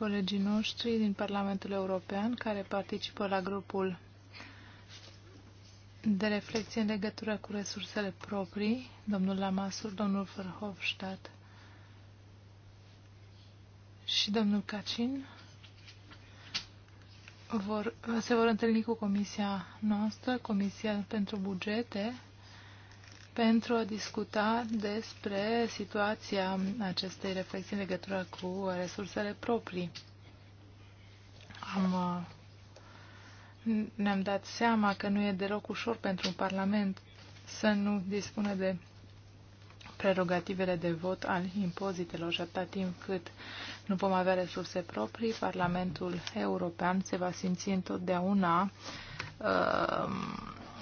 colegii noștri din Parlamentul European care participă la grupul de reflexie în legătură cu resursele proprii, domnul Lamasur, domnul Verhofstadt și domnul Cacin vor, se vor întâlni cu comisia noastră, Comisia pentru Bugete, pentru a discuta despre situația acestei reflexii în legătură cu resursele proprii. Am, uh, ne-am dat seama că nu e deloc ușor pentru un Parlament să nu dispună de prerogativele de vot al impozitelor și atâta timp cât nu vom avea resurse proprii, Parlamentul European se va simți întotdeauna uh,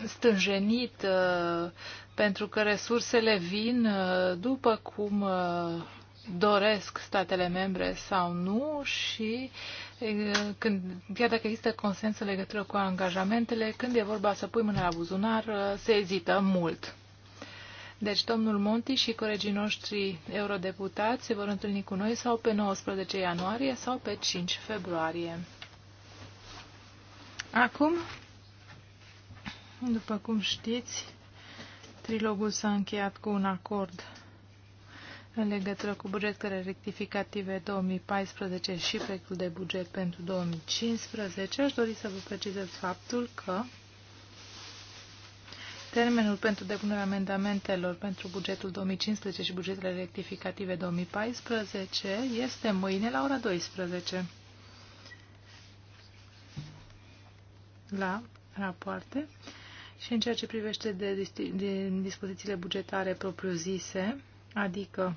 stânjenit uh, pentru că resursele vin uh, după cum uh, doresc statele membre sau nu și când, chiar dacă există consens în legătură cu angajamentele, când e vorba să pui mâna la buzunar, se ezită mult. Deci domnul Monti și colegii noștri eurodeputați se vor întâlni cu noi sau pe 19 ianuarie sau pe 5 februarie. Acum după cum știți, trilogul s-a încheiat cu un acord în legătură cu bugetele rectificative 2014 și proiectul de buget pentru 2015. Aș dori să vă precizez faptul că Termenul pentru depunerea amendamentelor pentru bugetul 2015 și bugetele rectificative 2014 este mâine la ora 12. La rapoarte. Și în ceea ce privește de, de dispozițiile bugetare propriu-zise, adică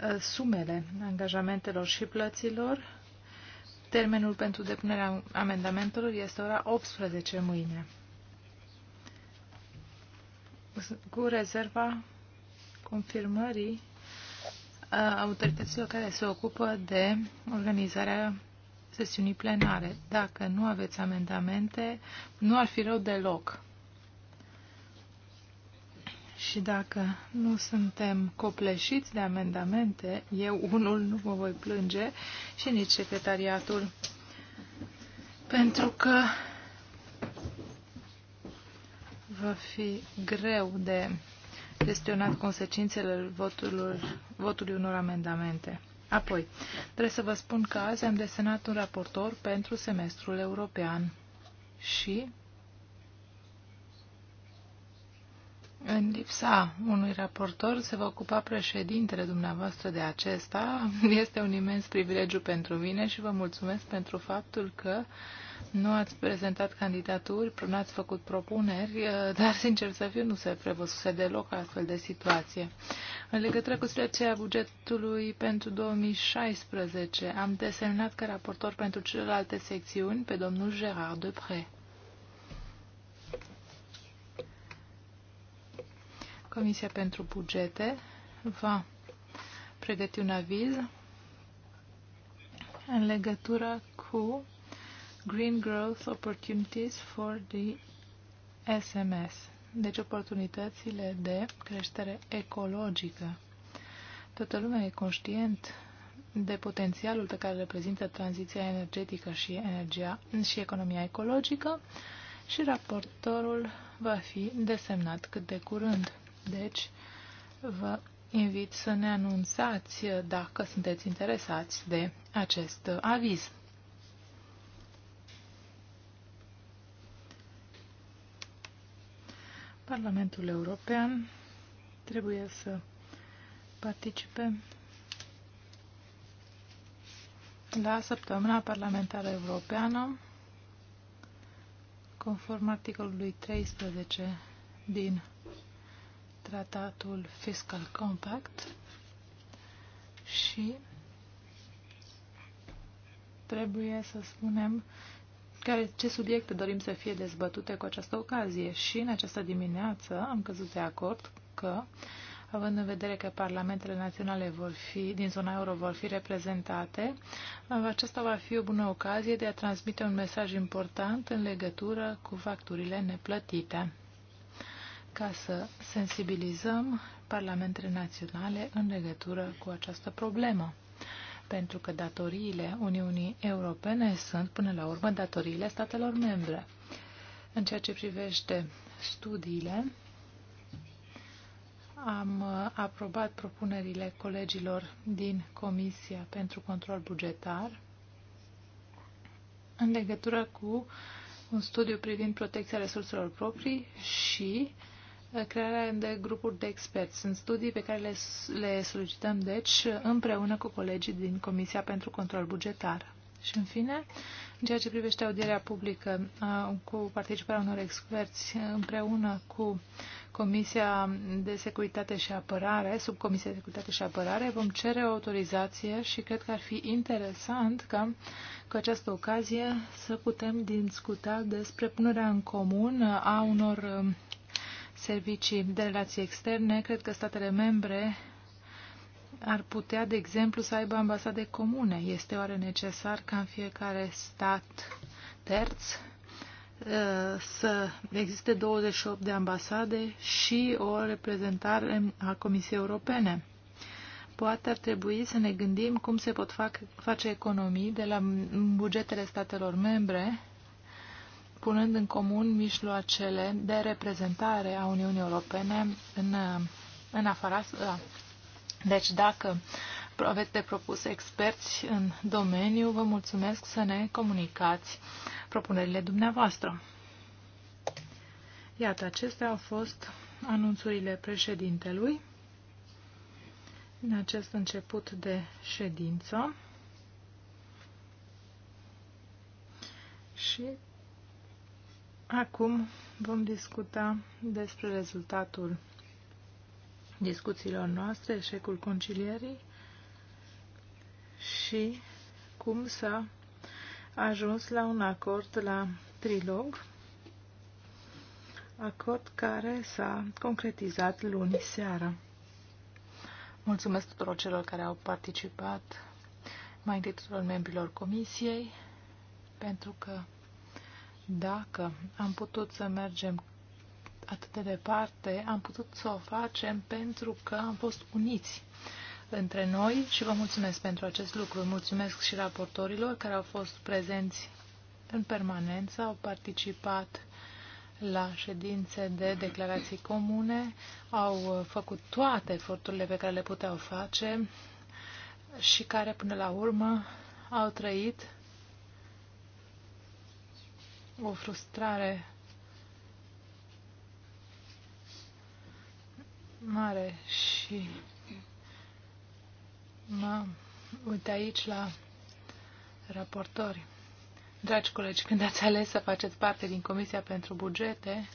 ă, sumele angajamentelor și plăților, termenul pentru depunerea amendamentelor este ora 18 mâine. Cu rezerva confirmării ă, autorităților care se ocupă de organizarea sesiunii plenare. Dacă nu aveți amendamente, nu ar fi rău deloc. Și dacă nu suntem copleșiți de amendamente, eu unul nu mă voi plânge și nici secretariatul, pentru că va fi greu de gestionat consecințele votului, votului unor amendamente. Apoi, trebuie să vă spun că azi am desenat un raportor pentru semestrul european și În lipsa unui raportor se va ocupa președintele dumneavoastră de acesta. Este un imens privilegiu pentru mine și vă mulțumesc pentru faptul că uh, nu ați prezentat candidaturi, nu ați făcut propuneri, eh, dar, sincer să fiu, nu se prevăzuse deloc astfel de situație. În legătură cu situația bugetului pentru 2016, am desemnat ca raportor pentru celelalte secțiuni pe domnul Gerard Dupré. Comisia pentru bugete va pregăti un aviz în legătură cu Green Growth Opportunities for the SMS, deci oportunitățile de creștere ecologică. Toată lumea e conștient de potențialul pe care reprezintă tranziția energetică și, energia, și economia ecologică și raportorul va fi desemnat cât de curând. Deci, vă invit să ne anunțați dacă sunteți interesați de acest aviz. Parlamentul European trebuie să participe la săptămâna parlamentară europeană conform articolului 13 din tratatul Fiscal Compact și trebuie să spunem care, ce subiecte dorim să fie dezbătute cu această ocazie. Și în această dimineață am căzut de acord că, având în vedere că parlamentele naționale vor fi, din zona euro vor fi reprezentate, aceasta va fi o bună ocazie de a transmite un mesaj important în legătură cu facturile neplătite ca să sensibilizăm parlamentele naționale în legătură cu această problemă pentru că datoriile Uniunii Europene sunt, până la urmă, datoriile statelor membre. În ceea ce privește studiile, am uh, aprobat propunerile colegilor din Comisia pentru Control Bugetar în legătură cu un studiu privind protecția resurselor proprii și uh, crearea de grupuri de experți. Sunt studii pe care le, le solicităm, deci, împreună cu colegii din Comisia pentru Control Bugetar. Și, în fine, în ceea ce privește audierea publică cu participarea unor experți împreună cu Comisia de Securitate și Apărare, sub Comisia de Securitate și Apărare, vom cere o autorizație și cred că ar fi interesant ca cu această ocazie să putem discuta despre punerea în comun a unor servicii de relații externe, cred că statele membre ar putea, de exemplu, să aibă ambasade comune. Este oare necesar ca în fiecare stat terț uh, să existe 28 de ambasade și o reprezentare a Comisiei Europene? Poate ar trebui să ne gândim cum se pot fac, face economii de la bugetele statelor membre punând în comun mijloacele de reprezentare a Uniunii Europene în, în afara Deci dacă aveți de propus experți în domeniu, vă mulțumesc să ne comunicați propunerile dumneavoastră. Iată, acestea au fost anunțurile președintelui în acest început de ședință. Și Acum vom discuta despre rezultatul discuțiilor noastre, eșecul concilierii și cum s-a ajuns la un acord la trilog, acord care s-a concretizat luni seara. Mulțumesc tuturor celor care au participat, mai întâi tuturor membrilor comisiei, pentru că dacă am putut să mergem atât de departe, am putut să o facem pentru că am fost uniți între noi și vă mulțumesc pentru acest lucru. Mulțumesc și raportorilor care au fost prezenți în permanență, au participat la ședințe de declarații comune, au făcut toate eforturile pe care le puteau face și care până la urmă au trăit o frustrare mare și mă uit aici la raportori. Dragi colegi, când ați ales să faceți parte din Comisia pentru Bugete,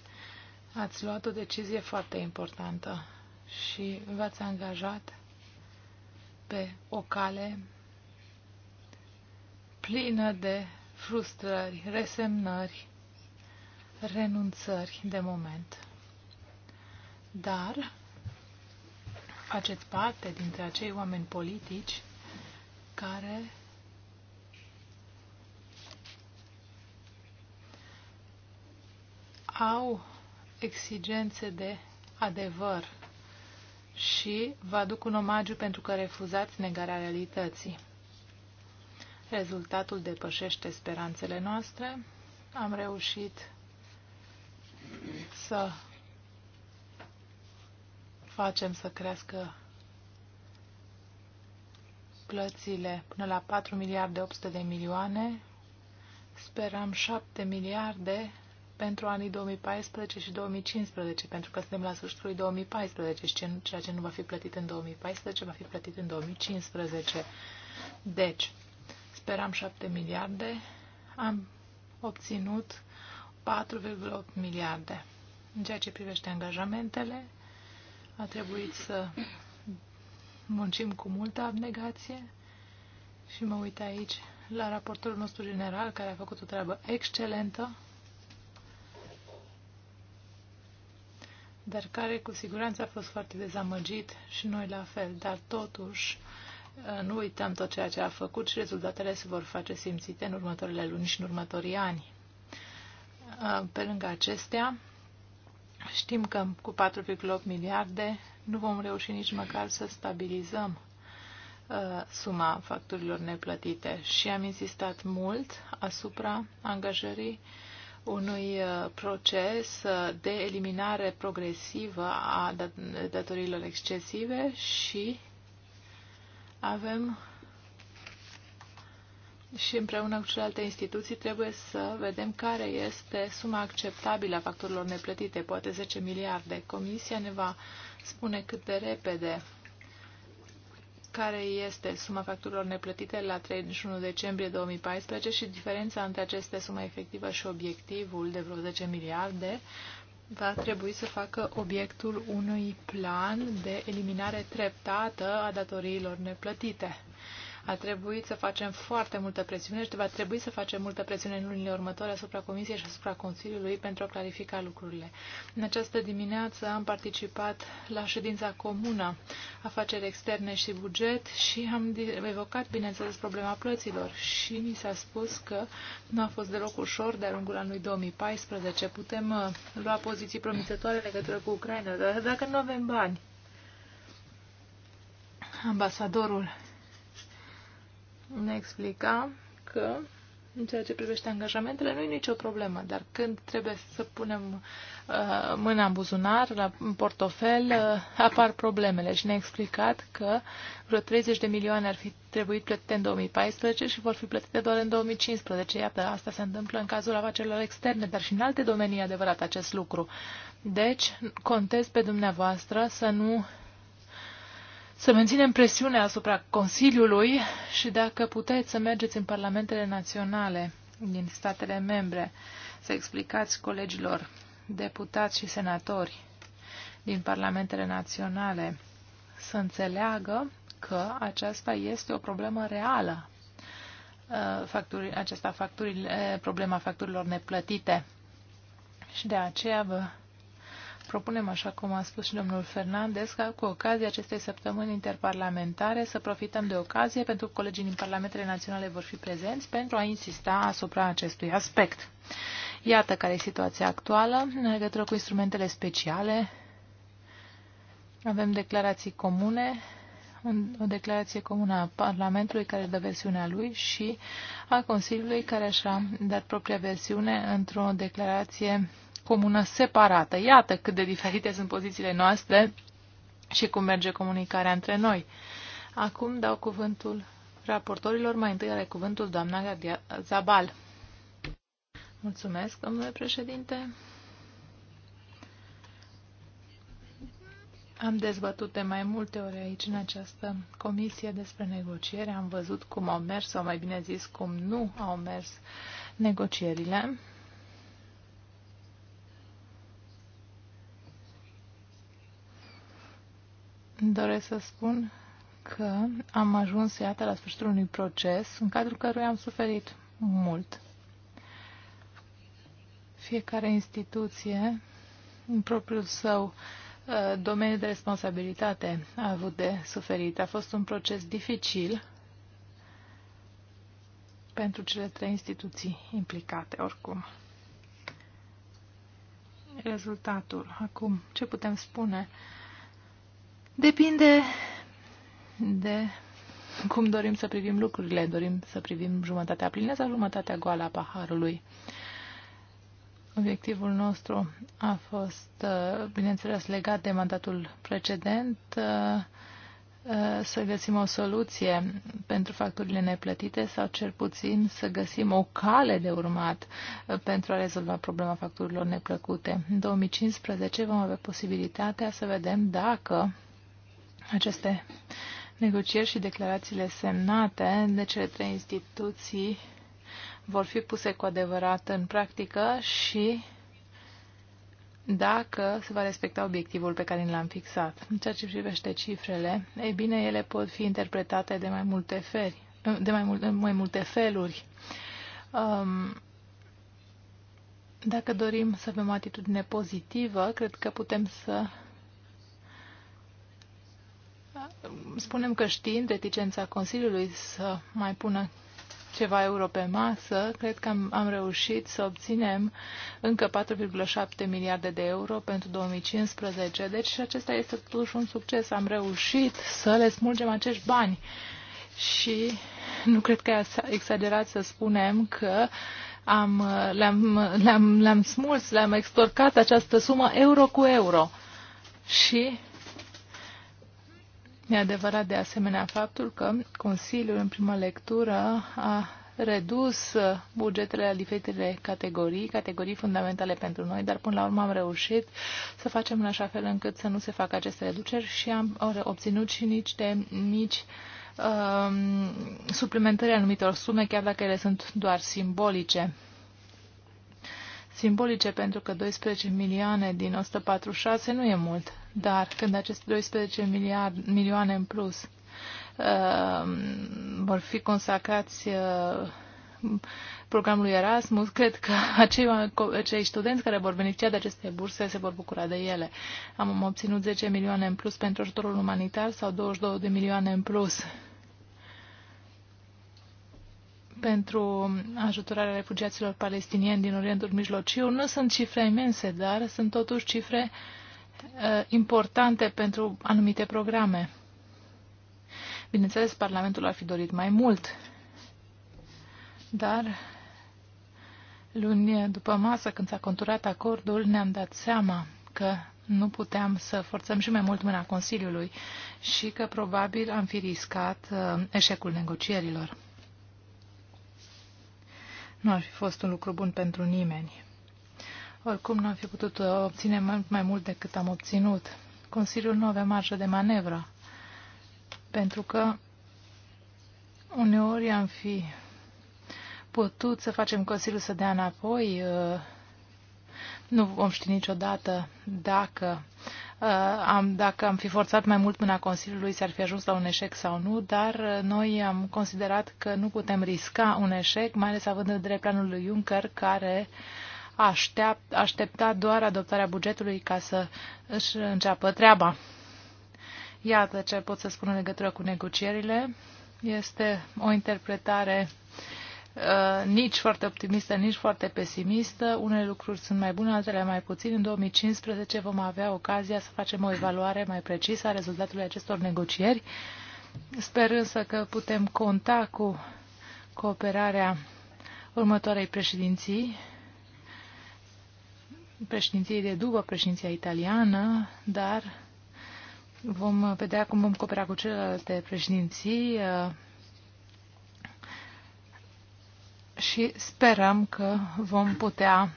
ați luat o decizie foarte importantă și v-ați angajat pe o cale plină de frustrări, resemnări, renunțări de moment. Dar faceți parte dintre acei oameni politici care au exigențe de adevăr și vă aduc un omagiu pentru că refuzați negarea realității. Rezultatul depășește speranțele noastre. Am reușit să facem să crească plățile până la 4 miliarde 800 de milioane. Sperăm 7 miliarde pentru anii 2014 și 2015, pentru că suntem la sfârșitul 2014 și ceea ce nu va fi plătit în 2014 va fi plătit în 2015. Deci, speram 7 miliarde, am obținut 4,8 miliarde. În ceea ce privește angajamentele, a trebuit să muncim cu multă abnegație și mă uit aici la raportorul nostru general, care a făcut o treabă excelentă, dar care cu siguranță a fost foarte dezamăgit și noi la fel, dar totuși Uh, nu uităm tot ceea ce a făcut și rezultatele se vor face simțite în următoarele luni și în următorii ani. Uh, pe lângă acestea, știm că cu 4,8 miliarde nu vom reuși nici măcar să stabilizăm uh, suma facturilor neplătite și am insistat mult asupra angajării unui proces de eliminare progresivă a datoriilor excesive și avem și împreună cu celelalte instituții trebuie să vedem care este suma acceptabilă a facturilor neplătite, poate 10 miliarde. Comisia ne va spune cât de repede care este suma facturilor neplătite la 31 decembrie 2014 și diferența între aceste sume efectivă și obiectivul de vreo 10 miliarde va trebui să facă obiectul unui plan de eliminare treptată a datoriilor neplătite. A trebuit să facem foarte multă presiune și va trebui să facem multă presiune în lunile următoare asupra Comisiei și asupra Consiliului pentru a clarifica lucrurile. În această dimineață am participat la ședința comună afaceri externe și buget și am evocat, bineînțeles, problema plăților și mi s-a spus că nu a fost deloc ușor de-a lungul anului 2014. Putem uh, lua poziții promițătoare legătură cu Ucraina, dar dacă nu avem bani, ambasadorul ne explica că în ceea ce privește angajamentele nu e nicio problemă, dar când trebuie să punem uh, mâna în buzunar, la în portofel, uh, apar problemele și ne-a explicat că vreo 30 de milioane ar fi trebuit plătite în 2014 și vor fi plătite doar în 2015. Iată, asta se întâmplă în cazul afacerilor externe, dar și în alte domenii adevărat acest lucru. Deci, contez pe dumneavoastră să nu să menținem presiunea asupra Consiliului și dacă puteți să mergeți în parlamentele naționale din statele membre, să explicați colegilor, deputați și senatori din parlamentele naționale să înțeleagă că aceasta este o problemă reală, uh, facturi, aceasta facturi, problema facturilor neplătite. Și de aceea vă Propunem, așa cum a spus și domnul Fernandez, ca cu ocazia acestei săptămâni interparlamentare să profităm de ocazie pentru că colegii din Parlamentele Naționale vor fi prezenți pentru a insista asupra acestui aspect. Iată care e situația actuală în legătură cu instrumentele speciale. Avem declarații comune, o declarație comună a Parlamentului care dă versiunea lui și a Consiliului care așa dat propria versiune într-o declarație comună separată. Iată cât de diferite sunt pozițiile noastre și cum merge comunicarea între noi. Acum dau cuvântul raportorilor. Mai întâi are cuvântul doamna Gardia Zabal. Mulțumesc, domnule președinte. Am dezbătut de mai multe ori aici, în această comisie despre negociere. Am văzut cum au mers, sau mai bine zis, cum nu au mers negocierile. doresc să spun că am ajuns, iată, la sfârșitul unui proces în cadrul căruia am suferit mult. Fiecare instituție, în propriul său uh, domeniu de responsabilitate, a avut de suferit. A fost un proces dificil pentru cele trei instituții implicate, oricum. Rezultatul. Acum, ce putem spune? Uh, Depinde de cum dorim să privim lucrurile. Dorim să privim jumătatea plină sau jumătatea goală a paharului. Obiectivul nostru a fost, uh, bineînțeles, legat de mandatul precedent, uh, uh, să găsim o soluție pentru facturile neplătite sau cel puțin să găsim o cale de urmat pentru a rezolva problema facturilor neplăcute. În 2015 vom avea posibilitatea să vedem dacă aceste negocieri și declarațiile semnate de cele trei instituții vor fi puse cu adevărat în practică și dacă se va respecta obiectivul pe care l-am fixat. În ceea ce privește cifrele, ei bine, ele pot fi interpretate de mai multe, feri, de mai mul, mai multe feluri. Um, dacă dorim să avem o atitudine pozitivă, cred că putem să spunem că știind reticența Consiliului să mai pună ceva euro pe masă, cred că am, am reușit să obținem încă 4,7 miliarde de euro pentru 2015. Deci și acesta este totuși un succes. Am reușit să le smulgem acești bani. Și nu cred că e exagerat să spunem că am, le-am, le-am, le-am smuls, le-am extorcat această sumă euro cu euro. Și E adevărat de asemenea faptul că Consiliul în prima lectură a redus bugetele la diferitele categorii, categorii fundamentale pentru noi, dar până la urmă am reușit să facem în așa fel încât să nu se facă aceste reduceri și am obținut și nici de mici um, suplimentări anumitor sume, chiar dacă ele sunt doar simbolice. Simbolice pentru că 12 milioane din 146 nu e mult. Dar când aceste 12 miliard, milioane în plus uh, vor fi consacrați uh, programului Erasmus, cred că acei, acei studenți care vor beneficia de aceste burse se vor bucura de ele. Am obținut 10 milioane în plus pentru ajutorul umanitar sau 22 de milioane în plus pentru ajutorarea refugiaților palestinieni din Orientul Mijlociu. Nu sunt cifre imense, dar sunt totuși cifre uh, Uh, importante pentru anumite programe. Bineînțeles, Parlamentul ar fi dorit mai mult, dar luni după masă, când s-a conturat acordul, ne-am dat seama că nu puteam să forțăm și mai mult mâna Consiliului și că probabil am fi riscat uh, eșecul negocierilor. Nu ar fi fost un lucru bun pentru nimeni. Oricum nu am fi putut uh, obține mai, mai mult decât am obținut. Consiliul nu avea marjă de manevră, pentru că uneori am fi putut să facem Consiliul să dea înapoi. Uh, nu vom ști niciodată dacă uh, am, dacă am fi forțat mai mult mâna Consiliului, s-ar fi ajuns la un eșec sau nu, dar noi am considerat că nu putem risca un eșec, mai ales având în drept planul lui Juncker, care uh, aștept, aștepta doar adoptarea bugetului ca să își înceapă treaba. Iată ce pot să spun în legătură cu negocierile. Este o interpretare uh, nici foarte optimistă, nici foarte pesimistă. Unele lucruri sunt mai bune, altele mai puțin. În 2015 vom avea ocazia să facem o evaluare mai precisă a rezultatului acestor negocieri. Sper însă că putem conta cu cooperarea următoarei președinții președinției de după președinția italiană, dar vom vedea cum vom coopera cu celelalte președinții uh, și sperăm că vom putea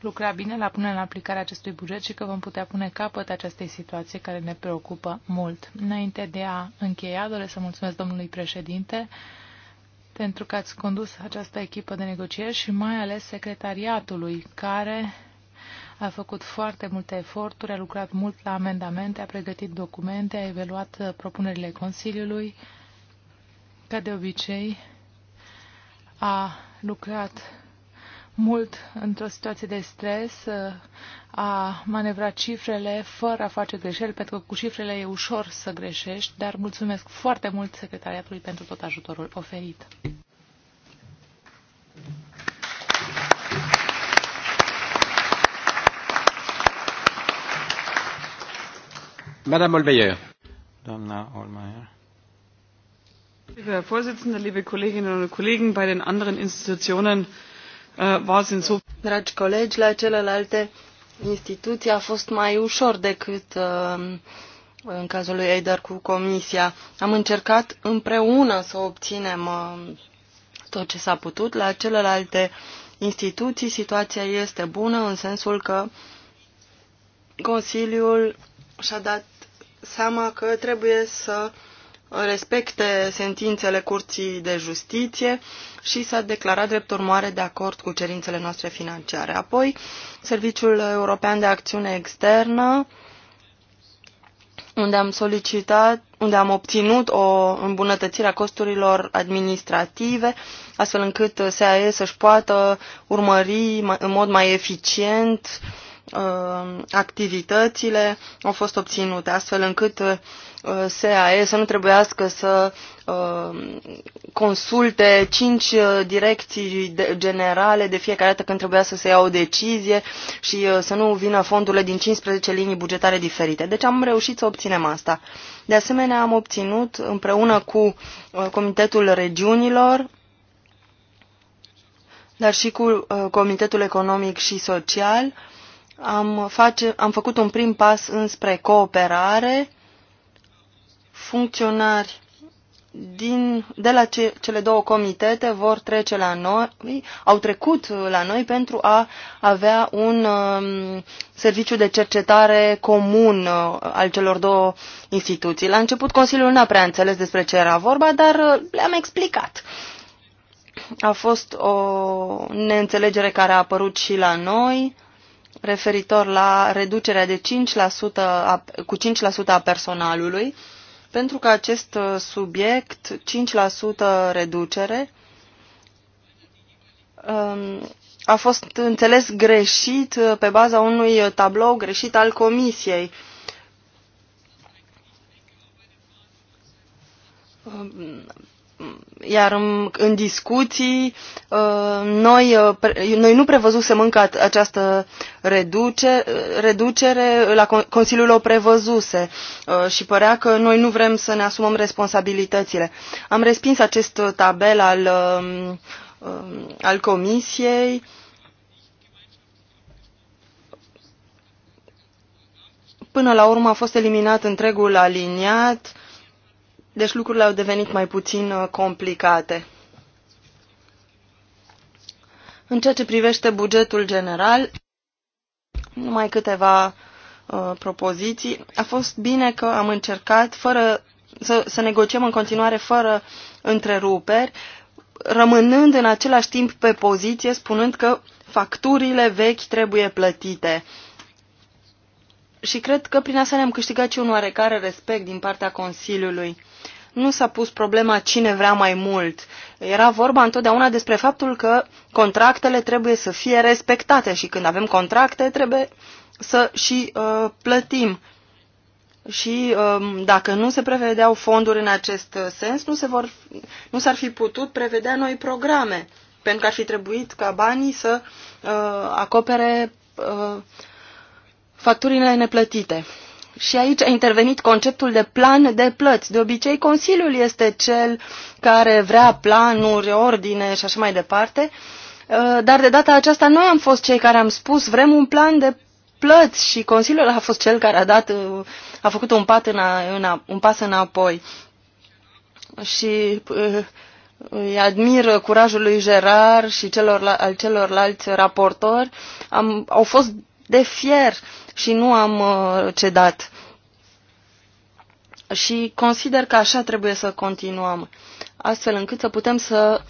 lucra bine la punerea în aplicare acestui buget și că vom putea pune capăt acestei situații care ne preocupă mult. Înainte de a încheia, doresc să mulțumesc domnului președinte pentru că ați condus această echipă de negocieri și mai ales secretariatului care a făcut foarte multe eforturi, a lucrat mult la amendamente, a pregătit documente, a evaluat uh, propunerile Consiliului. Ca de obicei, a lucrat mult într-o situație de stres, uh, a manevrat cifrele fără a face greșeli, pentru că cu cifrele e ușor să greșești, dar mulțumesc foarte mult secretariatului pentru tot ajutorul oferit. Madame Olmeyer. Doamna Olmeyer. Herr liebe Kolleginnen und Kollegen, bei den anderen Institutionen äh, war es Dragi colegi, la celelalte instituții a fost mai ușor decât uh, în cazul lui Eider cu Comisia. Am încercat împreună să obținem uh, tot ce s-a putut. La celelalte instituții situația este bună în sensul că Consiliul și-a dat seama că trebuie să respecte sentințele Curții de Justiție și s-a declarat drept urmare de acord cu cerințele noastre financiare. Apoi, Serviciul European de Acțiune Externă, unde am solicitat, unde am obținut o îmbunătățire a costurilor administrative, astfel încât SAE să-și poată urmări în mod mai eficient uh, Uh, activitățile au fost obținute, astfel încât uh, SAE să nu trebuiască să uh, consulte cinci direcții generale de fiecare dată când trebuia să se ia o decizie și să nu vină fondurile din 15 linii bugetare diferite. Deci am reușit să obținem asta. De asemenea, am obținut împreună cu Comitetul Regiunilor dar și cu Comitetul Economic și Social, am, face, am făcut un prim pas înspre cooperare. Funcționari din, de la ce, cele două comitete vor trece la noi, au trecut la noi pentru a avea un um, serviciu de cercetare comun uh, al celor două instituții. La început Consiliul n-a prea înțeles despre ce era vorba, dar uh, le-am explicat. A fost o neînțelegere care a apărut și la noi. Uh, referitor la reducerea de 5% a, cu 5% a personalului, pentru că acest uh, subiect, 5% reducere, um, a fost înțeles greșit uh, pe baza unui tablou greșit al comisiei. Um, iar în discuții uh, noi, uh, noi nu prevăzusem încă această reducere, uh, reducere la Consiliul o prevăzuse și părea că noi nu vrem să ne asumăm responsabilitățile. Am respins acest tabel al, um, um, al Comisiei. Până la urmă a fost eliminat întregul aliniat uh, deci lucrurile au devenit mai puțin uh, complicate. În ceea ce privește bugetul general, numai câteva uh, propoziții. A fost bine că am încercat fără să, să negociem în continuare fără întreruperi, rămânând în același timp pe poziție, spunând că facturile vechi trebuie plătite. Și cred că prin asta ne-am câștigat și un oarecare respect din partea Consiliului nu s-a pus problema cine vrea mai mult. Era vorba întotdeauna despre faptul că contractele trebuie să fie respectate și când avem contracte trebuie să și uh, plătim. Și uh, dacă nu se prevedeau fonduri în acest uh, sens, nu, se vor, nu s-ar fi putut prevedea noi programe, pentru că ar fi trebuit ca banii să uh, acopere uh, facturile neplătite și aici a intervenit conceptul de plan de plăți. De obicei, Consiliul este cel care vrea planuri, ordine și așa mai departe, uh, dar de data aceasta noi am fost cei care am spus vrem un plan de plăți și Consiliul a fost cel care a, dat, uh, a făcut un, pat în a, în a, un pas înapoi. Și uh, îi admir curajul lui Gerard și celor, al celorlalți raportori. Am, au fost de fier și nu am cedat și consider că așa trebuie să continuăm, astfel încât să putem să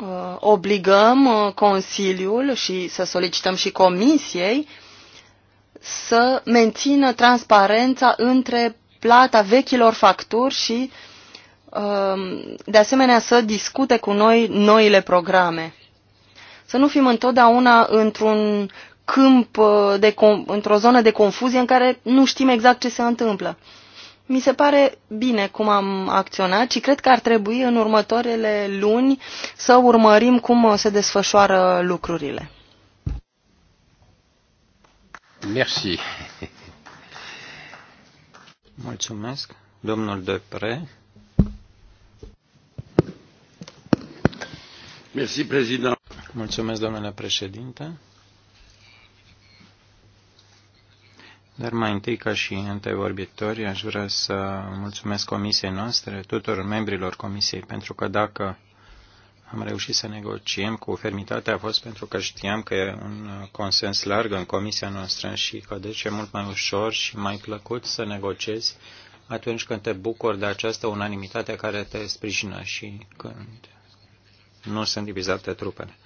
uh, obligăm uh, Consiliul și să solicităm și Comisiei să mențină transparența între plata vechilor facturi și um, de asemenea să discute cu noi noile programe. Să nu fim întotdeauna într-un câmp, uh, într-o zonă de confuzie în care nu știm exact ce se întâmplă. Mi se pare bine cum am acționat și cred că ar trebui în următoarele luni să urmărim cum se desfășoară lucrurile. Merci. Mulțumesc. Domnul Depre. Merci, Mulțumesc, domnule președinte. Dar mai întâi, ca și antevorbitori, aș vrea să mulțumesc comisiei noastre, tuturor membrilor comisiei, pentru că dacă am reușit să negociem cu fermitate a fost pentru că știam că e un consens larg în comisia noastră și că deci e mult mai ușor și mai plăcut să negociezi atunci când te bucuri de această unanimitate care te sprijină și când nu sunt divizate trupele.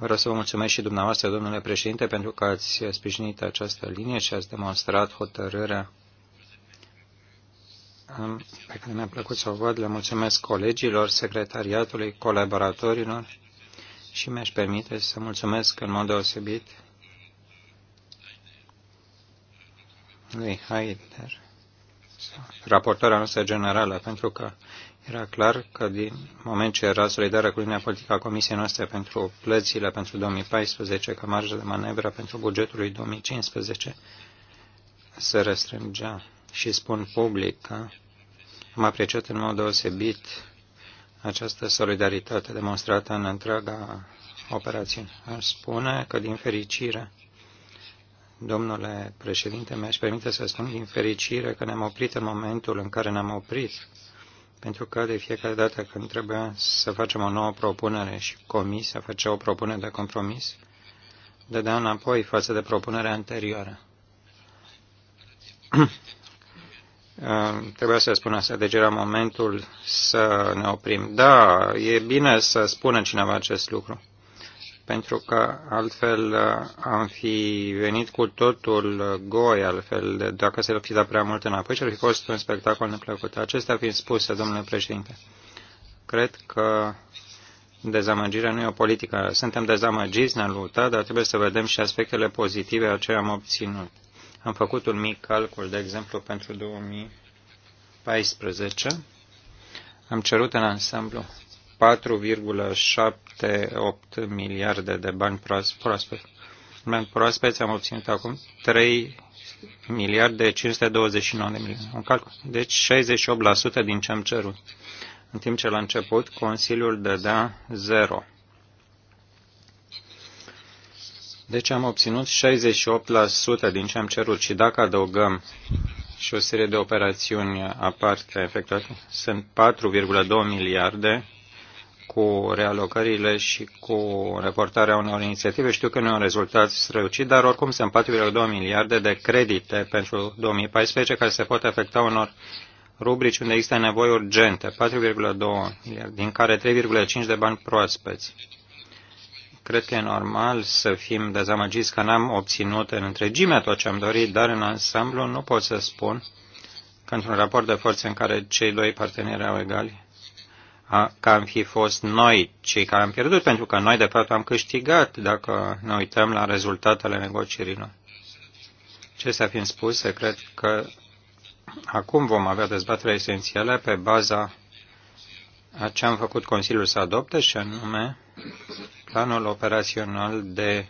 Vreau să vă mulțumesc și dumneavoastră, domnule președinte, pentru că ați sprijinit această linie și ați demonstrat hotărârea pe care mi-a plăcut să o văd. Le mulțumesc colegilor, secretariatului, colaboratorilor și mi-aș permite să mulțumesc în mod deosebit lui Haider, raportoarea noastră generală, pentru că era clar că din moment ce era solidară cu linia politică a Comisiei noastre pentru plățile pentru 2014, că marja de manevră pentru bugetul lui 2015 se restrângea. Și spun public că am apreciat în mod deosebit această solidaritate demonstrată în întreaga operațiune. Aș spune că, din fericire, domnule președinte, mi-aș permite să spun din fericire că ne-am oprit în momentul în care ne-am oprit pentru că de fiecare dată când trebuia să facem o nouă propunere și comisia făcea o propunere de compromis, dădea înapoi față de propunerea anterioară. Trebuia să spun asta, deci era momentul să ne oprim. Da, e bine să spună cineva acest lucru pentru că altfel uh, am fi venit cu totul uh, goi, altfel dacă se fi dat prea mult înapoi și ar fi fost un spectacol neplăcut. Acestea fiind spuse, domnule președinte, cred că dezamăgirea nu e o politică. Suntem dezamăgiți, ne-am luptat, dar trebuie să vedem și aspectele pozitive a ce am obținut. Am făcut un mic calcul, de exemplu, pentru 2014. Am cerut în ansamblu 4,78 miliarde de bani proaspeți. Bani proaspeți am obținut acum 3 miliarde 529 de milioane. Un calcul. Deci 68% din ce am cerut. În timp ce la început Consiliul dădea 0. Deci am obținut 68% din ce am cerut și dacă adăugăm și o serie de operațiuni aparte efectuate, sunt 4,2 miliarde cu realocările și cu reportarea unor inițiative. Știu că nu e un rezultat strălucit, dar oricum sunt 4,2 miliarde de credite pentru 2014 care se pot afecta unor rubrici unde există nevoi urgente, 4,2 miliarde, din care 3,5 de bani proaspeți. Cred că e normal să fim dezamăgiți că n-am obținut în întregime tot ce am dorit, dar în ansamblu nu pot să spun că într-un raport de forțe în care cei doi parteneri au egali, că am fi fost noi cei care am pierdut, pentru că noi, de fapt, am câștigat dacă ne uităm la rezultatele negocierilor. Ce Acestea fiind spuse, cred că acum vom avea dezbatere esențială pe baza a ce am făcut Consiliul să adopte, și anume planul operațional de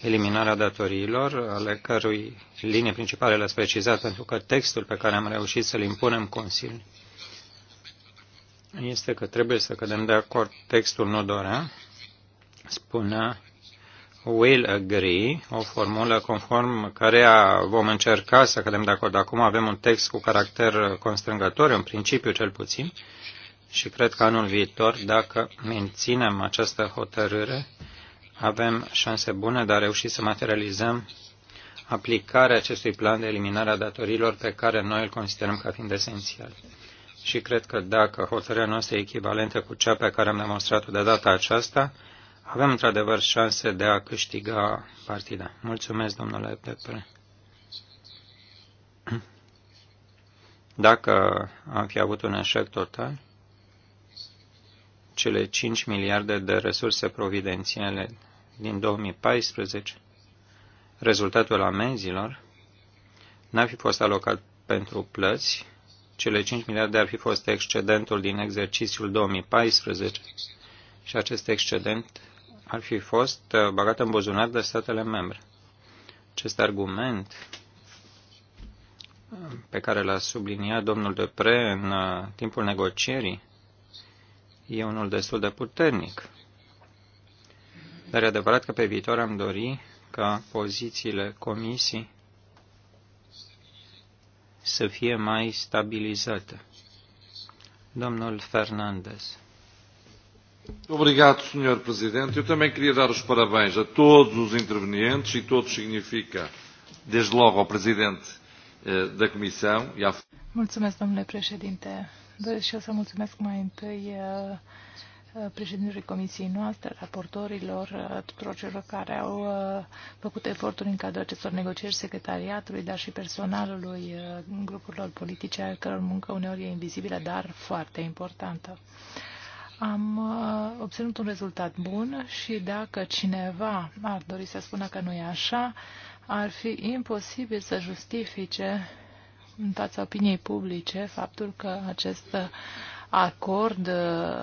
eliminarea datoriilor, ale cărui linie principale le-ați precizat, pentru că textul pe care am reușit să-l impunem Consiliului este că trebuie să cădem de acord. Textul nu dorea, spunea will agree, o formulă conform care vom încerca să cădem de acord. Acum avem un text cu caracter constrângător, în principiu cel puțin, și cred că anul viitor, dacă menținem această hotărâre, avem șanse bune de a reuși să materializăm aplicarea acestui plan de eliminare a datorilor pe care noi îl considerăm ca fiind esențial și cred că dacă hotărârea noastră e echivalentă cu cea pe care am demonstrat-o de data aceasta, avem într-adevăr șanse de a câștiga partida. Mulțumesc, domnule Pepe. Dacă am fi avut un eșec total, cele 5 miliarde de resurse providențiale din 2014, rezultatul amenzilor, n-ar fi fost alocat pentru plăți, cele 5 miliarde ar fi fost excedentul din exercițiul 2014 și acest excedent ar fi fost uh, băgat în buzunar de statele membre. Acest argument uh, pe care l-a subliniat domnul Depre în uh, timpul negocierii e unul destul de puternic. Dar e adevărat că pe viitor am dori ca pozițiile comisii să fie mai stabilizată. Domnul Fernandez. Obrigado, Sr. Presidente. Eu também queria dar os parabéns a todos os intervenientes e todos significa, desde logo, ao Presidente eh, da Comissão e à... Mulțumesc, domnule președinte. Doresc și eu să mulțumesc mai întâi uh, președintele comisiei noastre, raportorilor, uh, tuturor celor care au uh, făcut eforturi în cadrul acestor negocieri, secretariatului, dar și personalului uh, grupurilor politice, al căror muncă uneori e invizibilă, dar foarte importantă. Am obținut un rezultat bun și dacă cineva ar dori să spună că nu e așa, ar fi imposibil să justifice în fața opiniei publice faptul că acest acord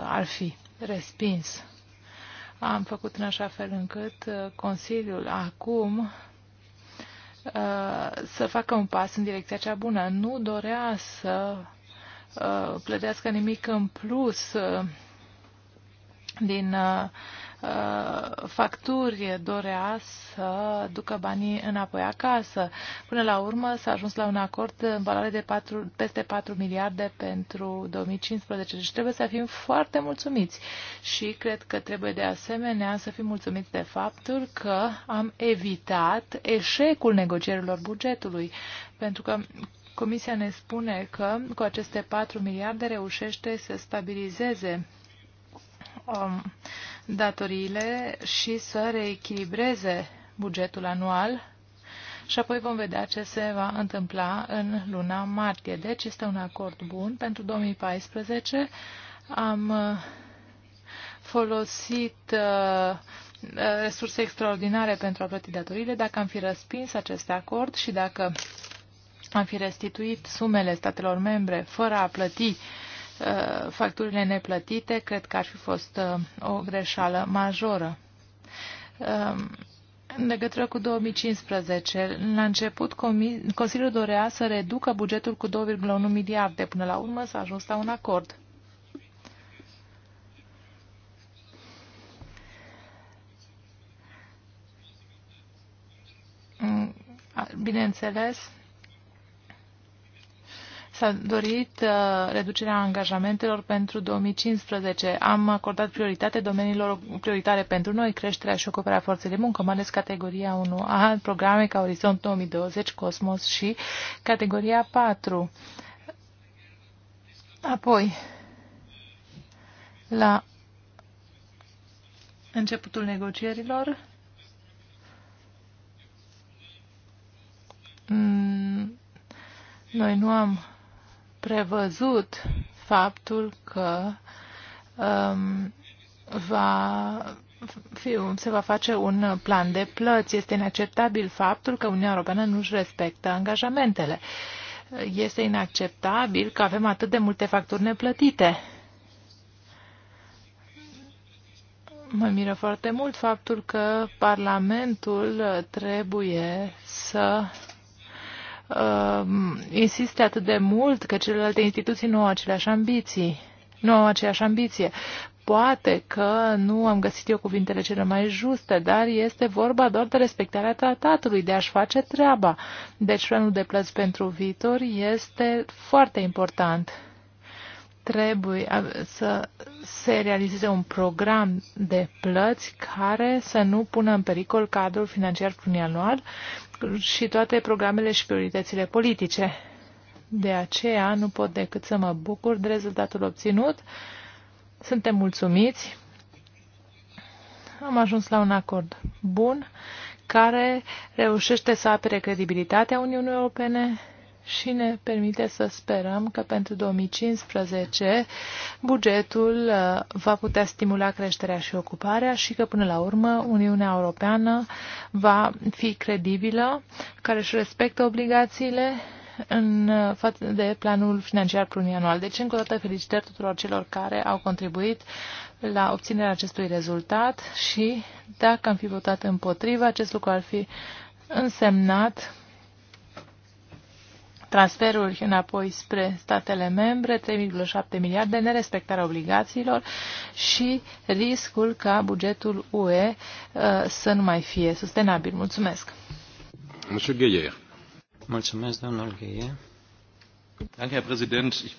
ar fi respins. Am făcut în așa fel încât uh, Consiliul acum uh, să facă un pas în direcția cea bună. Nu dorea să uh, plătească nimic în plus din Uh, facturi dorea să ducă banii înapoi acasă. Până la urmă s-a ajuns la un acord în valoare de 4, peste 4 miliarde pentru 2015. Deci trebuie să fim foarte mulțumiți și cred că trebuie de asemenea să fim mulțumiți de faptul că am evitat eșecul negocierilor bugetului. Pentru că Comisia ne spune că cu aceste 4 miliarde reușește să stabilizeze um, datoriile și să reechilibreze bugetul anual și apoi vom vedea ce se va întâmpla în luna martie. Deci este un acord bun pentru 2014. Am uh, folosit uh, uh, resurse extraordinare pentru a plăti datoriile. Dacă am fi răspins acest acord și dacă am fi restituit sumele statelor membre fără a plăti uh, Uh, facturile neplătite, cred că ar fi fost uh, o greșeală majoră. Um, în legătură cu 2015, la început Consiliul dorea să reducă bugetul cu 2,1 miliarde. Până la urmă s-a ajuns la un acord. Mm, bineînțeles, S-a dorit uh, reducerea angajamentelor pentru 2015. Am acordat prioritate domeniilor prioritare pentru noi, creșterea și ocuparea forței de muncă, mai ales categoria 1A, programe ca Orizont 2020, Cosmos și categoria 4. Apoi, la începutul negocierilor, mm, noi nu am prevăzut faptul că um, va fi, se va face un plan de plăți. Este inacceptabil faptul că Uniunea Europeană nu își respectă angajamentele. Este inacceptabil că avem atât de multe facturi neplătite. Mă miră foarte mult faptul că Parlamentul trebuie să uh, insiste atât de mult că celelalte instituții nu au aceleași ambiții. Nu au aceeași ambiție. Poate că nu am găsit eu cuvintele cele mai juste, dar este vorba doar de respectarea tratatului, de a-și face treaba. Deci planul de plăți pentru viitor este foarte important. Trebuie să se realizeze un program de plăți care să nu pună în pericol cadrul financiar plurianual, și toate programele și prioritățile politice. De aceea nu pot decât să mă bucur de rezultatul obținut. Suntem mulțumiți. Am ajuns la un acord bun care reușește să apere credibilitatea Uniunii Europene și ne permite să sperăm că pentru 2015 bugetul uh, va putea stimula creșterea și ocuparea și că până la urmă Uniunea Europeană va fi credibilă, care își respectă obligațiile în uh, față de planul financiar plurianual. Deci, încă o dată, felicitări tuturor celor care au contribuit la obținerea acestui rezultat și dacă am fi votat împotriva, acest lucru ar fi însemnat transferuri înapoi spre statele membre, 3,7 miliarde, nerespectarea obligațiilor și riscul ca bugetul UE uh, să nu mai fie sustenabil. Mulțumesc! Mulțumesc, domnul Gheier. Danke, Herr Präsident. Ich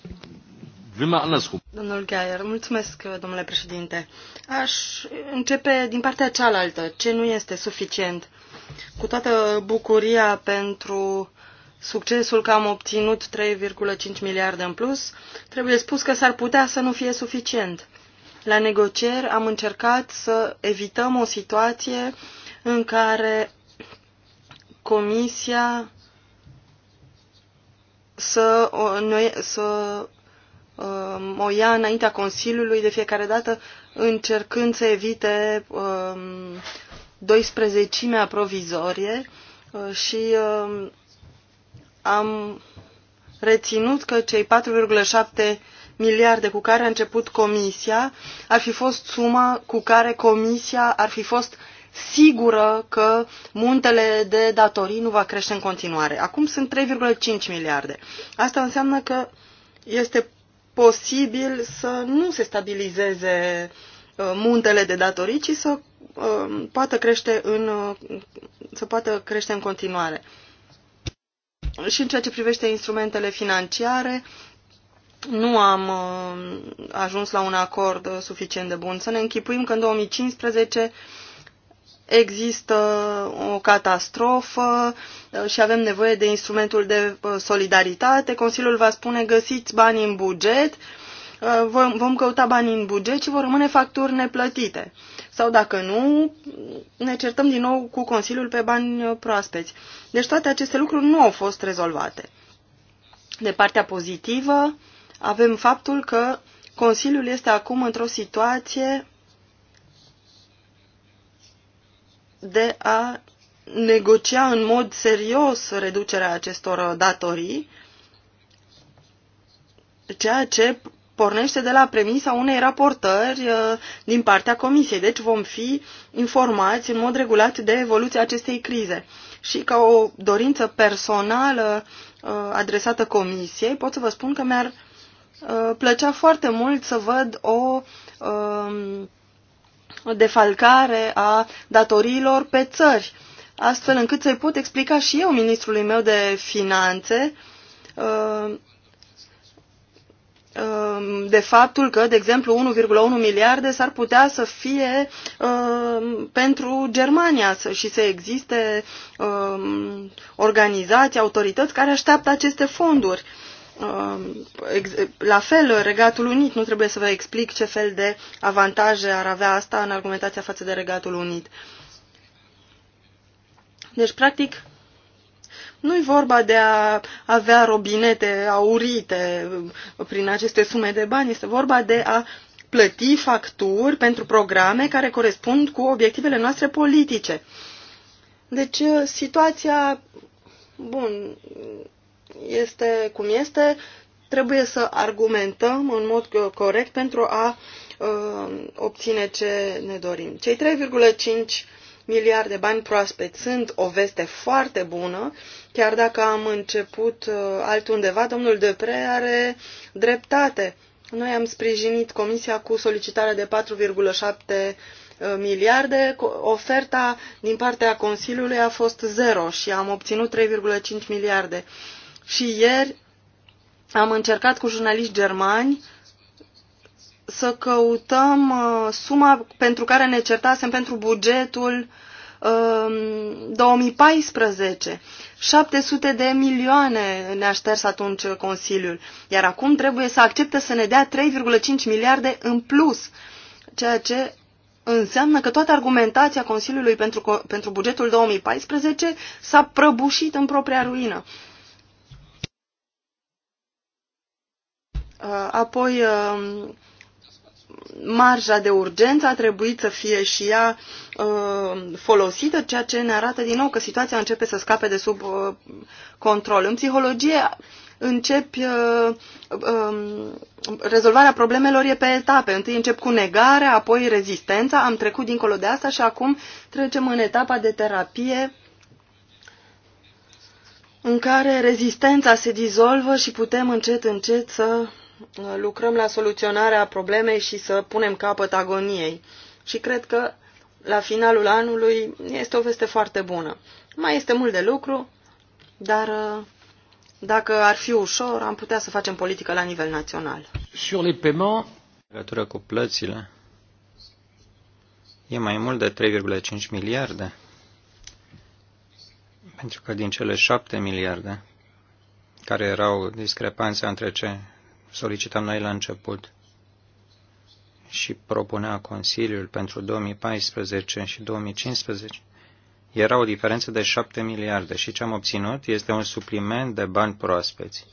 will mal andersrum. Domnul Gheier, mulțumesc, domnule președinte. Aș începe din partea cealaltă, ce nu este suficient. Cu toată bucuria pentru succesul că am obținut 3,5 miliarde în plus, trebuie spus că s-ar putea să nu fie suficient. La negocieri am încercat să evităm o situație în care Comisia să, o, noi, să um, o ia înaintea Consiliului de fiecare dată, încercând să evite um, 12-imea provizorie uh, și Um, am reținut că cei 4,7 miliarde cu care a început comisia ar fi fost suma cu care comisia ar fi fost sigură că muntele de datorii nu va crește în continuare. Acum sunt 3,5 miliarde. Asta înseamnă că este posibil să nu se stabilizeze uh, muntele de datorii, ci să uh, poată crește în, uh, să poată crește în continuare. Și în ceea ce privește instrumentele financiare, nu am uh, ajuns la un acord suficient de bun. Să ne închipuim că în 2015 există o catastrofă uh, și avem nevoie de instrumentul de uh, solidaritate. Consiliul va spune găsiți bani în buget, vom căuta bani în buget și vor rămâne facturi neplătite sau dacă nu, ne certăm din nou cu Consiliul pe bani proaspeți. Deci toate aceste lucruri nu au fost rezolvate. De partea pozitivă avem faptul că Consiliul este acum într-o situație de a negocia în mod serios reducerea acestor datorii, ceea ce pornește de la premisa unei raportări uh, din partea Comisiei. Deci vom fi informați în mod regulat de evoluția acestei crize. Și ca o dorință personală uh, adresată Comisiei, pot să vă spun că mi-ar uh, plăcea foarte mult să văd o um, defalcare a datoriilor pe țări, astfel încât să-i pot explica și eu ministrului meu de finanțe Um, de faptul că, de exemplu, 1,1 miliarde s-ar putea să fie um, pentru Germania și să existe um, organizații, autorități care așteaptă aceste fonduri. la fel, Regatul Unit, nu trebuie să vă explic ce fel de avantaje ar avea asta în argumentația față de Regatul Unit. Deci, practic, nu-i vorba de a avea robinete aurite prin aceste sume de bani, este vorba de a plăti facturi pentru programe care corespund cu obiectivele noastre politice. Deci situația, bun, este cum este, trebuie să argumentăm în mod corect pentru a uh, obține ce ne dorim. Cei 3,5 miliard de bani proaspeți sunt o veste foarte bună, chiar dacă am început uh, altundeva, domnul Depre are dreptate. Noi am sprijinit Comisia cu solicitarea de 4,7 uh, miliarde, oferta din partea Consiliului a fost zero și am obținut 3,5 miliarde. Și ieri am încercat cu jurnaliști germani să căutăm uh, suma pentru care ne certasem pentru bugetul 2014. Um, 700 de milioane ne-a șters atunci Consiliul, iar acum trebuie să accepte să ne dea 3,5 miliarde în plus, ceea ce înseamnă că toată argumentația Consiliului pentru, pentru bugetul 2014 s-a prăbușit în propria ruină. Uh, apoi, um, marja de urgență a trebuit să fie și ea uh, folosită, ceea ce ne arată din nou că situația începe să scape de sub uh, control. În psihologie încep uh, um, rezolvarea problemelor e pe etape. Întâi încep cu negarea, apoi rezistența, am trecut dincolo de asta și acum trecem în etapa de terapie în care rezistența se dizolvă și putem încet, încet să lucrăm la soluționarea problemei și să punem capăt agoniei. Și cred că la finalul anului este o veste foarte bună. Mai este mult de lucru, dar uh, dacă ar fi ușor, am putea să facem politică la nivel național. Sur les paiements, legătură cu plățile, e mai mult de 3,5 miliarde. Pentru că din cele 7 miliarde care erau discrepanțe între ce solicitam noi la început și propunea Consiliul pentru 2014 și 2015, era o diferență de 7 miliarde și ce am obținut este un supliment de bani proaspeți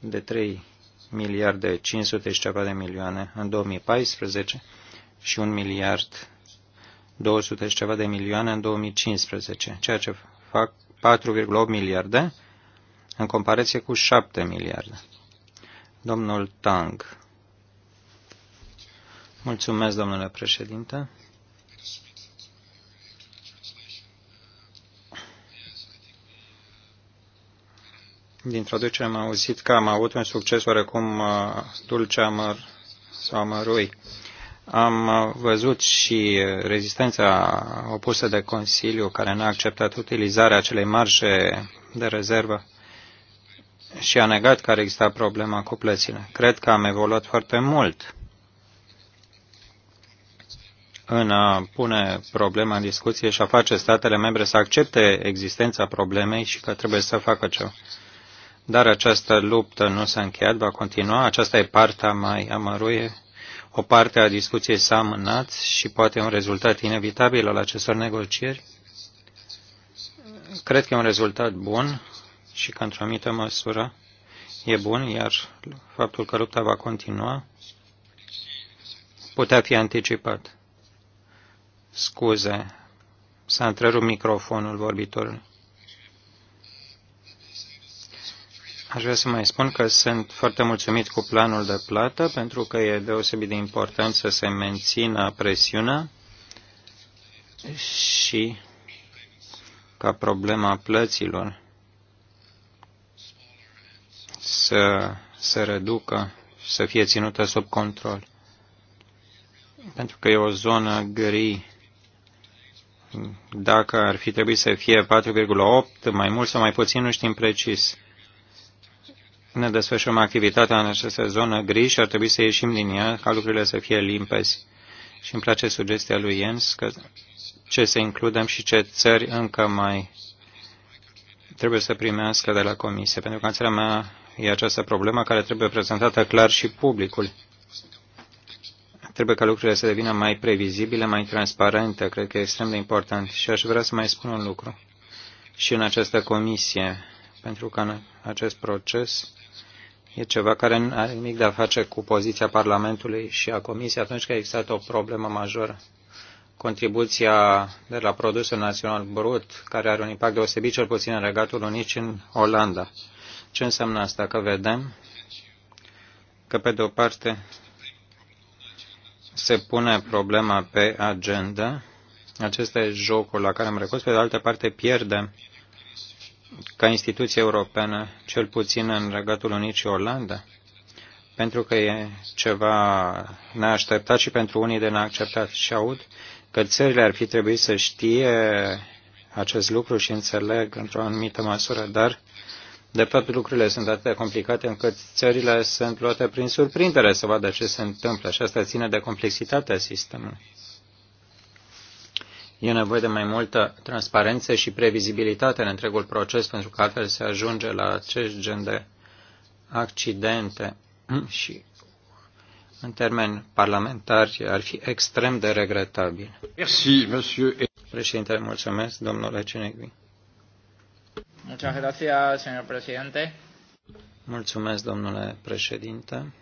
de 3 miliarde 500 și ceva de milioane în 2014 și 1 miliard 200 și ceva de milioane în 2015, ceea ce fac 4,8 miliarde în comparație cu 7 miliarde. Domnul Tang. Mulțumesc, domnule președinte. Din traducere am auzit că am avut un succes oarecum uh, dulce amăr sau amărui. Am uh, văzut și uh, rezistența opusă de Consiliu, care n-a acceptat utilizarea acelei marșe de rezervă și a negat că ar exista problema cu plățile. Cred că am evoluat foarte mult în a pune problema în discuție și a face statele membre să accepte existența problemei și că trebuie să facă ceva. Dar această luptă nu s-a încheiat, va continua. Aceasta e partea mai amăruie. O parte a discuției s-a amânat și poate un rezultat inevitabil al acestor negocieri. Cred că e un rezultat bun și că într-o anumită măsură e bun, iar faptul că lupta va continua putea fi anticipat. Scuze, s-a întrerupt microfonul vorbitorului. Aș vrea să mai spun că sunt foarte mulțumit cu planul de plată, pentru că e deosebit de important să se mențină presiunea și ca problema plăților să se reducă și să fie ținută sub control. Pentru că e o zonă gri. Dacă ar fi trebuit să fie 4,8, mai mult sau mai puțin, nu știm precis. Ne desfășurăm activitatea în această zonă gri și ar trebui să ieșim din ea ca lucrurile să fie limpezi. Și îmi place sugestia lui Jens că ce să includem și ce țări încă mai trebuie să primească de la comisie. Pentru că în țara mea E această problemă care trebuie prezentată clar și publicul. Trebuie ca lucrurile să devină mai previzibile, mai transparente. Cred că e extrem de important. Și aș vrea să mai spun un lucru. Și în această comisie, pentru că în acest proces e ceva care nu are nimic de a face cu poziția Parlamentului și a Comisiei atunci când a existat o problemă majoră. Contribuția de la produsul național brut, care are un impact deosebit cel puțin în Regatul Unit și în Olanda. Ce înseamnă asta? Că vedem că, pe de o parte, se pune problema pe agenda, acesta e jocul la care am recurs, pe de altă parte pierdem ca instituție europeană, cel puțin în Regatul Unit și Olanda, pentru că e ceva neașteptat și pentru unii de neacceptat. Și aud că țările ar fi trebuit să știe acest lucru și înțeleg într-o anumită măsură, dar de fapt, lucrurile sunt atât de complicate încât țările sunt luate prin surprindere să vadă ce se întâmplă și asta ține de complexitatea sistemului. E nevoie de mai multă transparență și previzibilitate în întregul proces, pentru că altfel se ajunge la acest gen de accidente și în termen parlamentar ar fi extrem de regretabil. Merci, monsieur. Președinte, mulțumesc, domnule Cinegui. Muchas gracias, señor presidente. Mulțumesc, domnule președinte.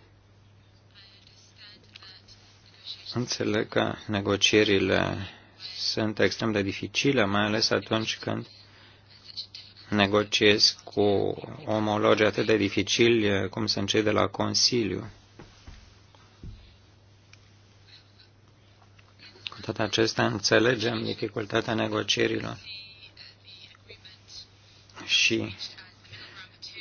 Înțeleg că negocierile sunt extrem de dificile, mai ales atunci când negociez cu omologi atât de dificili cum sunt cei de la Consiliu. Cu toate acestea, înțelegem dificultatea negocierilor și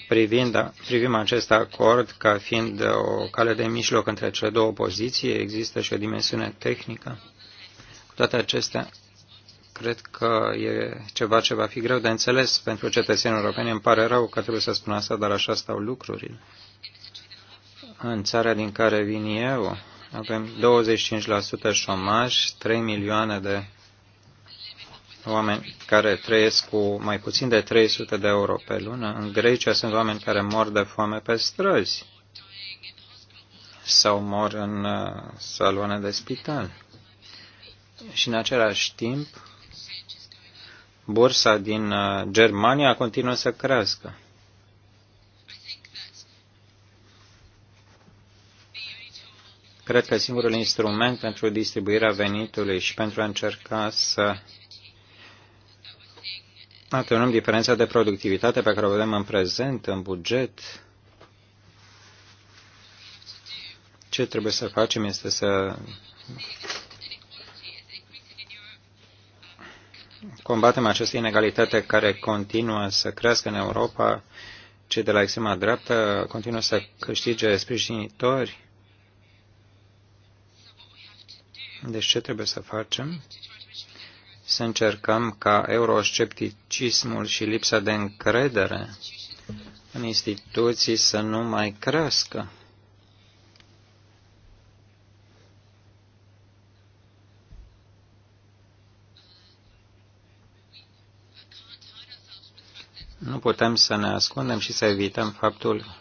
privind, privim acest acord ca fiind o cale de mijloc între cele două poziții, există și o dimensiune tehnică. Cu toate acestea, cred că e ceva ce va fi greu de înțeles pentru cetățenii europeni. Îmi pare rău că trebuie să spun asta, dar așa stau lucrurile. În țara din care vin eu, avem 25% șomaj, 3 milioane de oameni care trăiesc cu mai puțin de 300 de euro pe lună. În Grecia sunt oameni care mor de foame pe străzi sau mor în uh, saloane de spital. Și în același timp, bursa din uh, Germania continuă să crească. Cred că singurul instrument pentru distribuirea venitului și pentru a încerca să Atenuăm diferența de productivitate pe care o vedem în prezent, în buget. Ce trebuie să facem este să combatem aceste inegalitate care continuă să crească în Europa. Cei de la extrema dreaptă continuă să câștige sprijinitori. Deci ce trebuie să facem? să încercăm ca euroscepticismul și lipsa de încredere în instituții să nu mai crească. Nu putem să ne ascundem și să evităm faptul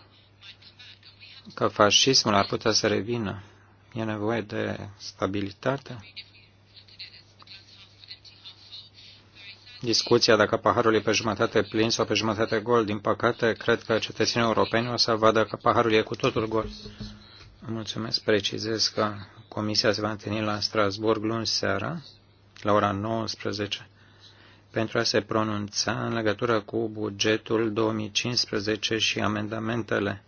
că fascismul ar putea să revină. E nevoie de stabilitate discuția dacă paharul e pe jumătate plin sau pe jumătate gol. Din păcate, cred că cetățenii europeni o să vadă că paharul e cu totul gol. Mulțumesc, precizez că comisia se va întâlni la Strasburg luni seara, la ora 19, pentru a se pronunța în legătură cu bugetul 2015 și amendamentele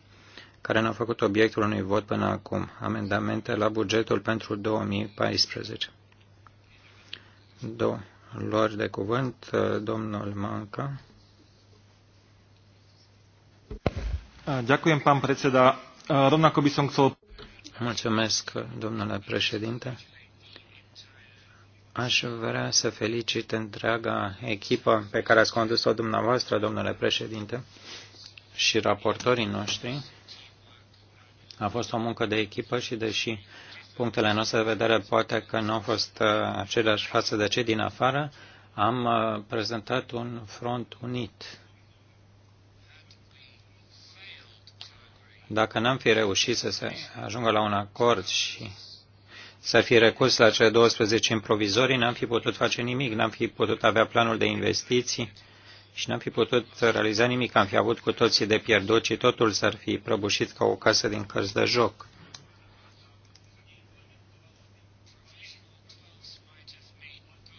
care n-au făcut obiectul unui vot până acum, amendamente la bugetul pentru 2014. 2 lor de cuvânt, domnul Manca. Ďakujem, pán predseda. Rovnako by som chcel... Mulțumesc, domnule președinte. Aș vrea să felicit întreaga echipă pe care ați condus-o dumneavoastră, domnule președinte, și raportorii noștri. A fost o muncă de echipă și deși punctele noastre de vedere poate că nu au fost uh, aceleași față de cei din afară, am uh, prezentat un front unit. Dacă n-am fi reușit să se ajungă la un acord și să fi recurs la cele 12 improvizorii, n-am fi putut face nimic, n-am fi putut avea planul de investiții și n-am fi putut realiza nimic. Am fi avut cu toții de pierdut și totul s-ar fi prăbușit ca o casă din cărți de joc.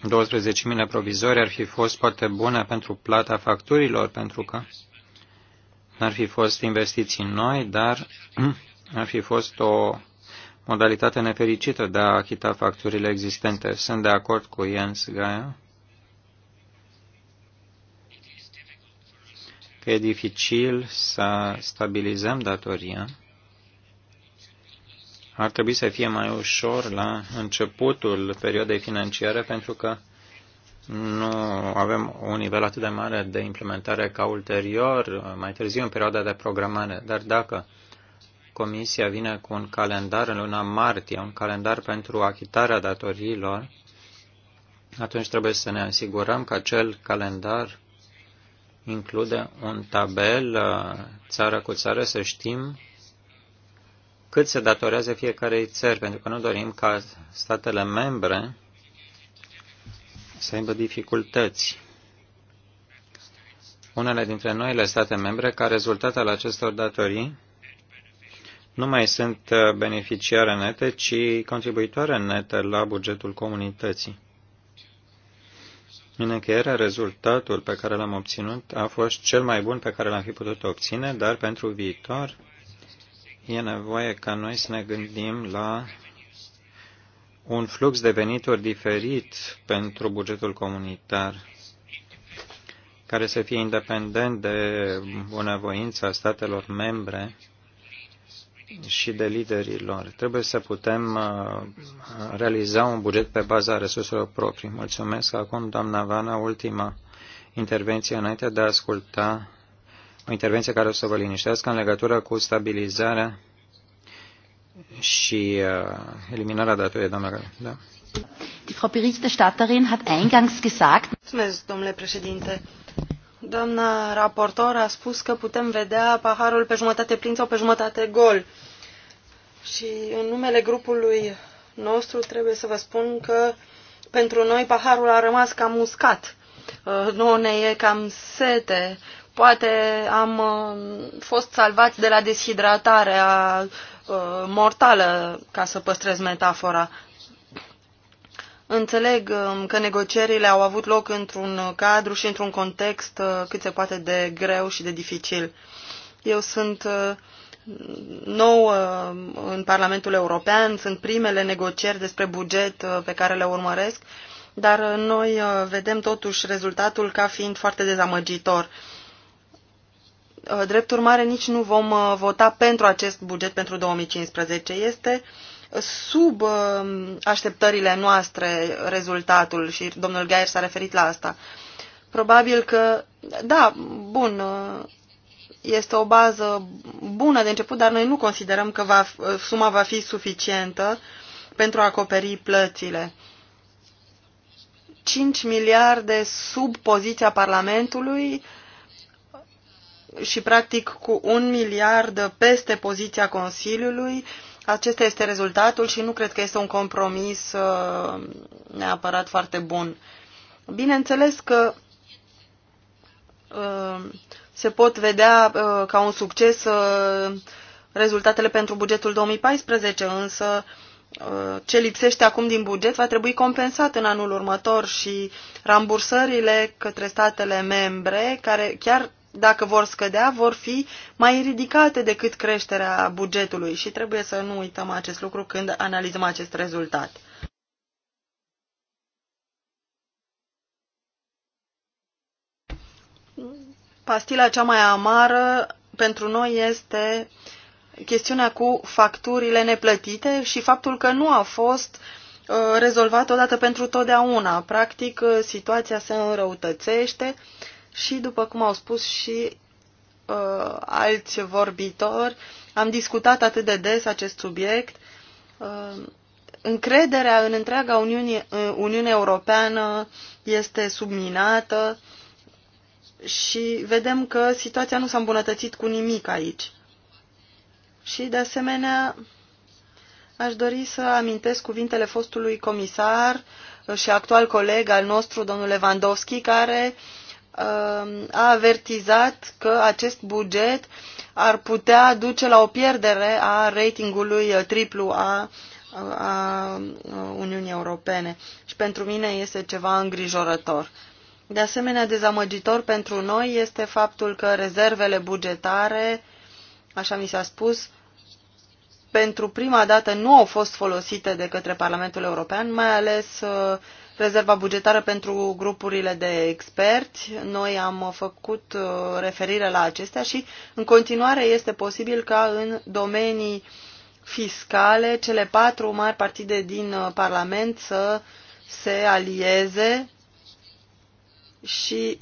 12.000 provizori ar fi fost foarte bune pentru plata facturilor, pentru că n-ar fi fost investiții noi, dar ar fi fost o modalitate nefericită de a achita facturile existente. Sunt de acord cu Jens Gaia că e dificil să stabilizăm datoria ar trebui să fie mai ușor la începutul perioadei financiare pentru că nu avem un nivel atât de mare de implementare ca ulterior, mai târziu în perioada de programare. Dar dacă Comisia vine cu un calendar în luna martie, un calendar pentru achitarea datoriilor, atunci trebuie să ne asigurăm că acel calendar include un tabel țară cu țară, să știm cât se datorează fiecarei țări, pentru că nu dorim ca statele membre să aibă dificultăți. Unele dintre noile state membre, ca rezultat al acestor datorii, nu mai sunt uh, beneficiare nete, ci contribuitoare nete la bugetul comunității. În încheiere, rezultatul pe care l-am obținut a fost cel mai bun pe care l-am fi putut obține, dar pentru viitor e nevoie ca noi să ne gândim la un flux de venituri diferit pentru bugetul comunitar, care să fie independent de bunăvoința statelor membre și de liderii lor. Trebuie să putem uh, realiza un buget pe baza resurselor proprii. Mulțumesc acum, doamna Vana, ultima intervenție înainte de a asculta o intervenție care o să vă liniștească în legătură cu stabilizarea și uh, eliminarea datoriei, doamna da? Die Frau Berichterstatterin hat eingangs gesagt. Mulțumesc, domnule președinte. Doamna raportor a spus că putem vedea paharul pe jumătate plin sau pe jumătate gol. Și în numele grupului nostru trebuie să vă spun că pentru noi paharul a rămas cam uscat. Uh, nu ne e cam sete Poate am uh, fost salvați de la deshidratarea uh, mortală, ca să păstrez metafora. Înțeleg um, că negocierile au avut loc într-un cadru și într-un context uh, cât se poate de greu și de dificil. Eu sunt nou în Parlamentul European, sunt primele negocieri despre buget pe care le urmăresc, dar noi vedem totuși rezultatul ca fiind foarte dezamăgitor. Uh, drept urmare, nici nu vom uh, vota pentru acest buget pentru 2015. Este uh, sub așteptările noastre rezultatul și domnul Gaier s-a referit la asta. Probabil că, da, bun, este o bază bună de început, dar noi nu considerăm că va, suma va fi suficientă pentru a acoperi plățile. 5 miliarde sub poziția Parlamentului uh, și practic cu un miliard peste poziția Consiliului. Acesta este rezultatul și nu cred că este un compromis uh, neapărat foarte bun. Bineînțeles că uh, se pot vedea uh, ca un succes rezultatele pentru bugetul 2014, însă ce lipsește acum din buget va trebui compensat în anul următor și rambursările către statele membre, care chiar dacă vor scădea, vor fi mai ridicate decât creșterea bugetului și trebuie să nu uităm acest lucru când analizăm acest rezultat. Pastila cea mai amară pentru noi este chestiunea cu facturile neplătite și faptul că nu a fost uh, rezolvat odată pentru totdeauna. Practic, uh, situația se înrăutățește și, după cum au spus și uh, alți vorbitori, am discutat atât de des acest subiect. Uh, încrederea în întreaga Uniune, uh, Uniune Europeană este subminată și vedem că situația nu s-a îmbunătățit cu nimic aici. Și, de asemenea, aș dori să amintesc cuvintele fostului comisar și actual coleg al nostru, domnul Lewandowski, care uh, Um, a avertizat că acest buget ar putea duce la o pierdere a ratingului uh, triplu a uh, uh, Uniunii Europene și pentru mine este ceva îngrijorător. De asemenea, dezamăgitor pentru noi este faptul că rezervele bugetare, așa mi s-a spus, pentru prima dată nu au fost folosite de către Parlamentul European, mai ales rezerva bugetară pentru grupurile de experți. Noi am făcut uh, referire la acestea și în continuare este posibil ca în domenii fiscale cele patru mari partide din uh, Parlament să se alieze și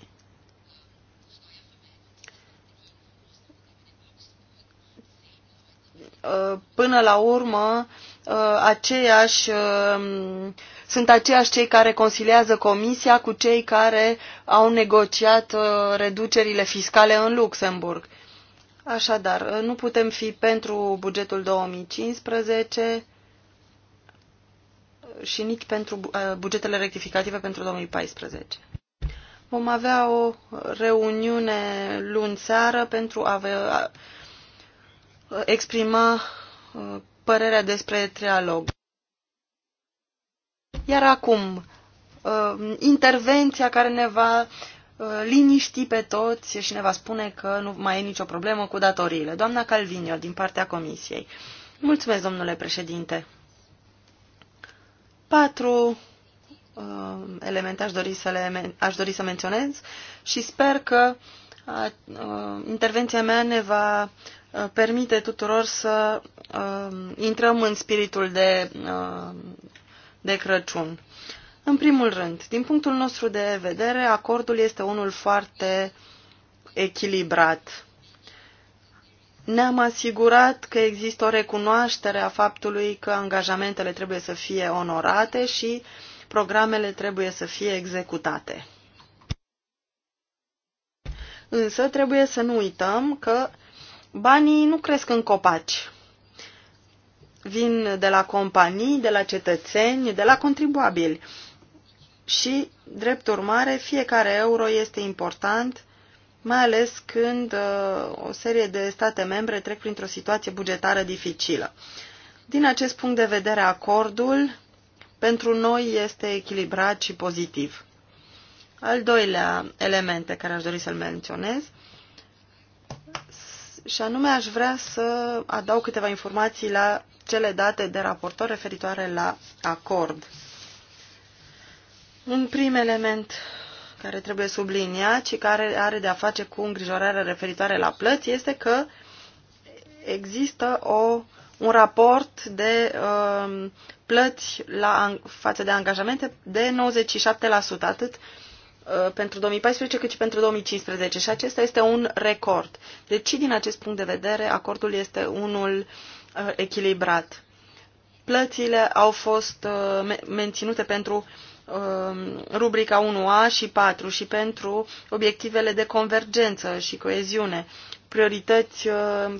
uh, până la urmă aceeași sunt aceiași cei care consiliază Comisia cu cei care au negociat uh, reducerile fiscale în Luxemburg. Așadar, uh, nu putem fi pentru bugetul 2015 și nici pentru uh, bugetele rectificative pentru 2014. Vom avea o reuniune luni seară pentru a exprima părerea despre trialog. Iar acum, uh, intervenția care ne va uh, liniști pe toți și ne va spune că nu mai e nicio problemă cu datoriile. Doamna Calvinio, din partea Comisiei. Mulțumesc, domnule președinte. Patru uh, elemente aș dori, să le, aș dori să menționez și sper că uh, intervenția mea ne va uh, permite tuturor să uh, intrăm în spiritul de uh, de Crăciun. În primul rând, din punctul nostru de vedere, acordul este unul foarte echilibrat. Ne-am asigurat că există o recunoaștere a faptului că angajamentele trebuie să fie onorate și programele trebuie să fie executate. Însă trebuie să nu uităm că banii nu cresc în copaci vin de la companii, de la cetățeni, de la contribuabili. Și, drept urmare, fiecare euro este important, mai ales când uh, o serie de state membre trec printr-o situație bugetară dificilă. Din acest punct de vedere, acordul pentru noi este echilibrat și pozitiv. Al doilea element pe care aș dori să-l menționez și anume aș vrea să adaug câteva informații la cele date de raportor referitoare la acord. Un prim element care trebuie subliniat și care are de-a face cu îngrijorarea referitoare la plăți este că există o, un raport de um, uh, plăți la, față de angajamente de 97%, atât uh, pentru 2014 cât și pentru 2015 și acesta este un record. Deci din acest punct de vedere acordul este unul uh, Uh, echilibrat. Plățile au fost uh, menținute pentru uh, rubrica 1A și 4 și pentru obiectivele de convergență și coeziune, priorități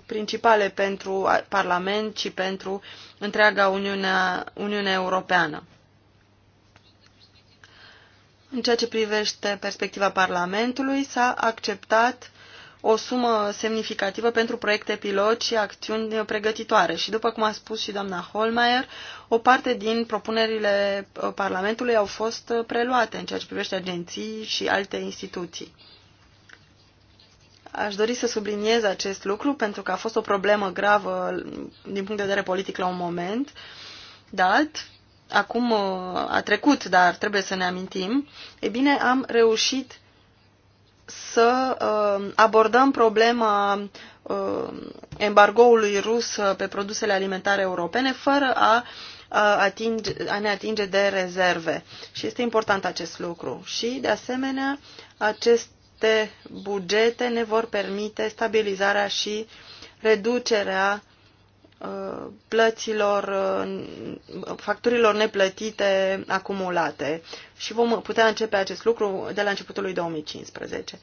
principale pentru Parlament și pentru întreaga Uniunea, Uniune Europeană. În ceea ce privește perspectiva Parlamentului, s-a acceptat o sumă semnificativă pentru proiecte pilot și acțiuni pregătitoare. Și după cum a spus și doamna Holmeier, o parte din propunerile uh, Parlamentului au fost uh, preluate în ceea ce privește agenții și alte instituții. Aș dori să subliniez acest lucru pentru că a fost o problemă gravă din punct de vedere politic la un moment dat, acum uh, a trecut, dar trebuie să ne amintim, e bine, am reușit să uh, abordăm problema uh, embargoului rus uh, pe produsele alimentare europene fără a, atinge, a ne atinge de rezerve. Și este important acest lucru. Și, de asemenea, aceste bugete ne vor permite stabilizarea și reducerea plăților, facturilor neplătite acumulate și vom putea începe acest lucru de la începutul lui 2015.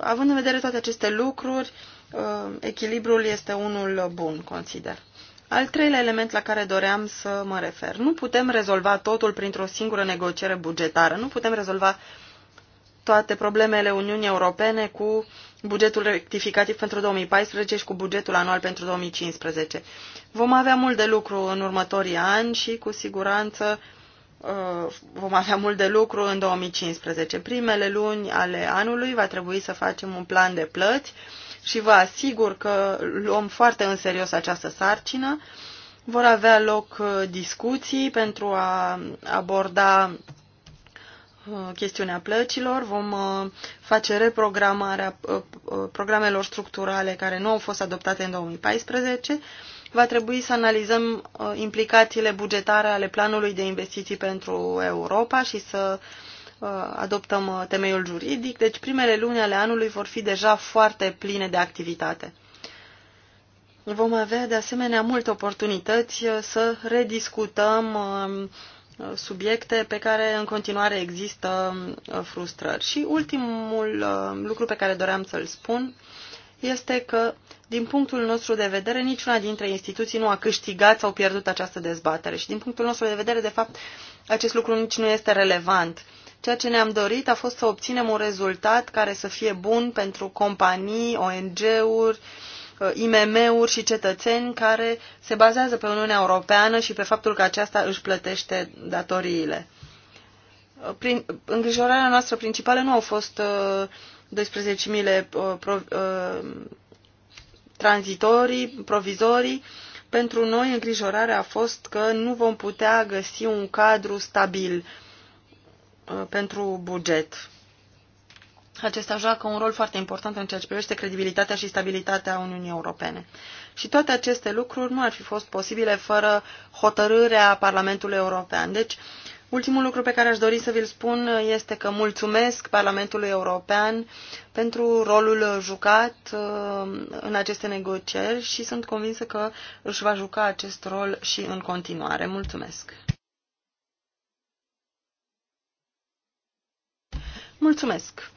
Având în vedere toate aceste lucruri, uh, echilibrul este unul bun, consider. Al treilea element la care doream să mă refer. Nu putem rezolva totul printr-o singură negociere bugetară. Nu putem rezolva toate problemele Uniunii Europene cu bugetul rectificativ pentru 2014 și cu bugetul anual pentru 2015. Vom avea mult de lucru în următorii ani și cu siguranță uh, vom avea mult de lucru în 2015. Primele luni ale anului va trebui să facem un plan de plăți și vă asigur că luăm foarte în serios această sarcină. Vor avea loc uh, discuții pentru a aborda Uh, chestiunea plăcilor, vom uh, face reprogramarea uh, programelor structurale care nu au fost adoptate în 2014. Va trebui să analizăm implicațiile bugetare ale planului de investiții pentru Europa și să adoptăm temeiul juridic. Deci primele luni ale anului vor fi deja foarte pline de activitate. Vom avea de asemenea multe oportunități să rediscutăm um, Uh, subiecte pe care în continuare există uh, frustrări. Și ultimul uh, lucru pe care doream să-l spun este că, din punctul nostru de vedere, niciuna dintre instituții nu a câștigat sau pierdut această dezbatere. Și din punctul nostru de vedere, de fapt, acest lucru nici nu este relevant. Ceea ce ne-am dorit a fost să obținem un rezultat care să fie bun pentru companii, ONG-uri, uh, Uh, IMM-uri și cetățeni care se bazează pe Uniunea Europeană și pe faptul că aceasta își plătește datoriile. Uh, prin, îngrijorarea noastră principală nu au fost uh, 12.000 uh, uh, tranzitorii, provizorii. Pentru noi îngrijorarea a fost că nu vom putea găsi un cadru stabil pentru buget acesta joacă un rol foarte important în ceea ce privește credibilitatea și stabilitatea Uniunii Europene. Și toate aceste lucruri nu ar fi fost posibile fără hotărârea Parlamentului European. Deci, ultimul lucru pe care aș dori să vi-l spun este că mulțumesc Parlamentului European pentru rolul jucat uh, în aceste negocieri și sunt convinsă că își va juca acest rol și în continuare. Mulțumesc! Mulțumesc!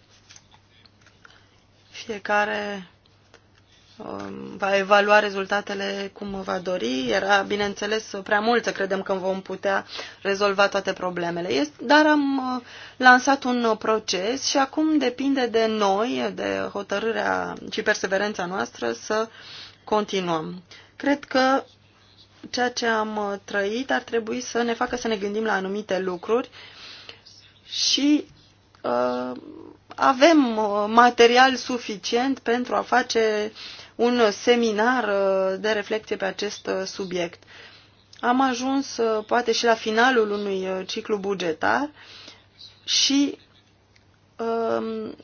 Fiecare um, va evalua rezultatele cum va dori. Era, bineînțeles, prea mult să credem că vom putea rezolva toate problemele. Dar am uh, lansat un uh, proces și acum depinde de noi, de hotărârea și perseverența noastră să continuăm. Cred că ceea ce am uh, trăit ar trebui să ne facă să ne gândim la anumite lucruri și Uh, avem uh, material suficient pentru a face un seminar uh, de reflecție pe acest subiect. Am ajuns poate și la finalul unui ciclu bugetar și um,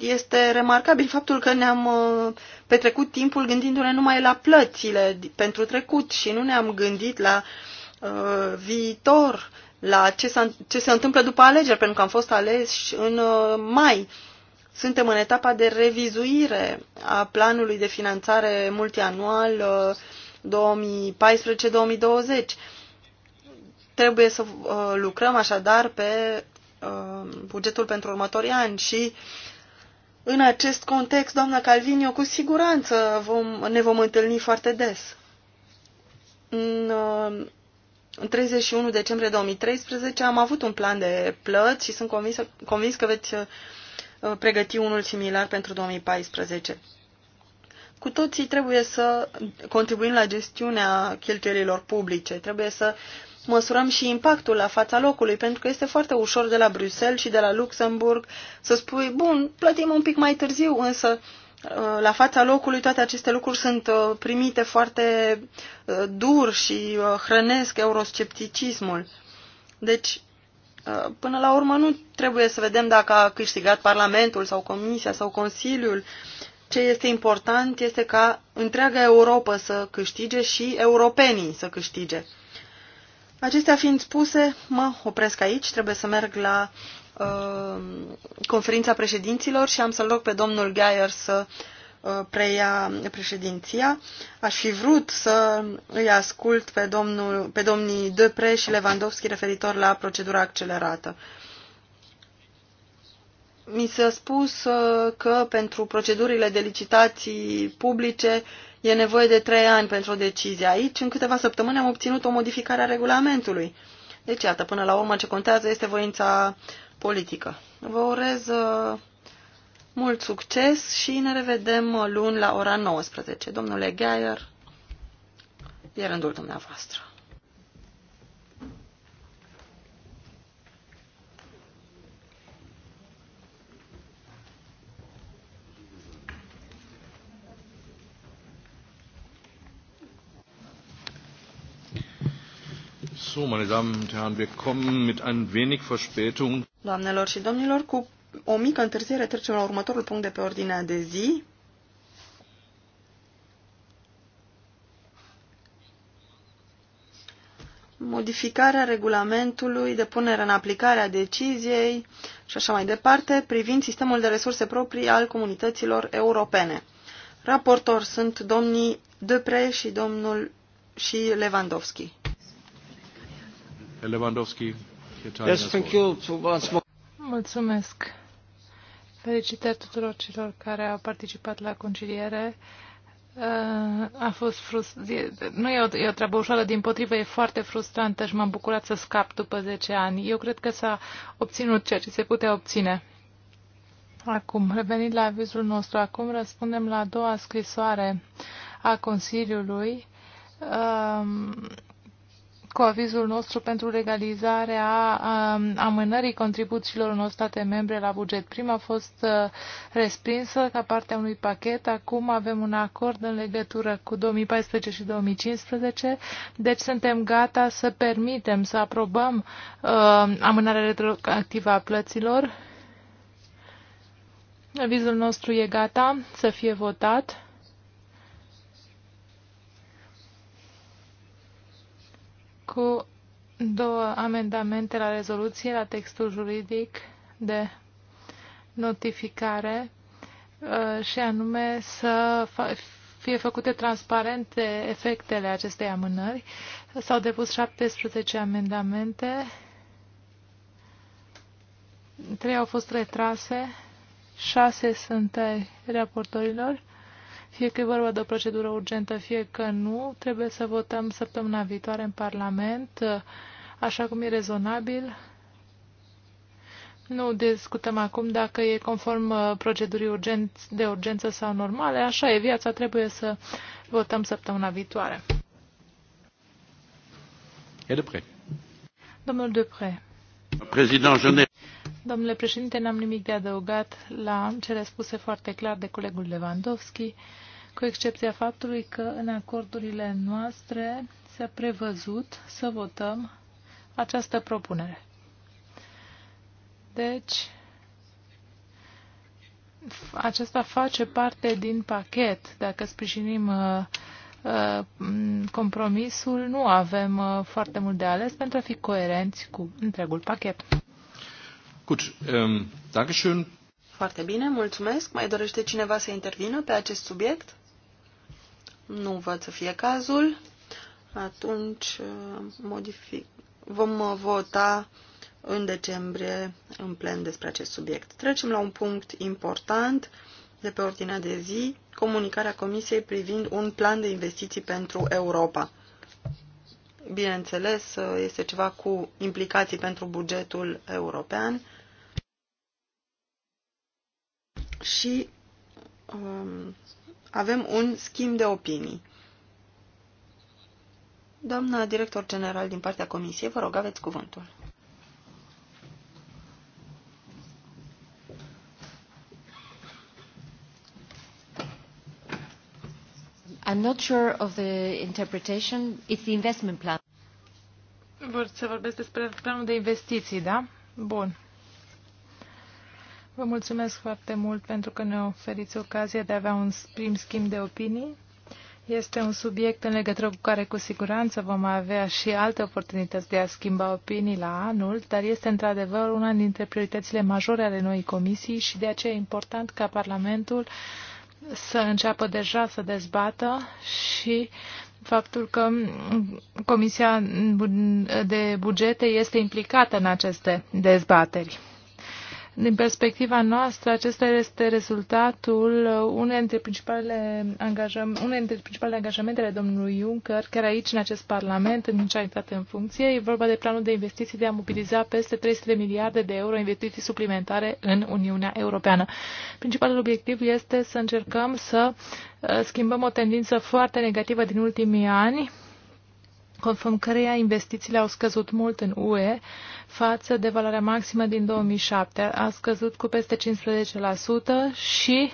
este remarcabil faptul că ne-am petrecut timpul gândindu-ne numai la plățile pentru trecut și nu ne-am gândit la viitor, la ce, ce se întâmplă după alegeri, pentru că am fost aleși în uh, mai. Suntem în etapa de revizuire a planului de finanțare multianual 2014-2020. Uh, Trebuie să uh, lucrăm așadar pe bugetul pentru următorii ani și în acest context, doamna eu cu siguranță vom, ne vom întâlni foarte des. În 31 decembrie 2013 am avut un plan de plăți și sunt convins, convins că veți uh, pregăti unul similar pentru 2014. Cu toții trebuie să contribuim la gestiunea cheltuielilor publice, trebuie să măsurăm și impactul la fața locului, pentru că este foarte ușor de la Bruxelles și de la Luxemburg să spui, bun, plătim un pic mai târziu, însă Uh, la fața locului toate aceste lucruri sunt uh, primite foarte uh, dur și hrănesc euroscepticismul. Deci, până la urmă, nu trebuie să vedem dacă a câștigat Parlamentul sau Comisia sau Consiliul. Ce este important este ca întreaga Europa să câștige și europenii să câștige. Acestea fiind spuse, mă opresc aici, trebuie să merg la Uh, conferința președinților și am să-l rog pe domnul Geier să uh, preia președinția. Aș fi vrut să îi ascult pe, domnul, pe domnii Depre și Lewandowski referitor la procedura accelerată. Mi s-a spus uh, că pentru procedurile de licitații publice e nevoie de trei ani pentru o decizie. Aici, în câteva săptămâni, am obținut o modificare a regulamentului. Deci, iată, până la urmă, ce contează este voința politică. Vă urez uh, mult succes și ne revedem uh, luni la ora 19. Domnule Geier, e rândul dumneavoastră. Doamnelor și domnilor, cu o mică întârziere trecem la următorul punct de pe ordinea de zi. modificarea regulamentului de punere în aplicare a deciziei și așa mai departe privind sistemul de resurse proprii al comunităților europene. Raportor sunt domnii Depre și domnul și Lewandowski. Lewandowski. Yes, thank you once more. Mulțumesc. Felicitări tuturor celor care au participat la conciliere. Uh, a fost frustrant. Nu e o, e o treabă ușoară, din potrivă e foarte frustrantă și m-am bucurat să scap după 10 ani. Eu cred că s-a obținut ceea ce se putea obține. Acum, revenind la avizul nostru, acum răspundem la a doua scrisoare a Consiliului um, cu avizul nostru pentru legalizarea um, amânării contribuțiilor unor state membre la buget. Prima a fost uh, respinsă ca parte a unui pachet. Acum avem un acord în legătură cu 2014 și 2015, deci suntem gata să permitem, să aprobăm uh, amânarea retroactivă a plăților. Avizul nostru e gata să fie votat cu două amendamente la rezoluție, la textul juridic de notificare uh, și anume să fie făcute transparente efectele acestei amânări. S-au depus 17 amendamente, trei au fost retrase, șase sunt ai raportorilor fie că e vorba de o procedură urgentă, fie că nu, trebuie să votăm săptămâna viitoare în Parlament, așa cum e rezonabil. Nu discutăm acum dacă e conform uh, procedurii de urgență sau normale. Așa e viața, trebuie să votăm săptămâna viitoare. Domnul Dupre. Președinte, Domnule președinte, n-am nimic de adăugat la cele spuse foarte clar de colegul Lewandowski, cu excepția faptului că în acordurile noastre s-a prevăzut să votăm această propunere. Deci, acesta face parte din pachet. Dacă sprijinim uh, uh, compromisul, nu avem uh, foarte mult de ales pentru a fi coerenți cu întregul pachet. Gut, ähm, Dankeschön. Foarte bine, mulțumesc. Mai dorește cineva să intervină pe acest subiect? Nu văd să fie cazul. Atunci uh, modific... vom uh, vota în decembrie în plen despre acest subiect. Trecem la un punct important de pe ordinea de zi, comunicarea Comisiei privind un plan de investiții pentru Europa. Bineînțeles, uh, este ceva cu implicații pentru bugetul european și um, avem un schimb de opinii. Doamna director general din partea comisiei, vă rog, aveți cuvântul. I'm not sure of the interpretation. It's the investment plan. Vor să vorbesc despre planul de investiții, da? Bun. Vă mulțumesc foarte mult pentru că ne oferiți ocazia de a avea un prim schimb de opinii. Este un subiect în legătură cu care cu siguranță vom avea și alte oportunități de a schimba opinii la anul, dar este într-adevăr una dintre prioritățile majore ale noii comisii și de aceea e important ca Parlamentul să înceapă deja să dezbată și faptul că Comisia de Bugete este implicată în aceste dezbateri. Din perspectiva noastră, acesta este rezultatul unei dintre principalele, angajam, unei dintre principalele ale domnului Juncker, care aici, în acest Parlament, în ce a în funcție, e vorba de planul de investiții de a mobiliza peste 300 de miliarde de euro investiții suplimentare în Uniunea Europeană. Principalul obiectiv este să încercăm să uh, schimbăm o tendință foarte negativă din ultimii ani, conform căreia investițiile au scăzut mult în UE față de valoarea maximă din 2007. A scăzut cu peste 15% și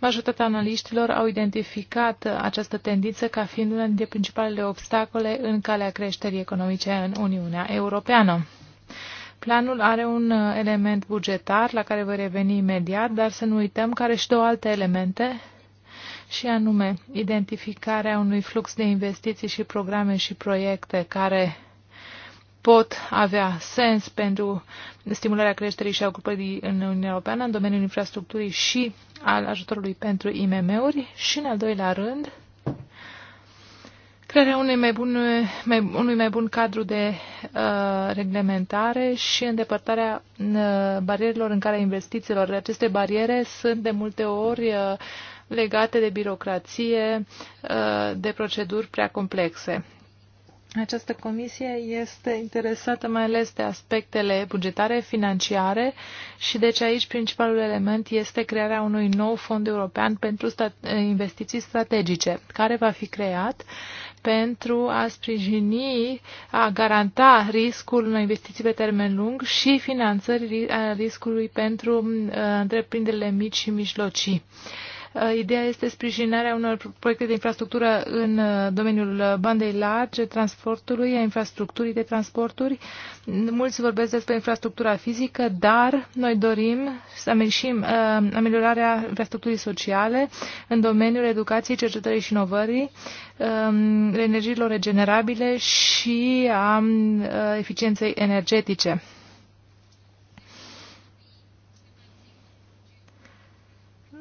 majoritatea analiștilor au identificat această tendință ca fiind una dintre principalele obstacole în calea creșterii economice în Uniunea Europeană. Planul are un element bugetar la care voi reveni imediat, dar să nu uităm că are și două alte elemente și anume identificarea unui flux de investiții și programe și proiecte care pot avea sens pentru stimularea creșterii și a ocupării în Uniunea Europeană în domeniul infrastructurii și al ajutorului pentru IMM-uri și, în al doilea rând, crearea unui mai bun, mai, unui mai bun cadru de uh, reglementare și îndepărtarea uh, barierelor în care investițiilor. Aceste bariere sunt de multe ori uh, legate de birocrație, uh, de proceduri prea complexe. Această comisie este interesată mai ales de aspectele bugetare, financiare și deci aici principalul element este crearea unui nou fond european pentru investiții strategice, care va fi creat pentru a sprijini, a garanta riscul unei investiții pe termen lung și finanțării riscului pentru uh, întreprinderile mici și mijlocii. Uh, Uh, ideea este sprijinarea unor proiecte de infrastructură în uh, domeniul uh, bandei largi, transportului, a infrastructurii de transporturi. Mulți vorbesc despre infrastructura fizică, dar noi dorim să amenșim ameliorarea infrastructurii sociale în domeniul educației, cercetării și inovării, um, energiilor regenerabile și a eficienței energetice.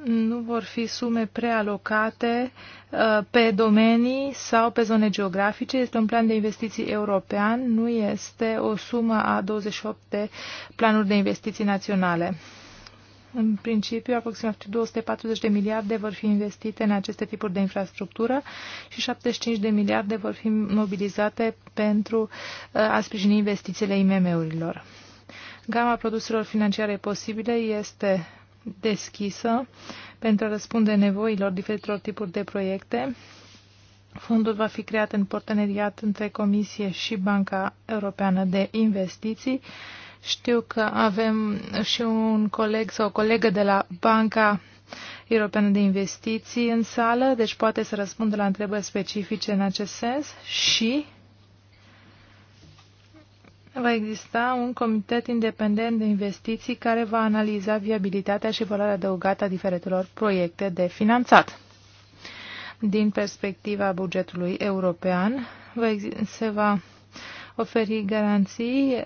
nu vor fi sume prealocate uh, pe domenii sau pe zone geografice. Este un plan de investiții european, nu este o sumă a 28 de planuri de investiții naționale. În principiu, aproximativ 240 de miliarde vor fi investite în aceste tipuri de infrastructură și 75 de miliarde vor fi mobilizate pentru uh, a sprijini investițiile IMM-urilor. Gama produselor financiare posibile este deschisă pentru a răspunde nevoilor diferitelor tipuri de proiecte. Fondul va fi creat în parteneriat între Comisie și Banca Europeană de Investiții. Știu că avem și un coleg sau o colegă de la Banca Europeană de Investiții în sală, deci poate să răspundă la întrebări specifice în acest sens și va exista un comitet independent de investiții care va analiza viabilitatea și valoarea adăugată a diferitelor proiecte de finanțat. Din perspectiva bugetului european, se va oferi garanții,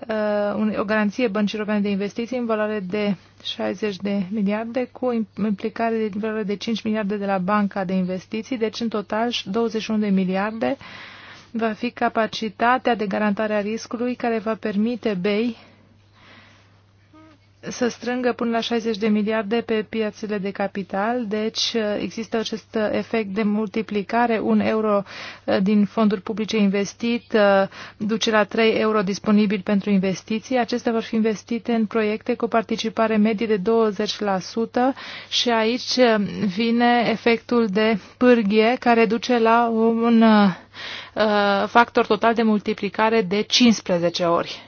uh, o garanție Băncii Europene de Investiții în valoare de 60 de miliarde, cu implicare de valoare de 5 miliarde de la Banca de Investiții, deci în total 21 de miliarde va fi capacitatea de garantare a riscului care va permite BEI să strângă până la 60 de miliarde pe piațele de capital, deci uh, există acest efect de multiplicare, un euro uh, din fonduri publice investit uh, duce la 3 euro disponibil pentru investiții. Acestea vor fi investite în proiecte cu participare medie de 20% și aici vine efectul de pârghie care duce la un factor total de multiplicare de 15 ori.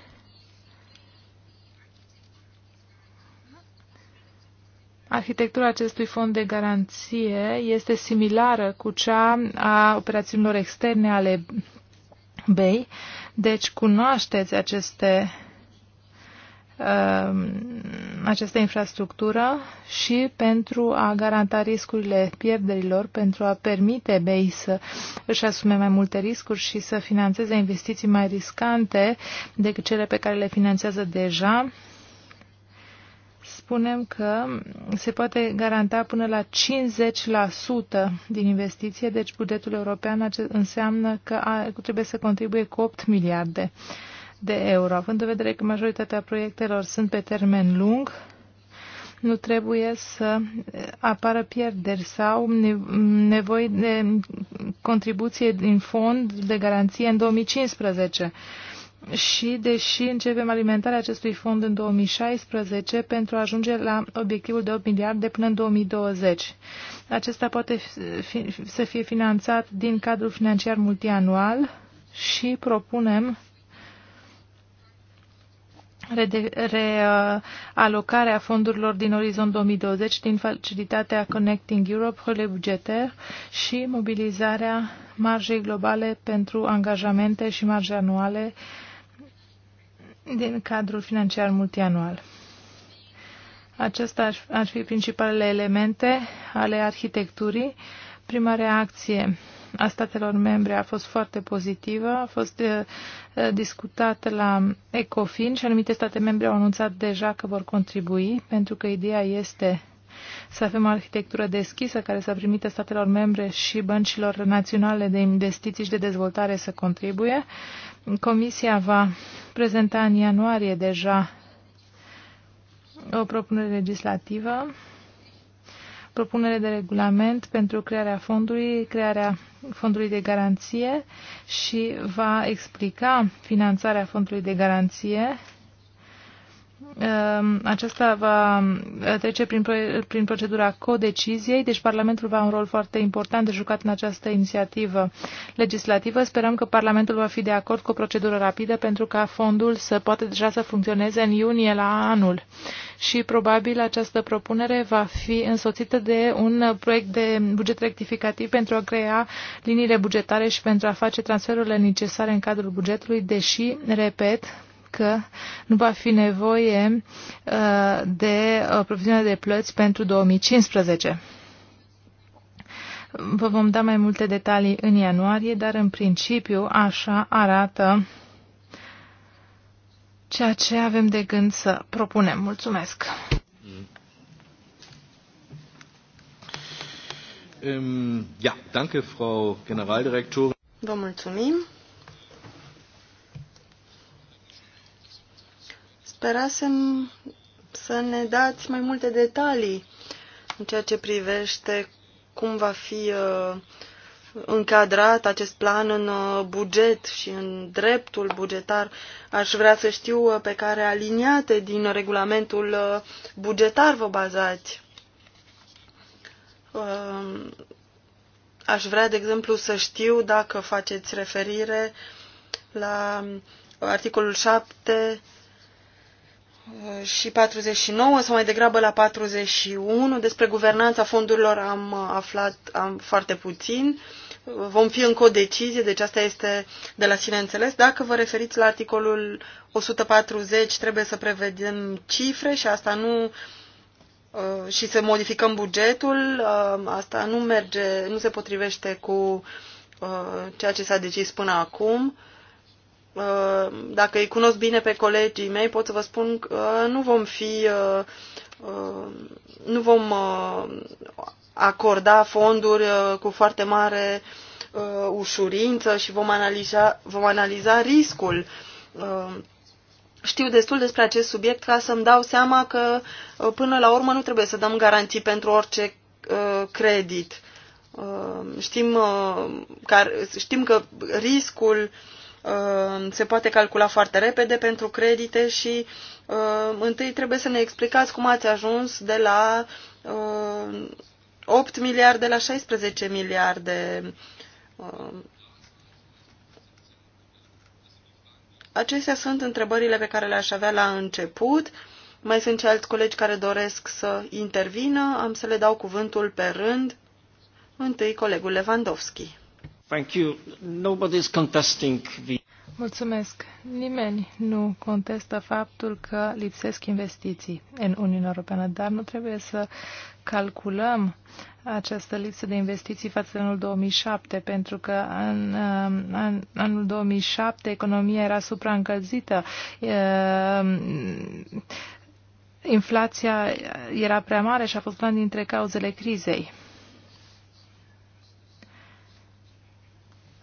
Arhitectura acestui fond de garanție este similară cu cea a operațiunilor externe ale BEI, deci cunoașteți aceste, um, această infrastructură și pentru a garanta riscurile pierderilor, pentru a permite BEI să își asume mai multe riscuri și să financeze investiții mai riscante decât cele pe care le finanțează deja, spunem că se poate garanta până la 50% din investiție, deci bugetul european înseamnă că trebuie să contribuie cu 8 miliarde de euro. Având în vedere că majoritatea proiectelor sunt pe termen lung, nu trebuie să apară pierderi sau nevoi de contribuție din fond de garanție în 2015 și deși începem alimentarea acestui fond în 2016 pentru a ajunge la obiectivul de 8 miliarde până în 2020. Acesta poate fi, să fie finanțat din cadrul financiar multianual și propunem realocarea fondurilor din orizont 2020 din facilitatea Connecting Europe, hole bugeter și mobilizarea marjei globale pentru angajamente și marje anuale uh, din cadrul financiar multianual. Acestea ar fi principalele elemente ale arhitecturii. Prima reacție a statelor membre a fost foarte pozitivă, a fost uh, uh, discutată la ECOFIN și anumite state membre au anunțat deja că vor contribui, pentru că ideea este să avem o arhitectură deschisă care să permită statelor membre și băncilor naționale de investiții și de dezvoltare să contribuie. Comisia va prezenta în ianuarie deja o propunere legislativă, propunere de regulament pentru crearea fondului, crearea fondului de garanție și va explica finanțarea fondului de garanție Ehm, aceasta va trece prin, prin procedura codeciziei, deci Parlamentul va un rol foarte important de jucat în această inițiativă legislativă. Sperăm că Parlamentul va fi de acord cu o procedură rapidă pentru ca fondul să poată deja să funcționeze în iunie la anul. Și probabil această propunere va fi însoțită de un proiect de buget rectificativ pentru a crea liniile bugetare și pentru a face transferurile necesare în cadrul bugetului, deși, repet, că nu va fi nevoie uh, de uh, provizionare de plăți pentru 2015. Vă vom da mai multe detalii în ianuarie, dar în principiu așa arată ceea ce avem de gând să propunem. Mulțumesc! Ja, danke, Frau Generaldirektorin. Vă mulțumim. Sperasem să ne dați mai multe detalii în ceea ce privește cum va fi uh, încadrat acest plan în uh, buget și în dreptul bugetar. Aș vrea să știu uh, pe care aliniate din regulamentul bugetar vă bazați. Um, aș vrea, de exemplu, să știu dacă faceți referire la articolul 7 Uh, și 49, sau mai degrabă la 41. Despre guvernanța fondurilor am uh, aflat am foarte puțin. Uh, vom fi o decizie, deci asta este de la sine înțeles. Dacă vă referiți la articolul 140, trebuie să prevedem cifre și asta nu și să modificăm bugetul, asta nu merge, nu se potrivește cu ceea ce s-a decis până acum Uh, dacă îi cunosc bine pe colegii mei, pot să vă spun că nu vom fi, uh, uh, nu vom acorda fonduri cu foarte mare ușurință și vom analiza, vom analiza riscul. Știu destul despre acest subiect ca să-mi dau seama că până la urmă nu trebuie să dăm garanții pentru orice credit. Știm, știm că riscul Uh, se poate calcula foarte repede pentru credite și uh, întâi trebuie să ne explicați cum ați ajuns de la 8 uh, miliarde la 16 miliarde. Acestea sunt întrebările pe care le-aș avea la început. Mai sunt și alți colegi care doresc să intervină. Am să le dau cuvântul pe rând. Întâi colegul Lewandowski. Mulțumesc. Nimeni nu contestă faptul că lipsesc investiții în Uniunea Europeană, dar nu trebuie să calculăm această lipsă de investiții față de anul 2007, pentru că în, în anul 2007 economia era supraîncălzită. Ehm, inflația era prea mare și a fost una dintre cauzele crizei.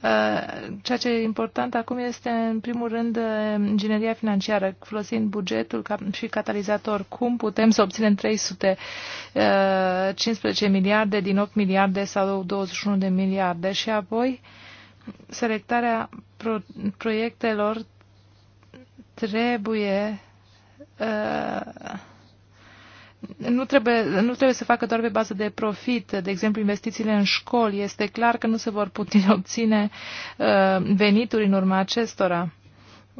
Uh, ceea ce e important acum este, în primul rând, uh, ingineria financiară, folosind bugetul ca și catalizator. Cum putem să obținem 315 uh, miliarde din 8 miliarde sau 21 de miliarde și apoi selectarea pro proiectelor trebuie uh, nu trebuie, nu trebuie să facă doar pe bază de profit, de exemplu investițiile în școli. Este clar că nu se vor putea obține uh, venituri în urma acestora.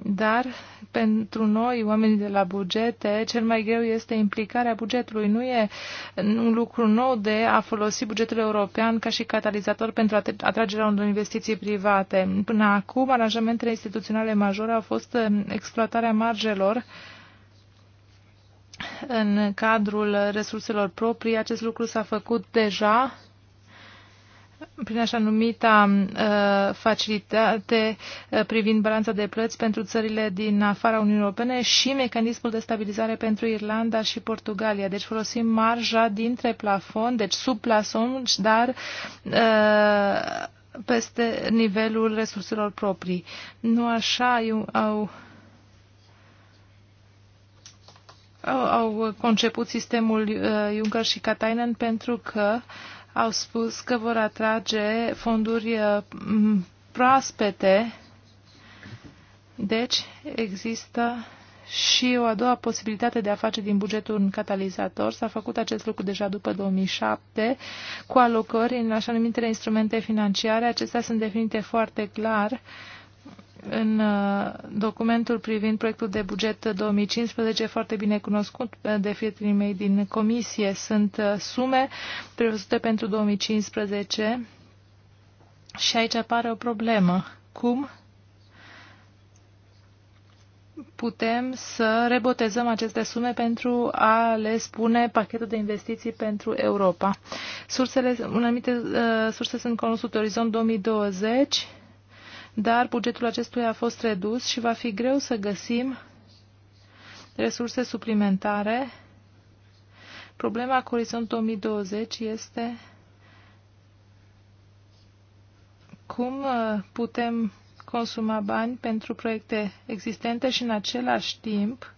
Dar pentru noi, oamenii de la bugete, cel mai greu este implicarea bugetului. Nu e un lucru nou de a folosi bugetul european ca și catalizator pentru atragerea unor investiții private. Până acum, aranjamentele instituționale majore au fost uh, exploatarea margelor uh, în cadrul resurselor proprii. Acest lucru s-a făcut deja prin așa numita uh, facilitate uh, privind balanța de plăți pentru țările din afara Uniunii Europene și mecanismul de stabilizare pentru Irlanda și Portugalia. Deci folosim marja dintre plafon, deci sub plafon, dar uh, peste nivelul resurselor proprii. Nu așa au au conceput sistemul uh, Juncker și Katainen pentru că au spus că vor atrage fonduri uh, proaspete. Deci există și o a doua posibilitate de a face din bugetul un catalizator. S-a făcut acest lucru deja după 2007 cu alocări în așa numitele instrumente financiare. Acestea sunt definite foarte clar în uh, documentul privind proiectul de buget 2015, foarte bine cunoscut de fietrii mei din comisie, sunt uh, sume prevăzute pentru 2015 și aici apare o problemă. Cum putem să rebotezăm aceste sume pentru a le spune pachetul de investiții pentru Europa? Sursele, anumite uh, surse sunt cunoscute, Orizont 2020, dar bugetul acestuia a fost redus și va fi greu să găsim resurse suplimentare. Problema cu Orizont 2020 este cum uh, putem consuma bani pentru proiecte existente și în același timp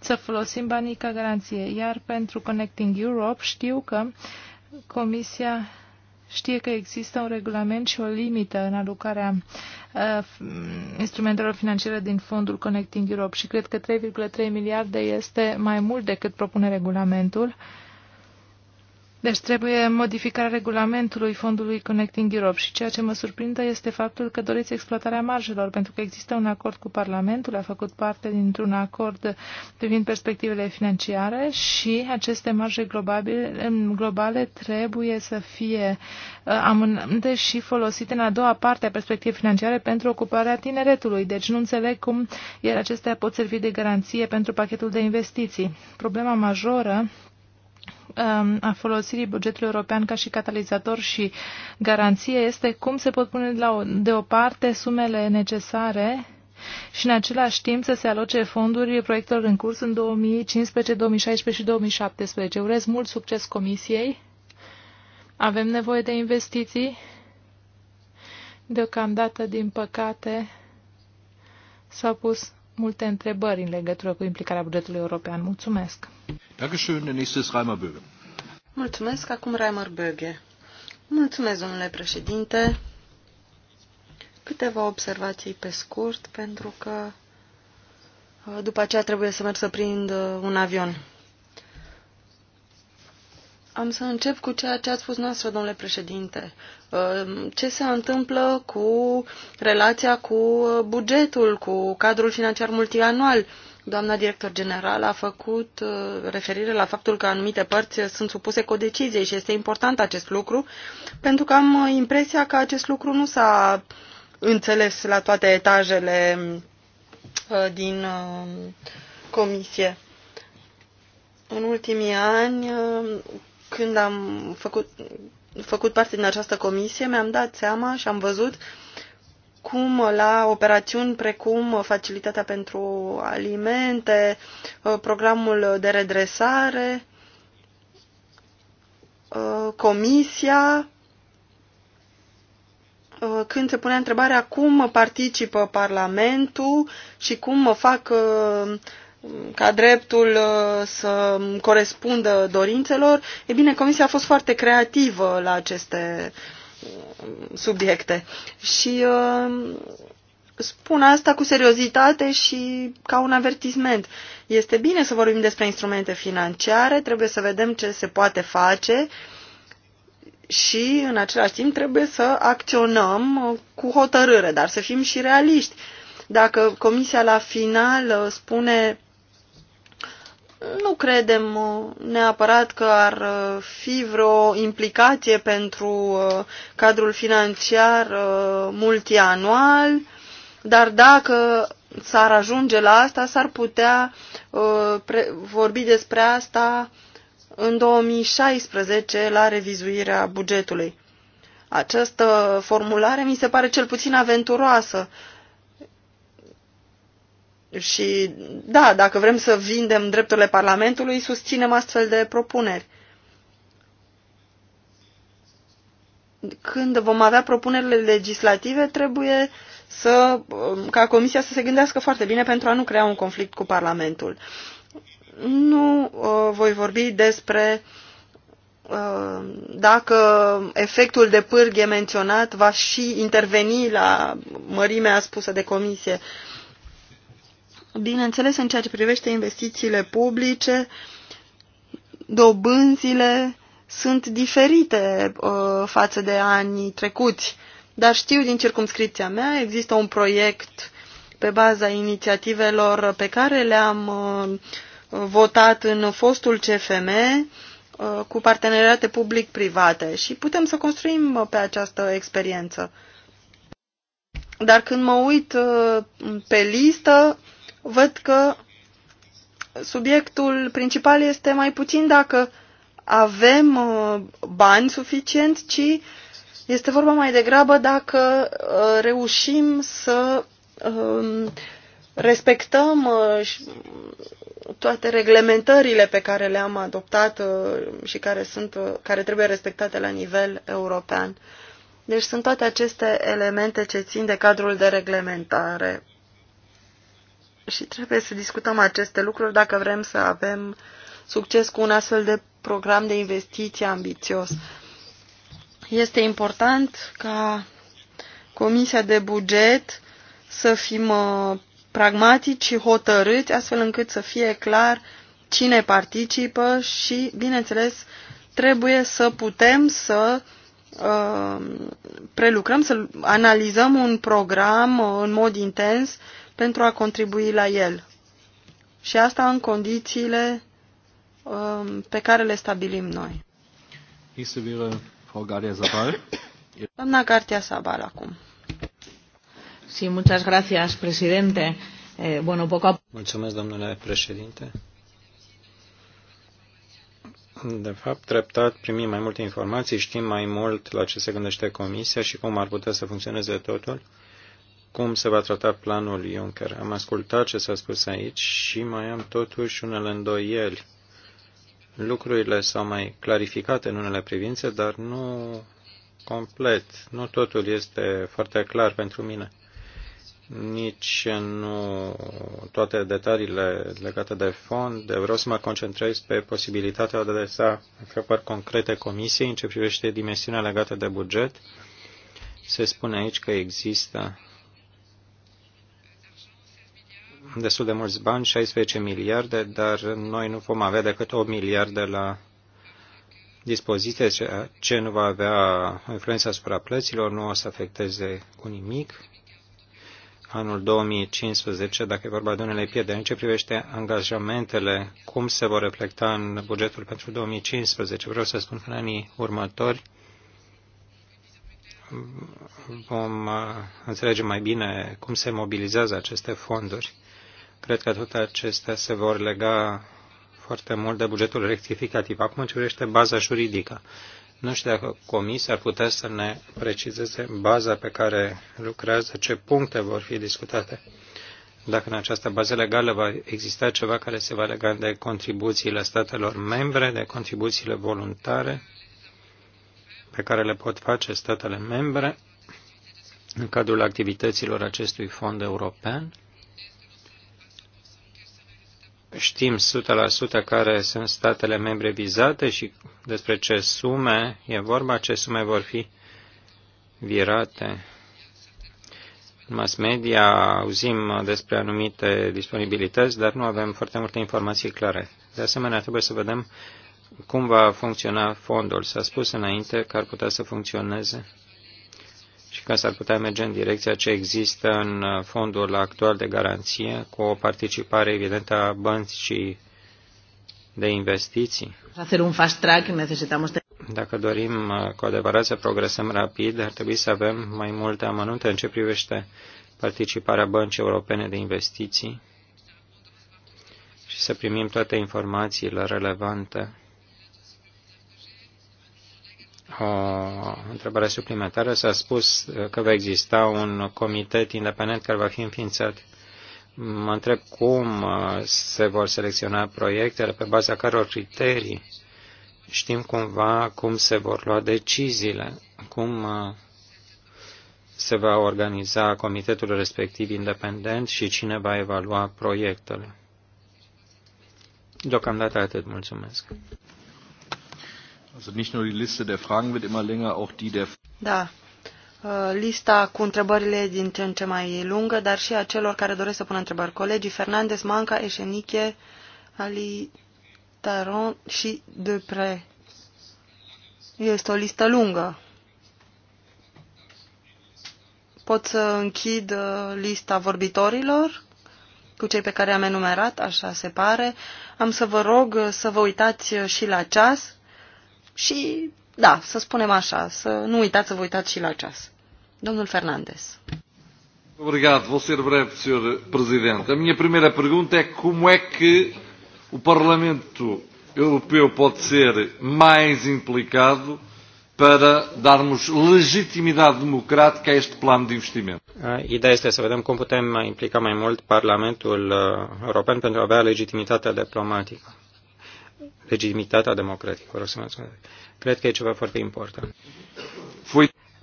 să folosim banii ca garanție. Iar pentru Connecting Europe știu că Comisia știe că există un regulament și o limită în alocarea uh, instrumentelor financiare din fondul Connecting Europe și cred că 3,3 miliarde este mai mult decât propune regulamentul. Uh, deci trebuie modificarea regulamentului fondului Connecting Europe și ceea ce mă surprinde este faptul că doriți exploatarea marjelor, pentru că există un acord cu Parlamentul, a făcut parte dintr-un acord privind perspectivele financiare și aceste marje globale, globale trebuie să fie uh, amânate și folosite în a doua parte a perspectivei financiare pentru ocuparea tineretului. Deci nu înțeleg cum iar acestea pot servi de garanție pentru pachetul de investiții. Problema majoră Um, a folosirii bugetului european ca și catalizator și garanție este cum se pot pune deoparte sumele necesare și în același timp să se aloce fonduri proiectelor în curs în 2015, 2016 și 2017. Urez mult succes Comisiei. Avem nevoie de investiții. Deocamdată, din păcate, s-au pus multe întrebări în legătură cu implicarea bugetului european. Mulțumesc! Mulțumesc! Acum Reimer Böge. Mulțumesc, domnule președinte! Câteva observații pe scurt, pentru că după aceea trebuie să merg să prind uh, un avion. Am să încep cu ceea ce ați spus noastră, domnule președinte. Uh, ce se întâmplă cu relația cu bugetul, cu cadrul financiar multianual? Doamna director general a făcut uh, referire la faptul că anumite părți sunt supuse codeciziei și este important acest lucru, pentru că am impresia că acest lucru nu s-a înțeles la toate etajele uh, din comisie. În ultimii ani, când am făcut, făcut parte din această comisie, mi-am dat seama și am văzut cum la operațiuni precum Facilitatea pentru Alimente, uh, programul de redresare, uh, comisia, uh, când se punea întrebarea cum participă Parlamentul și cum fac ca dreptul uh, să corespundă dorințelor, e bine, Comisia a fost foarte creativă la aceste uh, subiecte. Și uh, spun asta cu seriozitate și ca un avertisment. Este bine să vorbim despre instrumente financiare, trebuie să vedem ce se poate face și în același timp trebuie să acționăm uh, cu hotărâre, dar să fim și realiști. Dacă Comisia la final spune nu credem uh, neapărat că ar uh, fi vreo implicație pentru uh, cadrul financiar multianual, dar dacă s-ar ajunge la asta, s-ar putea vorbi despre asta în 2016 la revizuirea bugetului. Această formulare mi se pare cel puțin aventuroasă. Și da, dacă vrem să vindem drepturile Parlamentului, susținem astfel de propuneri. Când vom avea propunerile legislative, trebuie să, ca Comisia să se gândească foarte bine pentru a nu crea un conflict cu Parlamentul. Nu uh, voi vorbi despre uh, dacă efectul de pârghie menționat va și interveni la mărimea spusă de comisie. Uh, Bineînțeles, în ceea ce privește investițiile publice, dobânzile sunt diferite uh, față de anii trecuți, dar știu din circumscripția mea, există un proiect pe baza inițiativelor pe care le-am uh, votat în fostul CFM uh, cu parteneriate public-private și putem să construim pe această experiență. Dar când mă uit uh, pe listă, văd că subiectul principal este mai puțin dacă avem uh, bani suficienți, ci este vorba mai degrabă dacă uh, reușim să um, respectăm uh, toate reglementările pe care le-am adoptat și care, sunt, care trebuie respectate la nivel european. Deci sunt toate aceste elemente ce țin de cadrul de reglementare și trebuie să discutăm aceste lucruri dacă vrem să avem succes cu un astfel de program de investiții ambițios. Este important ca Comisia de Buget să fim uh, pragmatici și hotărâți, astfel încât să fie clar cine participă și, bineînțeles, trebuie să putem să uh, prelucrăm, să analizăm un program uh, în mod intens pentru a contribui la el. Și asta în condițiile um, pe care le stabilim noi. Doamna Gartia Sabal acum. Sí, muchas gracias, presidente. Eh, bueno, poco a... Mulțumesc, domnule președinte. De fapt, treptat primim mai multe informații, știm mai mult la ce se gândește Comisia și cum ar putea să funcționeze totul cum se va trata planul Juncker. Am ascultat ce s-a spus aici și mai am totuși unele îndoieli. Lucrurile s-au mai clarificat în unele privințe, dar nu complet. Nu totul este foarte clar pentru mine. Nici nu toate detaliile legate de fond. Vreau să mă concentrez pe posibilitatea de a adresa întrebări concrete comisiei în ce privește dimensiunea legată de buget. Se spune aici că există destul de mulți bani, 16 miliarde, dar noi nu vom avea decât 8 miliarde la dispoziție, ce nu va avea influența asupra plăților, nu o să afecteze cu nimic. Anul 2015, dacă e vorba de unele pierderi, în ce privește angajamentele, cum se vor reflecta în bugetul pentru 2015? Vreau să spun că în anii următori vom uh, înțelege mai bine cum se mobilizează aceste fonduri. Cred că toate acestea se vor lega foarte mult de bugetul rectificativ. Acum ce vrește baza juridică. Nu știu dacă comisia ar putea să ne precizeze baza pe care lucrează, ce puncte vor fi discutate. Dacă în această bază legală va exista ceva care se va lega de contribuțiile statelor membre, de contribuțiile voluntare pe care le pot face statele membre în cadrul activităților acestui fond european, știm 100% care sunt statele membre vizate și despre ce sume e vorba, ce sume vor fi virate. În mass media auzim despre anumite disponibilități, dar nu avem foarte multe informații clare. De asemenea, trebuie să vedem cum va funcționa fondul. S-a spus înainte că ar putea să funcționeze și că s-ar putea merge în direcția ce există în fondul actual de garanție, cu o participare evidentă a și de investiții. Dacă dorim uh, cu adevărat să progresăm rapid, ar trebui să avem mai multe amănunte în ce privește participarea băncii europene de investiții și să primim toate informațiile relevante o întrebare suplimentară. S-a spus că va exista un comitet independent care va fi înființat. Mă întreb cum uh, se vor selecționa proiectele, pe baza căror criterii știm cumva cum se vor lua deciziile, cum uh, se va organiza comitetul respectiv independent și cine va evalua proiectele. Deocamdată atât. Mulțumesc. Also nicht nur die Liste der Fragen wird immer länger, auch die der Da. Ă, lista cu întrebările din ce în ce mai lungă, dar și a celor care doresc să pună întrebări. Colegii Fernandez, Manca, Eșeniche, Ali Taron și Depre. Este o listă lungă. Pot să închid ă, lista vorbitorilor cu cei pe care am enumerat, așa se pare. Am să vă rog să vă uitați și la ceas și, da, să spunem așa, să nu uitați să vă uitați și la ceas. Domnul Fernandez. Obrigado, vou ser breve, Sr. Presidente. A minha primeira pergunta é como é que o Parlamento Europeu pode ser mais implicado para darmos legitimidade democrática a este plano de investimento. Eh, ideea este să vedem cum putem implica mai mult Parlamentul eh, European pentru a avea legitimitatea diplomatică legitimitatea democratică. Vreau să Cred că e ceva foarte important.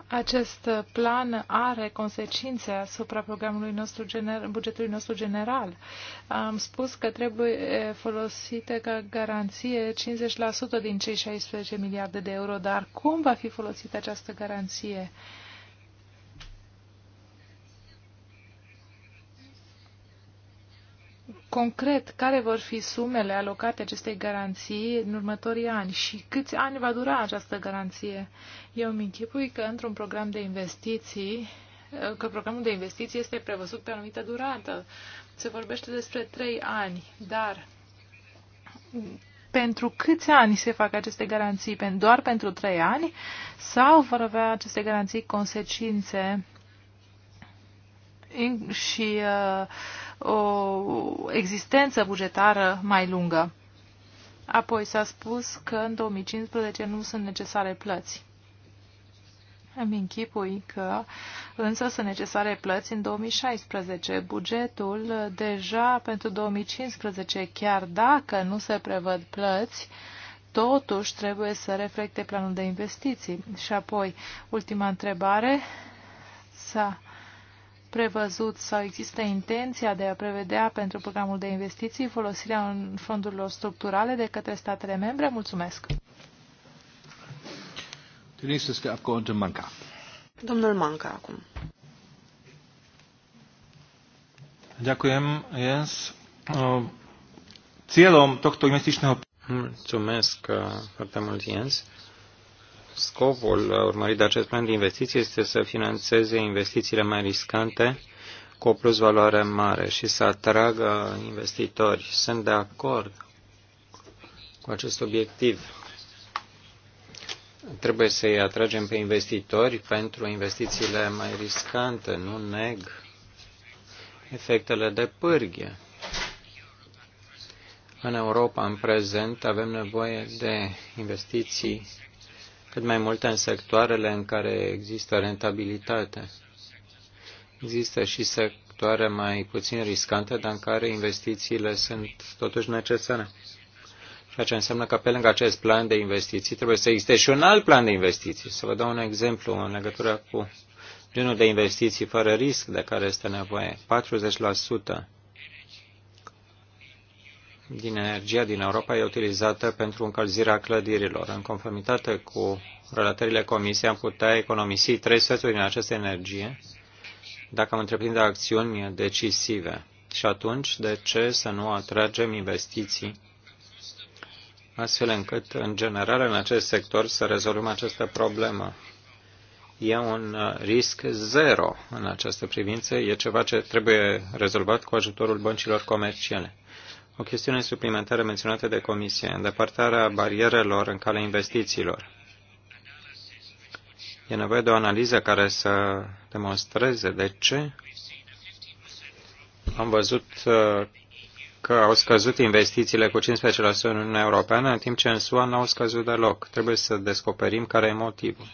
Acest plan are consecințe asupra programului nostru gener, bugetului nostru general. Am spus că trebuie folosite ca garanție 50% din cei 16 miliarde de euro, dar cum va fi folosită această garanție? Uh, concret care vor fi sumele alocate acestei garanții în următorii ani și câți ani va dura această garanție. Eu îmi închipui că într-un program de investiții, că programul de investiții este prevăzut pe anumită durată. Se vorbește despre trei ani, dar pentru câți ani se fac aceste garanții? Doar pentru trei ani? Sau vor avea aceste garanții consecințe și uh, o existență bugetară mai lungă. Apoi s-a spus că în 2015 nu sunt necesare plăți. Îmi închipui că însă sunt necesare plăți în 2016. Bugetul deja pentru 2015, chiar dacă nu se prevăd plăți, totuși trebuie să reflecte planul de investiții. Și apoi, ultima întrebare, s-a prevăzut sau există intenția de a prevedea pentru programul de investiții folosirea în fondurilor structurale de către statele membre? Mulțumesc! Domnul Manca acum. Ďakujem, Jens. Cieľom tohto investičného... Mulțumesc uh, foarte mult, Jens. Scopul urmărit de acest plan de investiții este să financeze investițiile mai riscante cu o plus valoare mare și să atragă investitori. Sunt de acord cu acest obiectiv. Trebuie să-i atragem pe investitori pentru investițiile mai riscante. Nu neg efectele de pârghie. În Europa, în prezent, avem nevoie de investiții cât mai multe în sectoarele în care există rentabilitate. Există și sectoare mai puțin riscante, dar în care investițiile sunt totuși necesare. Ceea ce înseamnă că pe lângă acest plan de investiții trebuie să existe și un alt plan de investiții. Să vă dau un exemplu în legătură cu genul de investiții fără risc de care este nevoie. 40% din energia din Europa e utilizată pentru încălzirea clădirilor. În conformitate cu relatările Comisiei, am putea economisi trei sferturi din această energie dacă am întreprinde acțiuni decisive. Și atunci, de ce să nu atragem investiții astfel încât, în general, în acest sector să rezolvăm această problemă? E un risc zero în această privință, e ceva ce trebuie rezolvat cu ajutorul băncilor comerciale. O chestiune suplimentară menționată de Comisie, îndepărtarea barierelor în calea investițiilor. E nevoie de o analiză care să demonstreze de ce am văzut uh, că au scăzut investițiile cu 15% în Uniunea Europeană, în timp ce în SUA n-au scăzut deloc. Trebuie să descoperim care e motivul.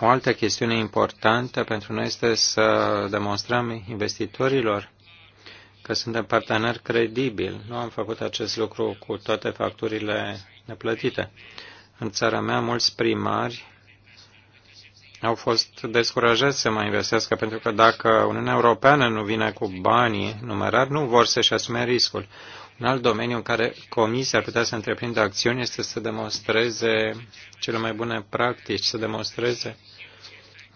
O altă chestiune importantă pentru noi este să demonstrăm investitorilor că suntem parteneri credibili. Nu am făcut acest lucru cu toate facturile neplătite. În țara mea, mulți primari au fost descurajați să mai investească, pentru că dacă Uniunea Europeană nu vine cu banii numerari, nu vor să-și asume riscul. Un alt domeniu în care comisia ar putea să întreprindă acțiuni este să demonstreze cele mai bune practici, să demonstreze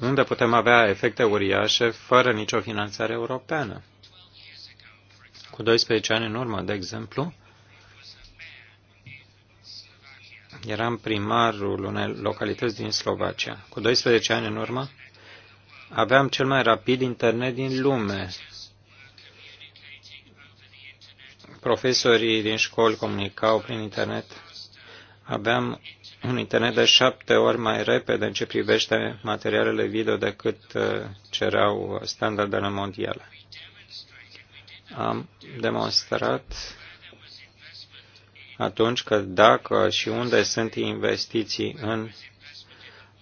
unde putem avea efecte uriașe fără nicio finanțare europeană. Cu 12 ani în urmă, de exemplu, eram primarul unei localități din Slovacia. Cu 12 ani în urmă, aveam cel mai rapid internet din lume profesorii din școli comunicau prin internet. Aveam un internet de șapte ori mai repede în ce privește materialele video decât uh, cereau standardele mondiale. Am demonstrat atunci că dacă și unde sunt investiții în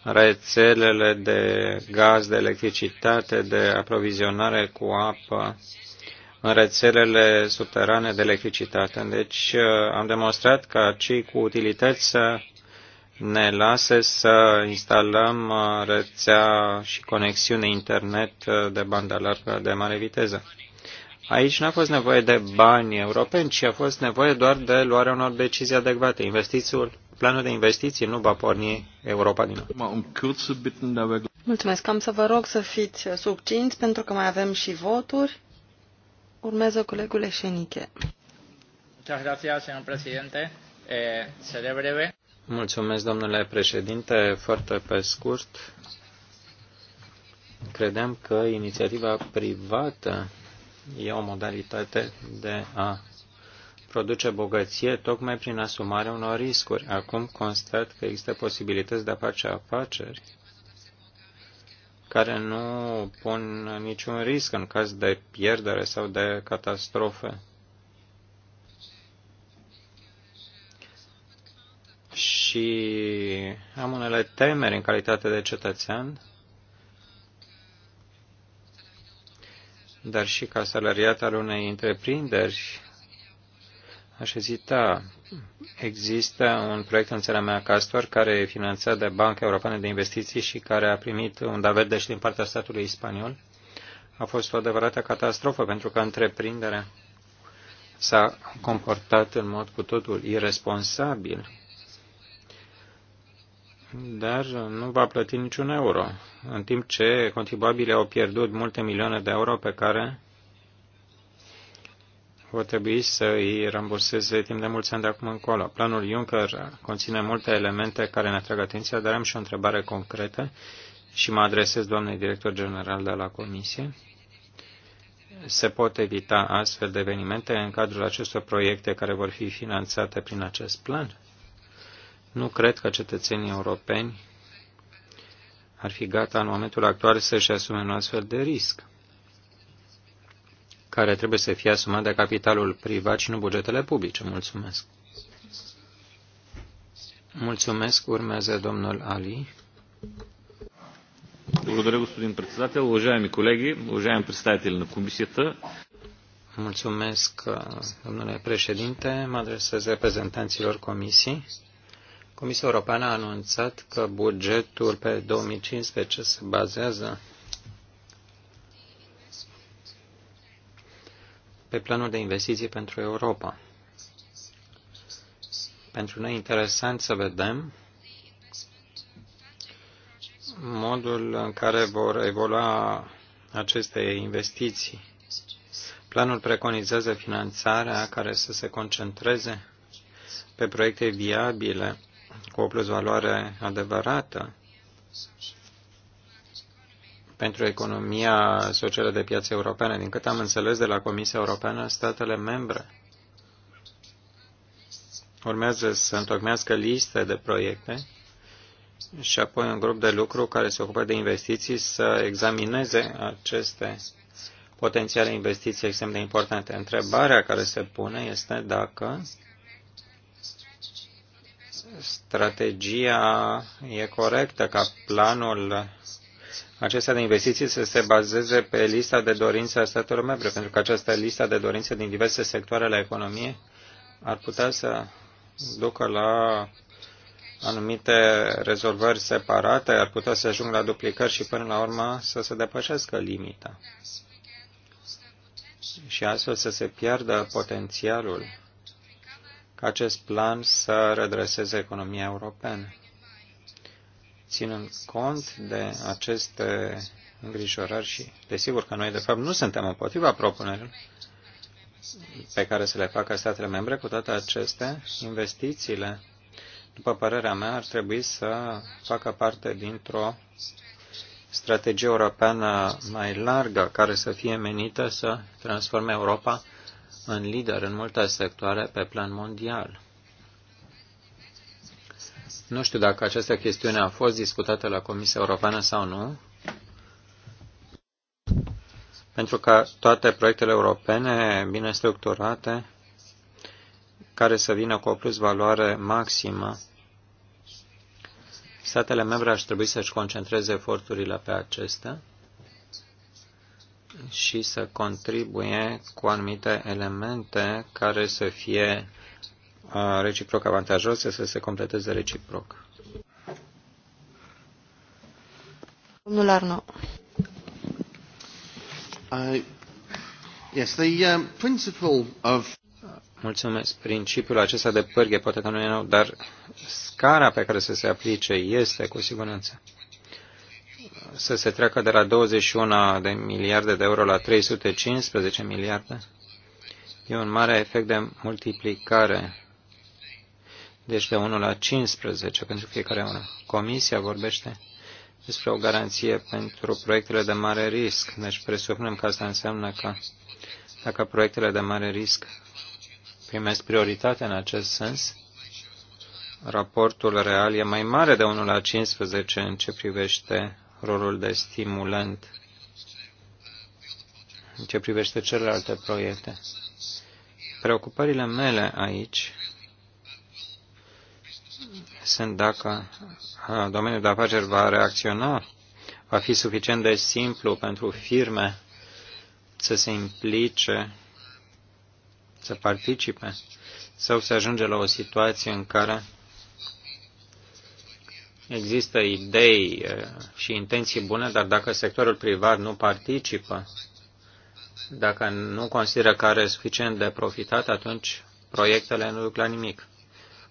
rețelele de gaz, de electricitate, de aprovizionare cu apă, în rețelele subterane de electricitate. Deci uh, am demonstrat că cei cu utilități să ne lase să instalăm uh, rețea și conexiune internet uh, de bandă largă de mare viteză. Aici n-a fost nevoie de bani europeni, ci a fost nevoie doar de luarea unor decizii adecvate. Investițiul, planul de investiții nu va porni Europa din nou. Mulțumesc. Am să vă rog să fiți subcinți, pentru că mai avem și voturi colegul eh, Mulțumesc, domnule președinte. Foarte pe scurt, credeam că inițiativa privată e o modalitate de a produce bogăție tocmai prin asumarea unor riscuri. Acum constat că există posibilități de a face afaceri care nu pun niciun risc în caz de pierdere sau de catastrofe. Și am unele temeri în calitate de cetățean, dar și ca salariat al unei întreprinderi Aș ezita. Există un proiect în țara mea, Castor, care e finanțat de Banca Europeană de Investiții și care a primit un verde și din partea statului spaniol. A fost o adevărată catastrofă pentru că întreprinderea s-a comportat în mod cu totul irresponsabil, dar nu va plăti niciun euro, în timp ce contribuabilii au pierdut multe milioane de euro pe care vor trebui să îi ramburseze timp de mulți ani de acum încolo. Planul Juncker conține multe elemente care ne atrag atenția, dar am și o întrebare concretă și mă adresez doamnei director general de la Comisie. Se pot evita astfel de evenimente în cadrul acestor proiecte care vor fi finanțate prin acest plan? Nu cred că cetățenii europeni ar fi gata în momentul actual să-și asume un astfel de risc care trebuie să fie asumat de capitalul privat și nu bugetele publice. Mulțumesc. Mulțumesc. Urmează domnul Ali. Благодаря, господин председател. Уважаеми колеги, уважаеми представители на комисията. Mulțumesc, domnule președinte. Mă adresez reprezentanților comisiei. Comisia Europeană a anunțat că bugetul pe 2015 se bazează pe planul de investiții pentru Europa. Pentru noi interesant să vedem modul în care vor evolua aceste investiții. Planul preconizează finanțarea care să se concentreze pe proiecte viabile cu o plusvaloare adevărată pentru economia socială de piață europeană. Din câte am înțeles de la Comisia Europeană, statele membre urmează să întocmească liste de proiecte și apoi un grup de lucru care se ocupă de investiții să examineze aceste potențiale investiții extrem de importante. Întrebarea care se pune este dacă strategia e corectă, ca planul acestea de investiții să se bazeze pe lista de dorințe a statelor membre, pentru că această listă de dorințe din diverse sectoare ale economiei ar putea să ducă la anumite rezolvări separate, ar putea să ajungă la duplicări și până la urmă să se depășească limita. Și astfel să se pierdă potențialul ca acest plan să redreseze economia europeană ținând cont de aceste îngrijorări și desigur că noi de fapt nu suntem împotriva propunerilor pe care să le facă statele membre, cu toate acestea, investițiile, după părerea mea, ar trebui să facă parte dintr-o strategie europeană mai largă, care să fie menită să transforme Europa în lider în multe sectoare pe plan mondial. Nu știu dacă această chestiune a fost discutată la Comisia Europeană sau nu, pentru că toate proiectele europene bine structurate, care să vină cu o plus valoare maximă, statele membre ar trebui să-și concentreze eforturile pe acestea și să contribuie cu anumite elemente care să fie reciproc avantajoase să se completeze reciproc. Domnul Arno. Uh, yes, the um, principle of Mulțumesc. Principiul acesta de pârghe poate că nu e nou, dar scara pe care să se aplice este cu siguranță să se treacă de la 21 de miliarde de euro la 315 miliarde. E un mare efect de multiplicare deci de 1 la 15 pentru fiecare una. Comisia vorbește despre o garanție pentru proiectele de mare risc. Deci presupunem că asta înseamnă că dacă proiectele de mare risc primesc prioritate în acest sens, raportul real e mai mare de 1 la 15 în ce privește rolul de stimulant în ce privește celelalte proiecte. Preocupările mele aici sunt dacă uh, domeniul de afaceri va reacționa, va fi suficient de simplu pentru firme să se implice, să participe sau să ajunge la o situație în care există idei uh, și intenții bune, dar dacă sectorul privat nu participă, dacă nu consideră că are suficient de profitat, atunci proiectele nu duc la nimic.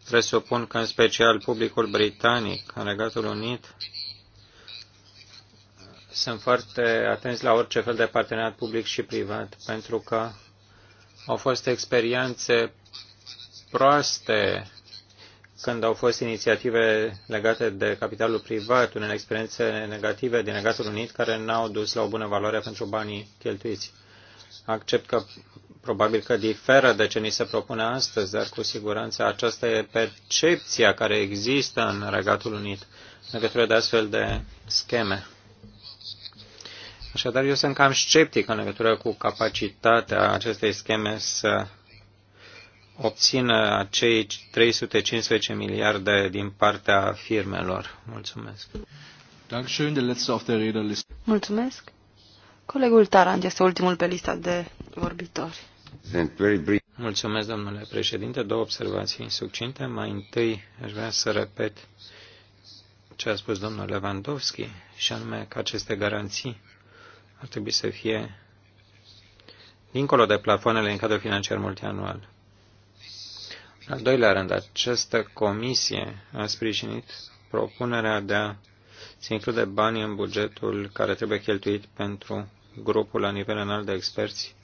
Presupun că în special publicul britanic, în Regatul Unit, sunt foarte atenți la orice fel de parteneriat public și privat, pentru că au fost experiențe proaste când au fost inițiative legate de capitalul privat, unele experiențe negative din Regatul Unit care n-au dus la o bună valoare pentru banii cheltuiți. Accept că probabil că diferă de ce ni se propune astăzi, dar cu siguranță aceasta e percepția care există în Regatul Unit în legătură de astfel de scheme. Așadar, eu sunt cam sceptic în legătură cu capacitatea acestei scheme să obțină acei 315 miliarde din partea firmelor. Mulțumesc. Mulțumesc. Colegul Tarant este ultimul pe lista de vorbitori. Mulțumesc, domnule președinte. Două observații succinte. Mai întâi aș vrea să repet ce a spus domnul Lewandowski, și anume că aceste garanții ar trebui să fie dincolo de plafoanele în cadrul financiar multianual. În al doilea rând, această comisie a sprijinit propunerea de a se include banii în bugetul care trebuie cheltuit pentru grupul la nivel înalt de experți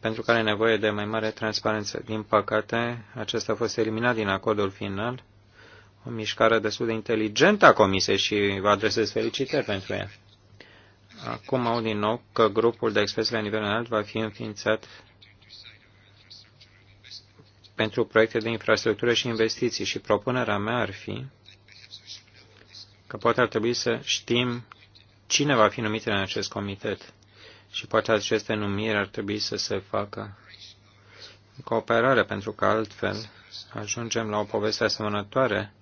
pentru care e nevoie de mai mare transparență. Din păcate, acesta a fost eliminat din acordul final, o mișcare destul de inteligentă a Comisiei și vă adresez felicitări pentru ea. Acum au din nou că grupul de experți la nivel înalt va fi înființat pentru proiecte de infrastructură și investiții și propunerea mea ar fi că poate ar trebui să știm cine va fi numit în acest comitet și poate aceste numiri ar trebui să se facă în cooperare, pentru că altfel ajungem la o poveste asemănătoare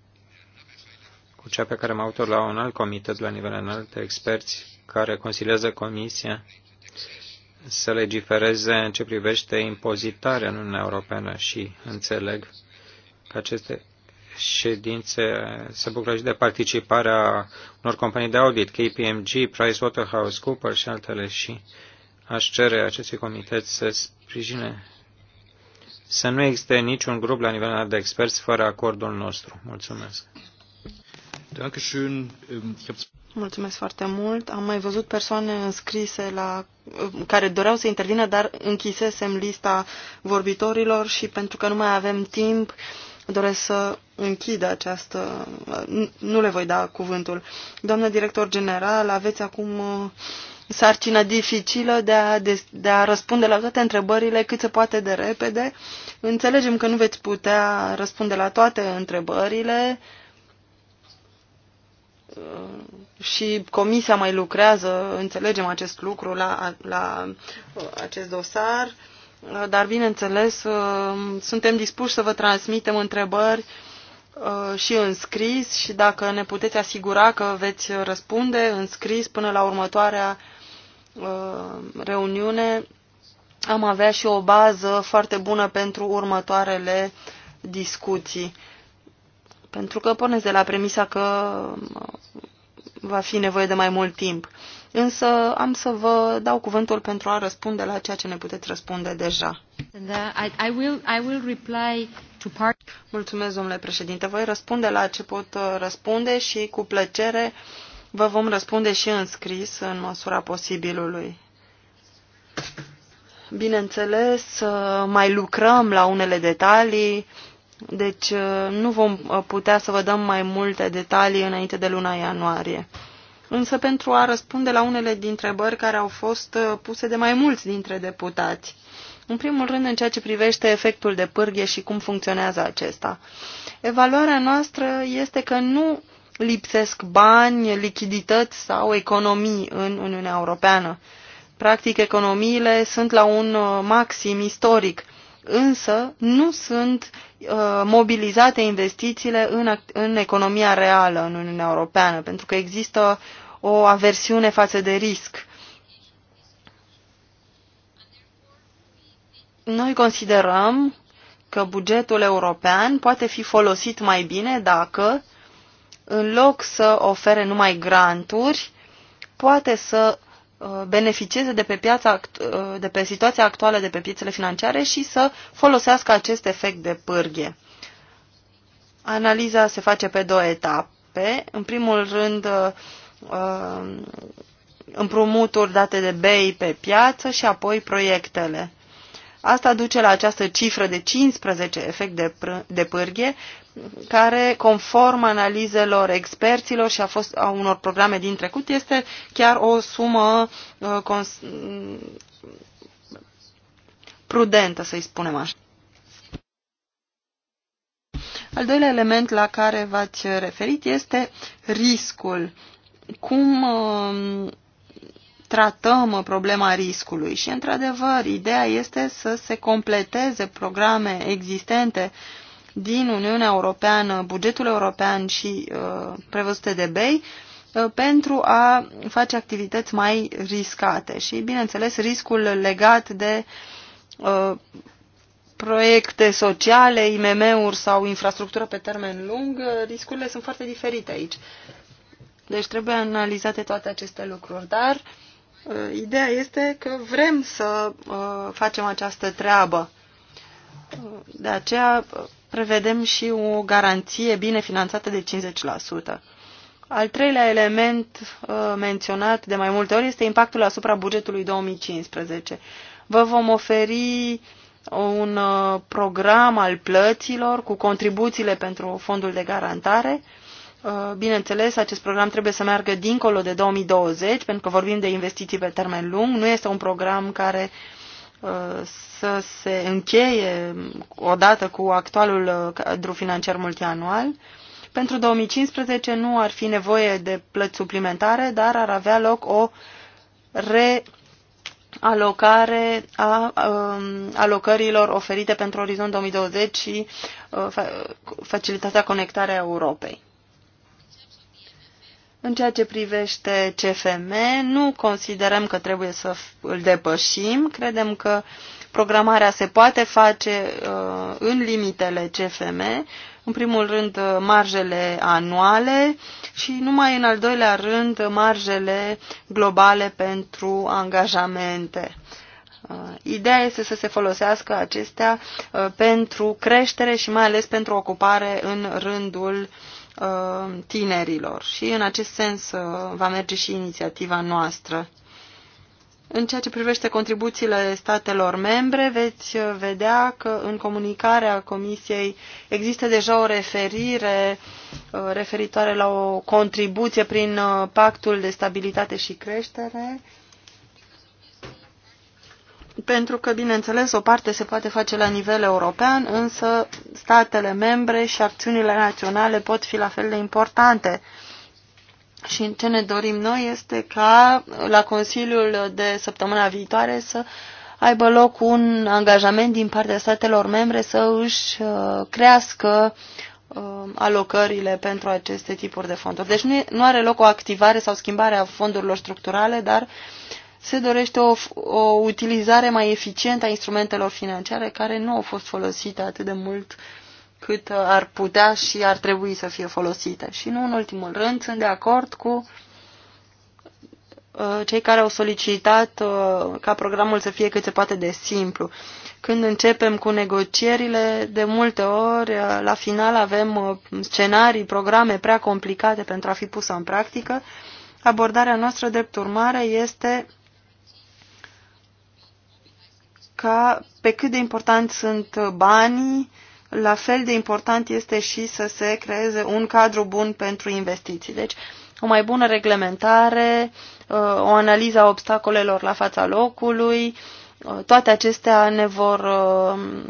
cu cea pe care am avut-o la un alt comitet la nivel înalt de experți care consiliază Comisia să legifereze în ce privește impozitarea în Uniunea Europeană și înțeleg că aceste ședințe se bucură și de participarea unor companii de audit, KPMG, PricewaterhouseCoopers și altele și aș cere acestui comitet să sprijine să nu existe niciun grup la nivel de experți fără acordul nostru. Mulțumesc. Ähm, Mulțumesc foarte mult. Am mai văzut persoane înscrise la care doreau să intervină, dar închisesem lista vorbitorilor și pentru că nu mai avem timp, doresc să închid această... Nu le voi da cuvântul. Doamnă director general, aveți acum uh, sarcina dificilă de a, de, de a răspunde la toate întrebările cât se poate de repede. Înțelegem că nu veți putea răspunde la toate întrebările uh, și comisia mai lucrează, înțelegem acest lucru la, la uh, acest dosar dar bineînțeles uh, suntem dispuși să vă transmitem întrebări uh, și în scris și dacă ne puteți asigura că veți răspunde în scris până la următoarea uh, reuniune, am avea și o bază foarte bună pentru următoarele discuții. Pentru că pornesc de la premisa că va fi nevoie de mai mult timp însă am să vă dau cuvântul pentru a răspunde la ceea ce ne puteți răspunde deja. Uh, Mulțumesc, domnule președinte. Voi răspunde la ce pot uh, răspunde și cu plăcere vă vom răspunde și în scris în măsura posibilului. Bineînțeles, uh, mai lucrăm la unele detalii, deci nu vom putea să vă dăm mai multe detalii înainte de luna ianuarie însă pentru a răspunde la unele dintre întrebări care au fost uh, puse de mai mulți dintre deputați. În primul rând, în ceea ce privește efectul de pârghie și cum funcționează acesta. Evaluarea noastră este că nu lipsesc bani, lichidități sau economii în Uniunea Europeană. Practic, economiile sunt la un uh, maxim istoric, însă nu sunt uh, mobilizate investițiile în, în economia reală în Uniunea Europeană, pentru că există o aversiune față de risc. Noi considerăm că bugetul european poate fi folosit mai bine dacă, în loc să ofere numai granturi, poate să uh, beneficieze de pe, piața, uh, de pe situația actuală de pe piețele financiare și să folosească acest efect de pârghie. Analiza se face pe două etape. În primul rând, uh, Uh, împrumuturi date de BEI pe piață și apoi proiectele. Asta duce la această cifră de 15 efect de, de pârghie, care, conform analizelor experților și a, fost, a unor programe din trecut, este chiar o sumă uh, cons, prudentă, să-i spunem așa. Al doilea element la care v-ați referit este riscul cum um, tratăm problema riscului și, într-adevăr, ideea este să se completeze programe existente din Uniunea Europeană, bugetul european și uh, prevăzute de BEI uh, pentru a face activități mai riscate și, bineînțeles, riscul legat de uh, proiecte sociale, IMM-uri sau infrastructură pe termen lung, riscurile sunt foarte diferite aici. Deci trebuie analizate toate aceste lucruri. Dar uh, ideea este că vrem să uh, facem această treabă. De aceea uh, prevedem și o garanție bine finanțată de 50%. Al treilea element menționat de mai multe ori este impactul asupra bugetului 2015. Vă vom oferi un program al plăților cu contribuțiile pentru fondul de garantare Uh, bineînțeles, acest program trebuie să meargă dincolo de 2020, pentru că vorbim de investiții pe termen lung. Nu este un program care uh, să se încheie odată cu actualul uh, cadru financiar multianual. Pentru 2015 nu ar fi nevoie de plăți suplimentare, dar ar avea loc o realocare a um, alocărilor oferite pentru Orizont 2020 și uh, facilitatea conectarea Europei. În ceea ce privește CFM, nu considerăm că trebuie să îl depășim. Credem că programarea se poate face uh, în limitele CFM, în primul rând uh, marjele anuale și numai în al doilea rând uh, marjele globale pentru angajamente. Uh, ideea este să se folosească acestea pentru creștere și mai ales pentru ocupare în rândul uh, Uh, tinerilor și în acest sens uh, va merge și inițiativa noastră. În ceea ce privește contribuțiile statelor membre, veți uh, vedea că în comunicarea Comisiei există deja o referire referitoare la o contribuție prin Pactul de Stabilitate și Creștere pentru că, bineînțeles, o parte se poate face la nivel european, însă statele membre și acțiunile naționale pot fi la fel de importante. Și ce ne dorim noi este ca la Consiliul de săptămâna viitoare să aibă loc un angajament din partea statelor membre să își uh, crească uh, alocările pentru aceste tipuri de fonduri. Deci nu, are loc o activare sau schimbare a fondurilor structurale, dar uh, se dorește o, o utilizare mai eficientă a instrumentelor financiare care nu au fost folosite atât de mult cât uh, ar putea și ar trebui să fie folosite. Și nu în ultimul rând, sunt de acord cu uh, cei care au solicitat uh, ca programul să fie cât se poate de simplu. Când începem cu negocierile, de multe ori, la final avem scenarii, programe prea complicate pentru a fi pusă în practică. Abordarea noastră, drept urmare, este ca pe cât de important sunt banii, la fel de important este și să se creeze un cadru bun pentru investiții. Deci, o mai bună reglementare, uh, o analiză a obstacolelor la fața locului, uh, toate acestea ne vor uh,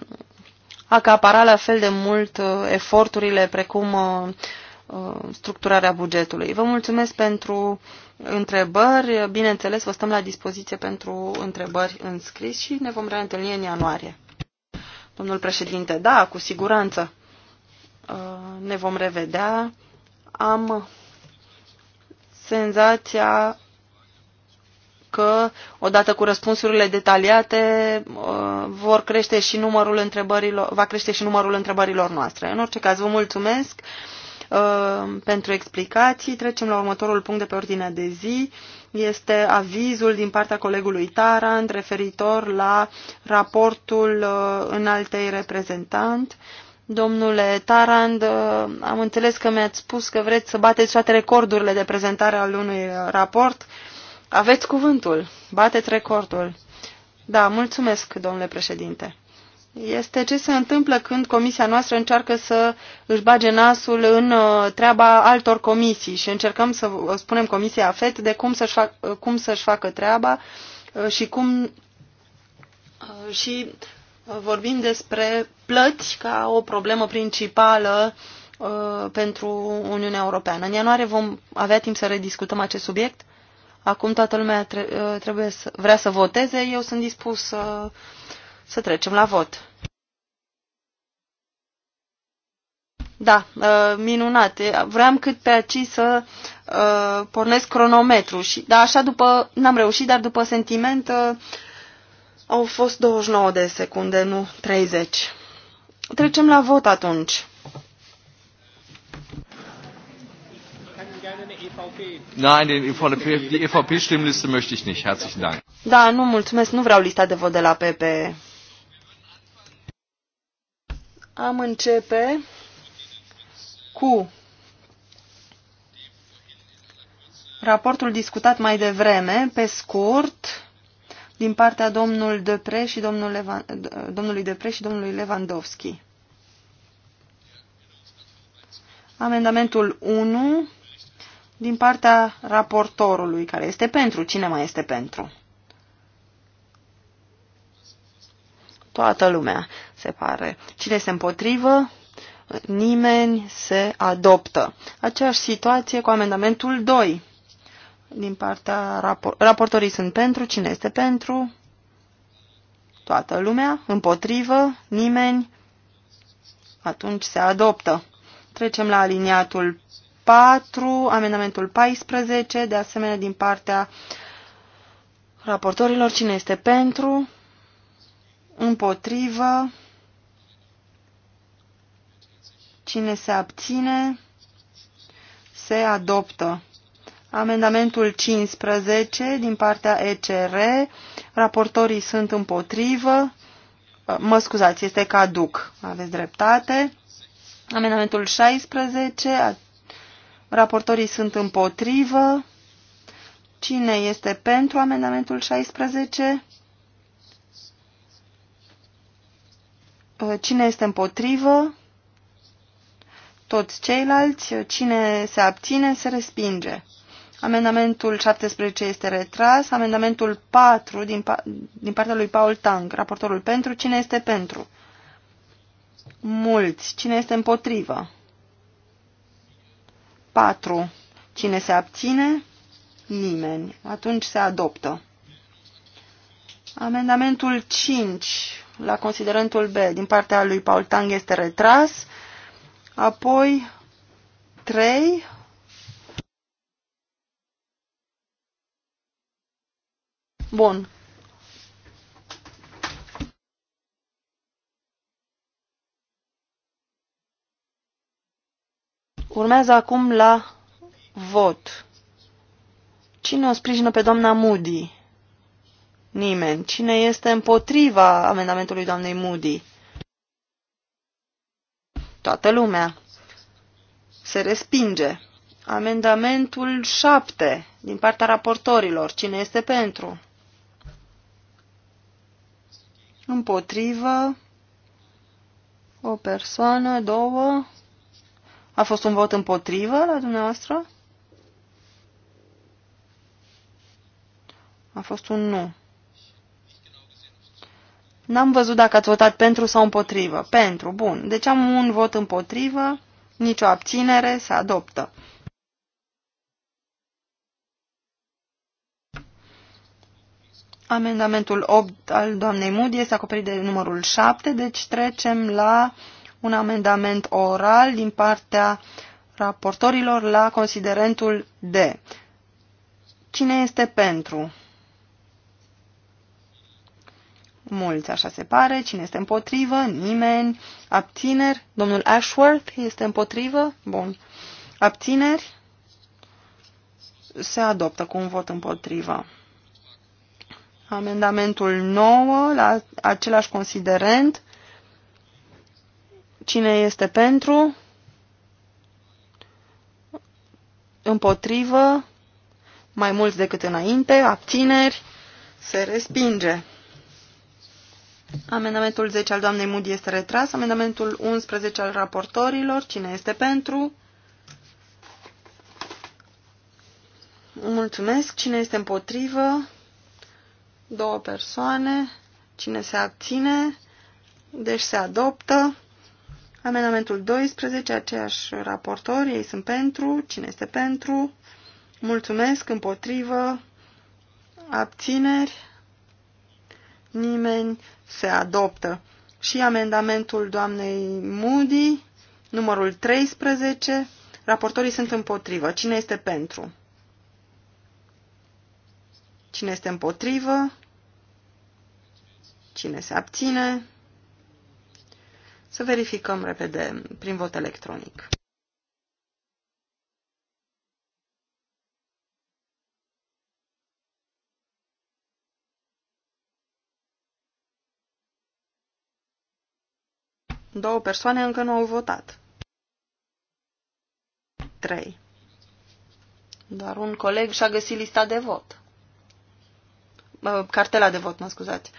acapara la fel de mult eforturile precum structurarea bugetului. Vă mulțumesc pentru întrebări. Bineînțeles, vă stăm la dispoziție pentru întrebări în scris și ne vom reîntâlni în ianuarie. Domnul președinte, da, cu siguranță uh, ne vom revedea. Am senzația că, odată cu răspunsurile detaliate, uh, vor crește și numărul întrebărilor, va crește și numărul întrebărilor noastre. În orice caz, vă mulțumesc. Uh, pentru explicații. Trecem la următorul punct de pe ordinea de zi. Este avizul din partea colegului Tarand referitor la raportul uh, înaltei reprezentant. Domnule Tarand, uh, am înțeles că mi-ați spus că vreți să bateți toate recordurile de prezentare al unui raport. Aveți cuvântul. Bateți recordul. Da, mulțumesc, domnule președinte este ce se întâmplă când comisia noastră încearcă să își bage nasul în uh, treaba altor comisii și încercăm să spunem comisia AFET de cum să-și, fac, uh, cum să-și facă treaba uh, și cum și vorbim despre plăți ca o problemă principală pentru Uniunea Europeană. În ianuarie vom avea timp să rediscutăm acest subiect. Acum toată lumea trebuie să, vrea să voteze. Eu sunt dispus să uh, să trecem la vot. Da, uh, minunat. Vreau cât pe aici să uh, pornesc cronometru. Și, da, așa după, n-am reușit, dar după sentiment uh, au fost 29 de secunde, nu 30. Trecem la vot atunci. Nein, den, EVP, die EVP-Stimmliste möchte ich nicht. Herzlichen Dank. Da, nu mulțumesc, nu vreau lista de vot de la PP. Am începe cu raportul discutat mai devreme, pe scurt, din partea domnul Depre și domnul Levan, domnului Depre și domnului Lewandowski. Amendamentul 1 din partea raportorului, care este pentru. Cine mai este pentru? Toată lumea, se pare. Cine se împotrivă? Nimeni se adoptă. Aceeași situație cu amendamentul 2. Din partea rapor raportorii sunt pentru. Cine este pentru? Toată lumea. Împotrivă? Nimeni? Atunci se adoptă. Trecem la aliniatul 4, amendamentul 14, de asemenea din partea raportorilor. Cine este pentru? împotrivă, cine se abține, se adoptă. Amendamentul 15 din partea ECR, raportorii sunt împotrivă, uh, mă scuzați, este caduc, aveți dreptate. Amendamentul 16, raportorii sunt împotrivă. Cine este pentru amendamentul 16? Uh, cine este împotrivă? Toți ceilalți. Uh, cine se abține, se respinge. Amendamentul 17 este retras. Amendamentul 4 din, pa din partea lui Paul Tang, raportorul pentru. Cine este pentru? Mulți. Cine este împotrivă? 4. Cine se abține? Nimeni. Atunci se adoptă. Amendamentul 5 la considerentul B din partea lui Paul Tang este retras. Apoi 3. Bun. Urmează acum la vot. Cine o sprijină pe doamna Moody? nimeni. Cine este împotriva amendamentului doamnei Moody? Toată lumea. Se respinge. Amendamentul 7 din partea raportorilor. Cine este pentru? Împotrivă. O persoană, două. A fost un vot împotrivă la dumneavoastră? A fost un nu. N-am văzut dacă ați votat pentru sau împotrivă. Pentru, bun. Deci am un vot împotrivă, nicio abținere, se adoptă. Amendamentul 8 al doamnei Mudi este acoperit de numărul 7, deci trecem la un amendament oral din partea raportorilor la considerentul D. Cine este pentru? mulți, așa se pare. Cine este împotrivă? Nimeni. Abțineri? Domnul Ashworth este împotrivă? Bun. Abțineri? Se adoptă cu un vot împotrivă. Amendamentul 9, la același considerent. Cine este pentru? Împotrivă? Mai mulți decât înainte? Abțineri? Se respinge. Amendamentul 10 al doamnei Moody este retras. Amendamentul 11 al raportorilor. Cine este pentru? Mulțumesc. Cine este împotrivă? Două persoane. Cine se abține? Deci se adoptă. Amendamentul 12, aceiași raportori, ei sunt pentru, cine este pentru, mulțumesc, împotrivă, abțineri, nimeni, se adoptă. Și amendamentul doamnei Moody, numărul 13, raportorii sunt împotrivă. Cine este pentru? Cine este împotrivă? Cine se abține? Să verificăm repede prin vot electronic. Două persoane încă nu au votat. 3. Doar un coleg și-a găsit lista de vot. Cartela de vot, mă scuzați.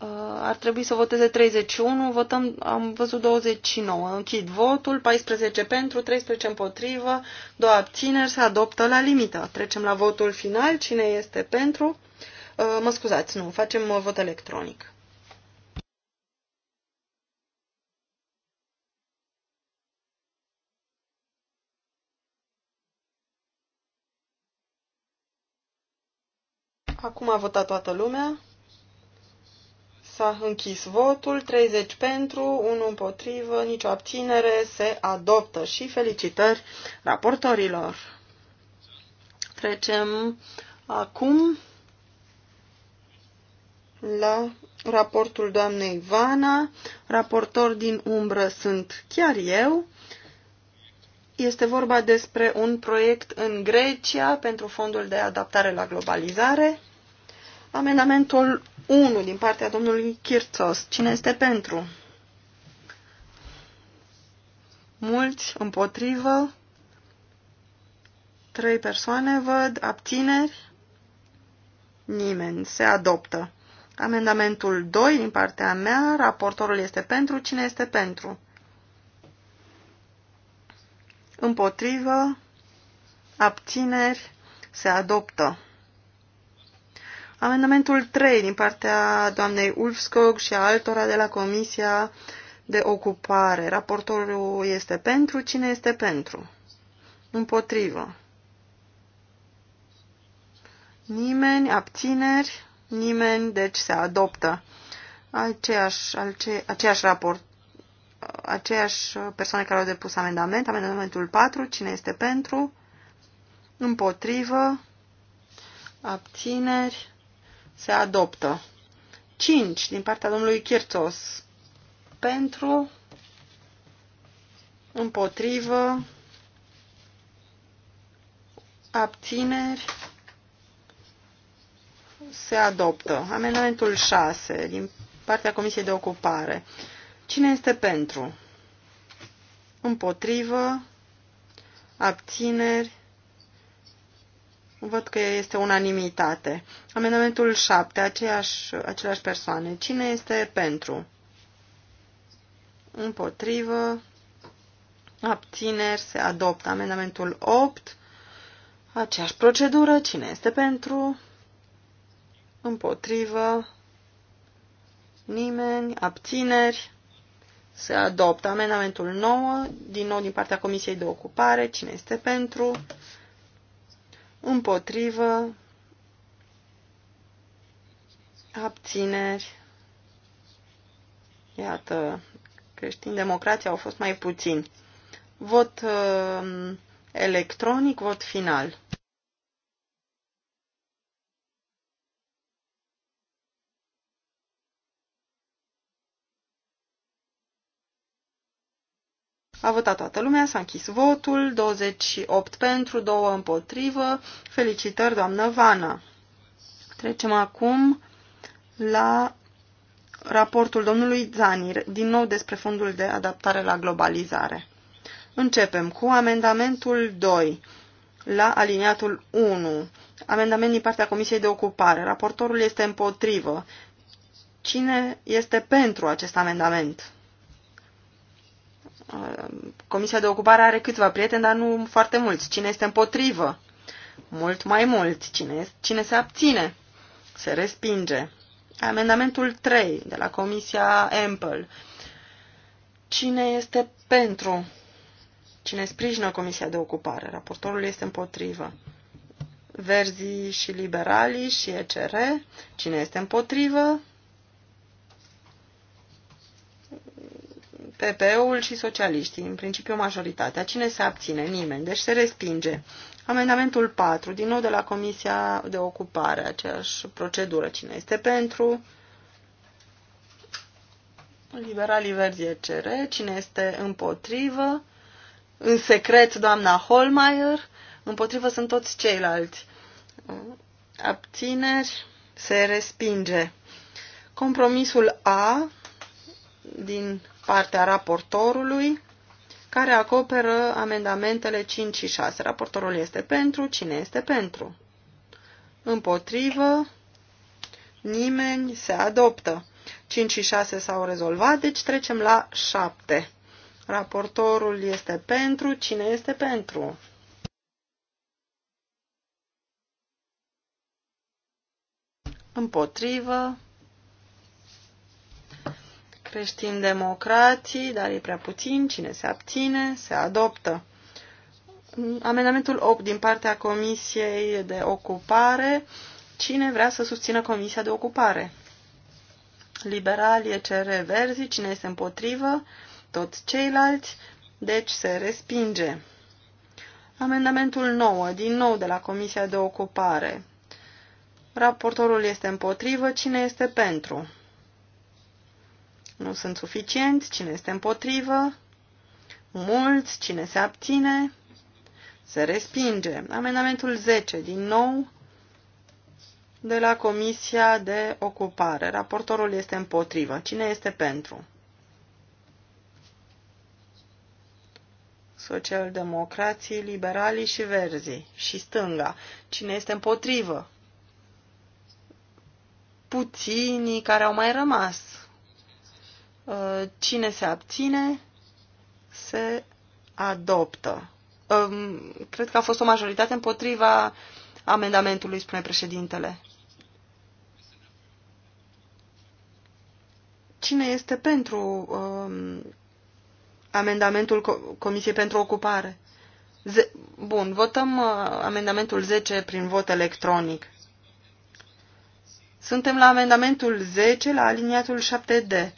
Uh, ar trebui să voteze 31, votăm, am văzut 29. Închid votul, 14 pentru, 13 împotrivă, două abțineri, se adoptă la limită. Trecem la votul final, cine este pentru? Uh, mă scuzați, nu, facem uh, vot electronic. Acum a votat toată lumea. S-a închis votul, 30 pentru, 1 împotrivă, nicio abținere, se adoptă și felicitări raportorilor. Trecem acum la raportul doamnei Ivana. Raportor din umbră sunt chiar eu. Este vorba despre un proiect în Grecia pentru fondul de adaptare la globalizare. Amendamentul 1 din partea domnului Chirțos. Cine este pentru? Mulți împotrivă. Trei persoane văd. Abțineri? Nimeni. Se adoptă. Amendamentul 2 din partea mea. Raportorul este pentru. Cine este pentru? Împotrivă. Abțineri? Se adoptă. Amendamentul 3 din partea doamnei Ulfskog și a altora de la Comisia de Ocupare. Raportorul este pentru. Cine este pentru? Împotrivă. Nimeni, abțineri, nimeni, deci se adoptă aceeași, ace, aceeași raport, aceeași persoane care au depus amendament, amendamentul 4, cine este pentru, împotrivă, abțineri, se adoptă. 5 din partea domnului Chirțos pentru, împotrivă, abțineri, se adoptă. Amendamentul 6 din partea Comisiei de Ocupare. Cine este pentru? Împotrivă, abțineri, Văd că este unanimitate. Amendamentul 7, aceeași, aceleași persoane. Cine este pentru? Împotrivă. Abțineri se adoptă. Amendamentul 8, aceeași procedură. Cine este pentru? Împotrivă. Nimeni. Abțineri. Se adoptă amendamentul 9, din nou din partea Comisiei de Ocupare. Cine este pentru? împotrivă, abțineri. Iată, creștini democrații au fost mai puțini. Vot uh, electronic, vot final. A votat toată lumea, s-a închis votul, 28 pentru, 2 împotrivă. Felicitări, doamnă Vana. Trecem acum la raportul domnului Zanir, din nou despre fondul de adaptare la globalizare. Începem cu amendamentul 2 la aliniatul 1. Amendament din partea Comisiei de Ocupare. Raportorul este împotrivă. Cine este pentru acest amendament? Comisia de ocupare are câțiva prieteni, dar nu foarte mulți. Cine este împotrivă? Mult mai mulți. Cine, cine se abține? Se respinge. Amendamentul 3 de la Comisia Ample. Cine este pentru? Cine sprijină Comisia de Ocupare? Raportorul este împotrivă. Verzii și liberalii și ECR. Cine este împotrivă? PP-ul și socialiștii, în principiu majoritatea. Cine se abține? Nimeni. Deci se respinge. Amendamentul 4, din nou de la Comisia de Ocupare, aceeași procedură. Cine este pentru? Liberalii verzi cere. Cine este împotrivă? În secret, doamna Holmeier. Împotrivă sunt toți ceilalți. Abțineri se respinge. Compromisul A din partea raportorului care acoperă amendamentele 5 și 6. Raportorul este pentru, cine este pentru? Împotrivă, nimeni se adoptă. 5 și 6 s-au rezolvat, deci trecem la 7. Raportorul este pentru, cine este pentru? Împotrivă, creștini democrații, dar e prea puțin, cine se abține, se adoptă. Amendamentul 8 din partea Comisiei de Ocupare, cine vrea să susțină Comisia de Ocupare? Liberalii, ECR, Verzi, cine este împotrivă? Toți ceilalți, deci se respinge. Amendamentul 9, din nou de la Comisia de Ocupare. Raportorul este împotrivă, cine este pentru? nu sunt suficienți, cine este împotrivă, mulți, cine se abține, se respinge. Amendamentul 10, din nou, de la Comisia de Ocupare. Raportorul este împotrivă. Cine este pentru? Socialdemocrații, liberalii și verzii și stânga. Cine este împotrivă? Puținii care au mai rămas Uh, cine se abține, se adoptă. Um, cred că a fost o majoritate împotriva amendamentului, spune președintele. Cine este pentru um, amendamentul Comisiei pentru Ocupare? Ze Bun, votăm uh, amendamentul 10 prin vot electronic. Suntem la amendamentul 10, la aliniatul 7D.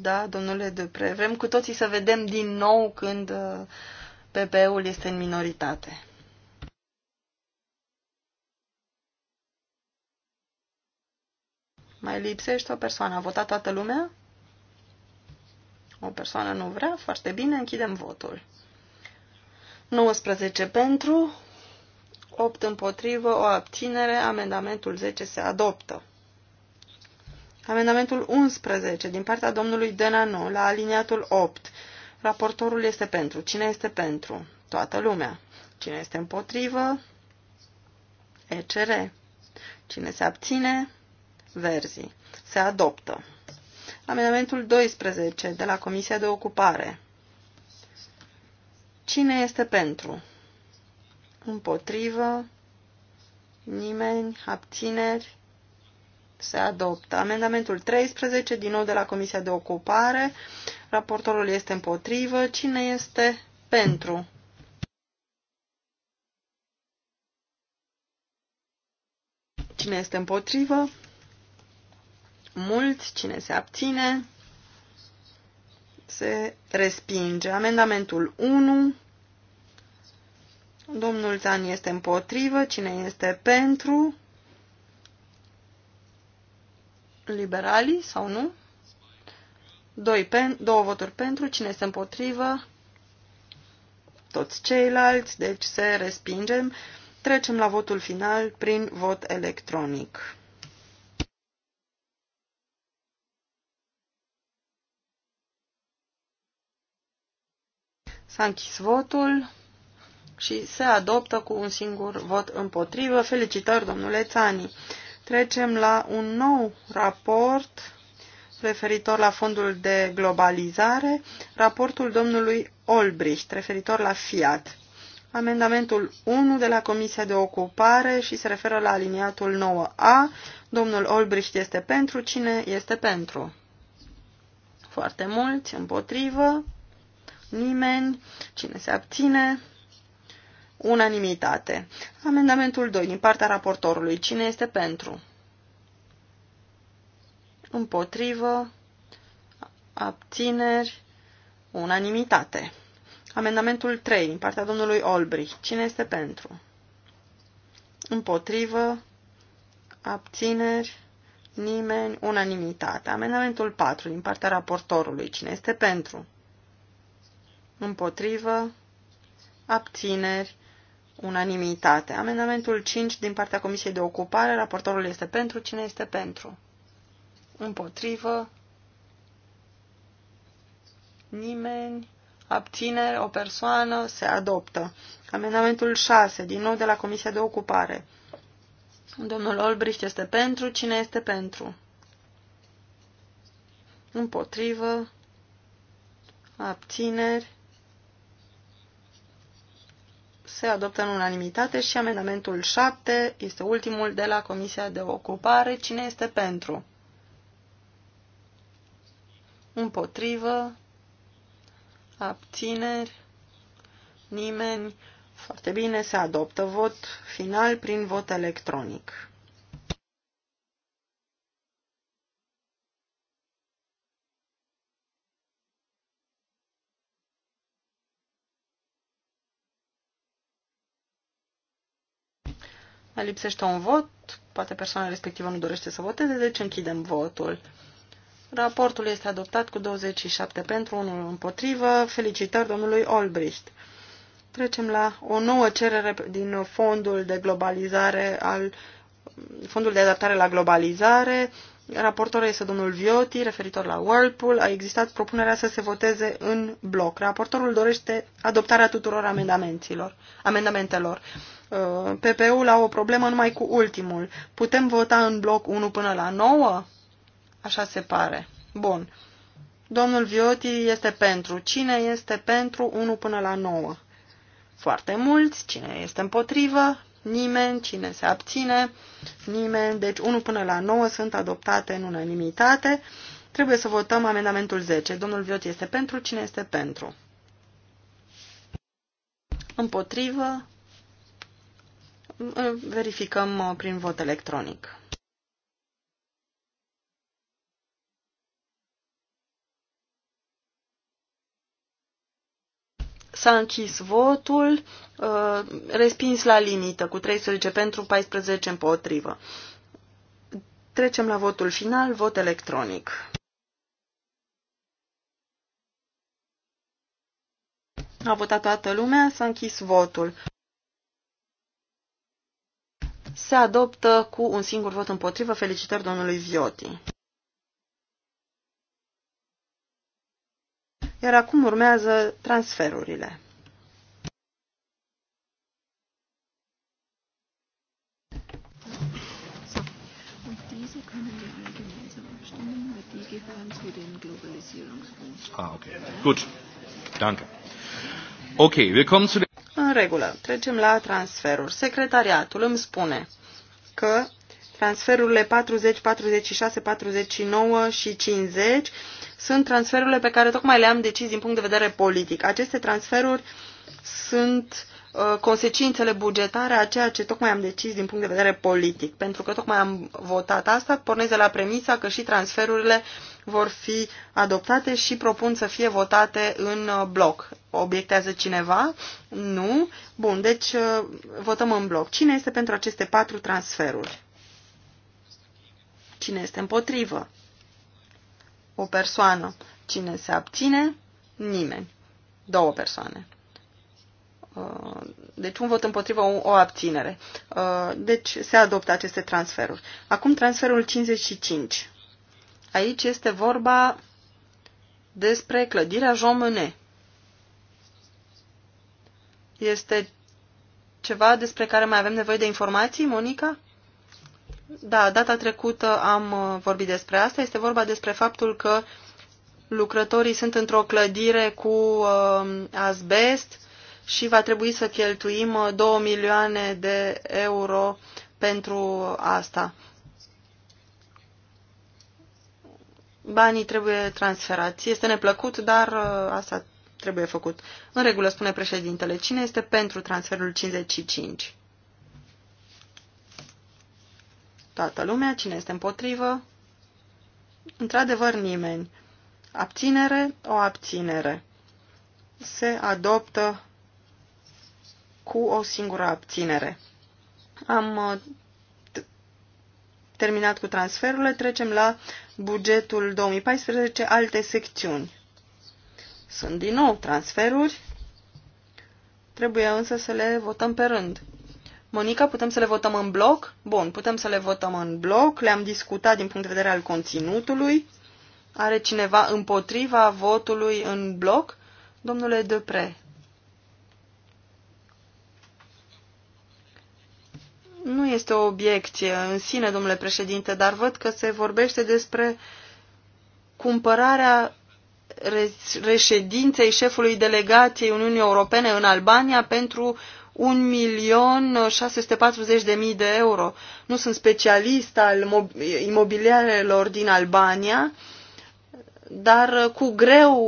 Da, domnule Dupre, vrem cu toții să vedem din nou când uh, pp ul este în minoritate. Mai lipsește o persoană. A votat toată lumea? O persoană nu vrea? Foarte bine, închidem votul. 19 pentru, 8 împotrivă, o abținere, amendamentul 10 se adoptă. Amendamentul 11 din partea domnului Denano la aliniatul 8. Raportorul este pentru. Cine este pentru? Toată lumea. Cine este împotrivă? ECR. Cine se abține? Verzi. Se adoptă. Amendamentul 12 de la Comisia de Ocupare. Cine este pentru? Împotrivă? Nimeni? Abțineri? Se adoptă. Amendamentul 13, din nou de la Comisia de Ocupare. Raportorul este împotrivă. Cine este pentru? Cine este împotrivă? Mulți. Cine se abține? Se respinge. Amendamentul 1. Domnul Zan este împotrivă. Cine este pentru? Pentru liberalii sau nu. Doi pen, două voturi pentru, cine este împotrivă, toți ceilalți, deci se respingem. Trecem la votul final prin vot electronic. S-a închis votul și se adoptă cu un singur vot împotrivă. Felicitări, domnule Țanii! Trecem la un nou raport referitor la fondul de globalizare, raportul domnului Olbricht referitor la Fiat. Amendamentul 1 de la Comisia de Ocupare și se referă la aliniatul 9A. Domnul Olbricht este pentru. Cine este pentru? Foarte mulți. Împotrivă. Nimeni. Cine se abține? Unanimitate. Amendamentul 2 din partea raportorului. Cine este pentru? Împotrivă. Abțineri. Unanimitate. Amendamentul 3 din partea domnului Olbrich. Cine este pentru? Împotrivă. Abțineri. Nimeni. Unanimitate. Amendamentul 4 din partea raportorului. Cine este pentru? Împotrivă. Abțineri unanimitate. Amendamentul 5 din partea Comisiei de Ocupare, raportorul este pentru, cine este pentru? Împotrivă? Nimeni? Abținere? O persoană? Se adoptă. Amendamentul 6, din nou de la Comisia de Ocupare. Domnul Olbricht este pentru, cine este pentru? Împotrivă? Abțineri? se adoptă în unanimitate și amendamentul 7 este ultimul de la Comisia de Ocupare. Cine este pentru? Împotrivă? Abțineri? Nimeni? Foarte bine, se adoptă vot final prin vot electronic. lipsește un vot, poate persoana respectivă nu dorește să voteze, deci închidem votul. Raportul este adoptat cu 27 pentru, 1 împotrivă. Felicitări domnului Olbricht. Trecem la o nouă cerere din fondul de globalizare al fondul de adaptare la globalizare. Raportorul este domnul Vioti, referitor la Whirlpool. A existat propunerea să se voteze în bloc. Raportorul dorește adoptarea tuturor amendamentelor. Uh, PP-ul au o problemă numai cu ultimul. Putem vota în bloc 1 până la 9? Așa se pare. Bun. Domnul Vioti este pentru. Cine este pentru 1 până la 9? Foarte mulți. Cine este împotrivă? Nimeni. Cine se abține? Nimeni. Deci 1 până la 9 sunt adoptate în unanimitate. Trebuie să votăm amendamentul 10. Domnul Vioti este pentru. Cine este pentru? Împotrivă? verificăm uh, prin vot electronic. S-a închis votul, uh, respins la limită cu 13 pentru 14 împotrivă. Trecem la votul final, vot electronic. A votat toată lumea, s-a închis votul se adoptă cu un singur vot împotrivă. Felicitări domnului Vioti. Iar acum urmează transferurile. Ah, okay. Gut. Danke. Okay, wir kommen zu în regulă, trecem la transferuri. Secretariatul îmi spune că transferurile 40, 46, 49 și 50 sunt transferurile pe care tocmai le-am decis din punct de vedere politic. Aceste transferuri sunt uh, Uh, consecințele bugetare a ceea ce tocmai am decis din punct de vedere politic, pentru că tocmai am votat asta, pornesc de la premisa că și transferurile vor fi adoptate și propun să fie votate în uh, bloc. Obiectează cineva? Nu. Bun, deci uh, votăm în bloc. Cine este pentru aceste patru transferuri? Cine este împotrivă? O persoană. Cine se abține? Nimeni. Două persoane. Uh, deci un vot împotrivă, o abținere. Uh, deci se adoptă aceste transferuri. Acum transferul 55. Aici este vorba despre clădirea Jean Monnet. Este ceva despre care mai avem nevoie de informații, Monica? Da, data trecută am uh, vorbit despre asta. Este vorba despre faptul că lucrătorii sunt într-o clădire cu uh, asbest și va trebui să cheltuim 2 uh, milioane de euro pentru asta. Banii trebuie transferați. Este neplăcut, dar uh, asta trebuie făcut. În regulă, spune președintele, cine este pentru transferul 55? Toată lumea, cine este împotrivă? Într-adevăr, nimeni. Abținere, o abținere. Se adoptă cu o singură abținere. Am uh, terminat cu transferurile, trecem la bugetul 2014, alte secțiuni. Sunt din nou transferuri, trebuie însă să le votăm pe rând. Monica, putem să le votăm în bloc? Bun, putem să le votăm în bloc, le-am discutat din punct de vedere al conținutului. Are cineva împotriva votului în bloc? Domnule Depre. Nu este o obiecție în sine, domnule președinte, dar văd că se vorbește despre cumpărarea reședinței șefului delegației Uniunii Europene în Albania pentru 1.640.000 de euro. Nu sunt specialist al imobiliarelor din Albania, dar cu greu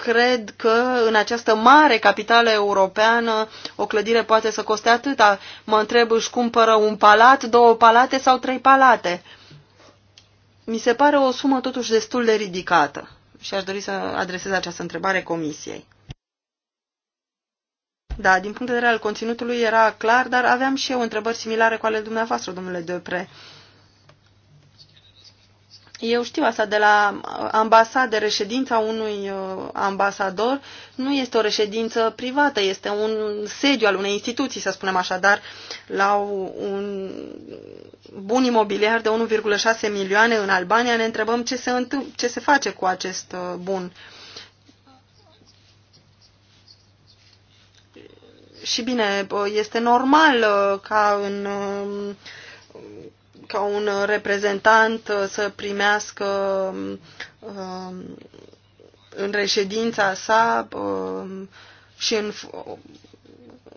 cred că în această mare capitală europeană o clădire poate să coste atâta. Mă întreb, își cumpără un palat, două palate sau trei palate? Mi se pare o sumă totuși destul de ridicată și aș dori să adresez această întrebare comisiei. Da, din punct de vedere al conținutului era clar, dar aveam și eu întrebări similare cu ale dumneavoastră, domnule Depre. Uh, eu știu asta de la ambasadă, reședința unui uh, ambasador nu este o reședință privată, este un sediu al unei instituții, să spunem așa, dar la un bun imobiliar de 1,6 milioane în Albania ne întrebăm ce se, ce se face cu acest uh, bun. Și bine, uh, este normal ca în ca un uh, reprezentant uh, să primească um, în reședința sa um, și în,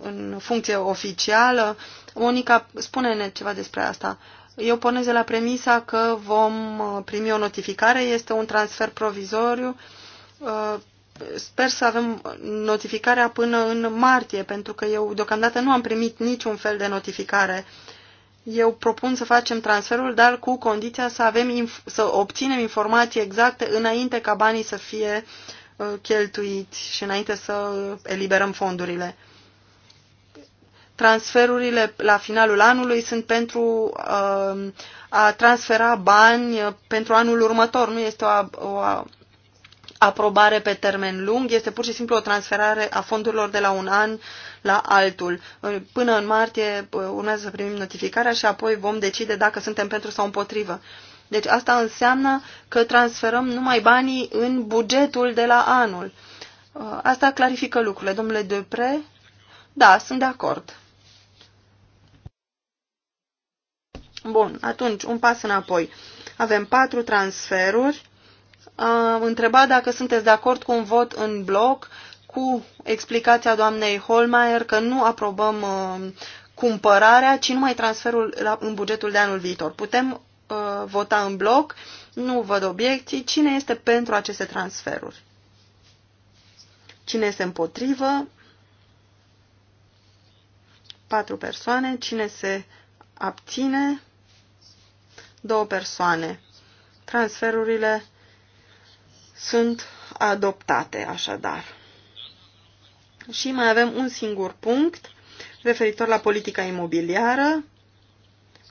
în funcție oficială. Monica, spune-ne ceva despre asta. Eu pornesc de la premisa că vom uh, primi o notificare, este un transfer provizoriu. Sper să avem notificarea până în martie, pentru că eu deocamdată nu am primit niciun fel de notificare uh, eu propun să facem transferul, dar cu condiția să, avem să obținem informații exacte înainte ca banii să fie uh, cheltuiți și înainte să eliberăm fondurile. Transferurile la finalul anului sunt pentru uh, a transfera bani pentru anul următor. Nu este o, o aprobare pe termen lung, este pur și simplu o transferare a fondurilor de la un an la altul. Până în martie uh, urmează să primim notificarea și apoi vom decide dacă suntem pentru sau împotrivă. Deci asta înseamnă că transferăm numai banii în bugetul de la anul. Uh, asta clarifică lucrurile. Domnule Depre, da, sunt de acord. Bun, atunci un pas înapoi. Avem patru transferuri. Am întrebat dacă sunteți de acord cu un vot în bloc cu explicația doamnei Holmeier că nu aprobăm uh, cumpărarea, ci numai transferul la, în bugetul de anul viitor. Putem uh, vota în bloc, nu văd obiecții. Cine este pentru aceste transferuri? Cine este împotrivă? Patru persoane. Cine se abține? Două persoane. Transferurile sunt adoptate, așadar. Și mai avem un singur punct referitor la politica imobiliară.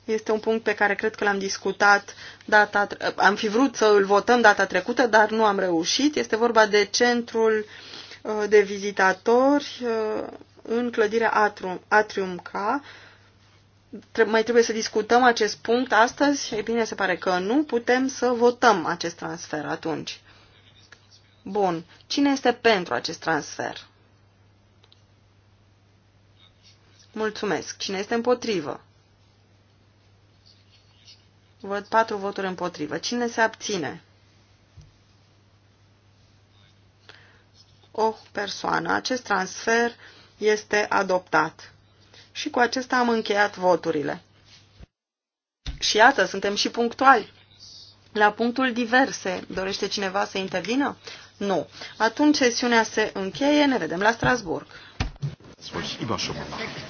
Este un punct pe care cred că l-am discutat data, am fi vrut să îl votăm data trecută, dar nu am reușit. Este vorba de centrul uh, de vizitatori uh, în clădirea Atrium, Atrium K. Mai trebuie să discutăm acest punct astăzi? E bine, se pare că nu. Putem să votăm acest transfer atunci. Bun. Cine este pentru acest transfer? Mulțumesc. Cine este împotrivă? Văd patru voturi împotrivă. Cine se abține? O persoană. Acest transfer este adoptat. Și cu acesta am încheiat voturile. Și iată, suntem și punctuali. La punctul diverse, dorește cineva să intervină? Nu. Atunci sesiunea se încheie, ne vedem la Strasburg. Sfârșit,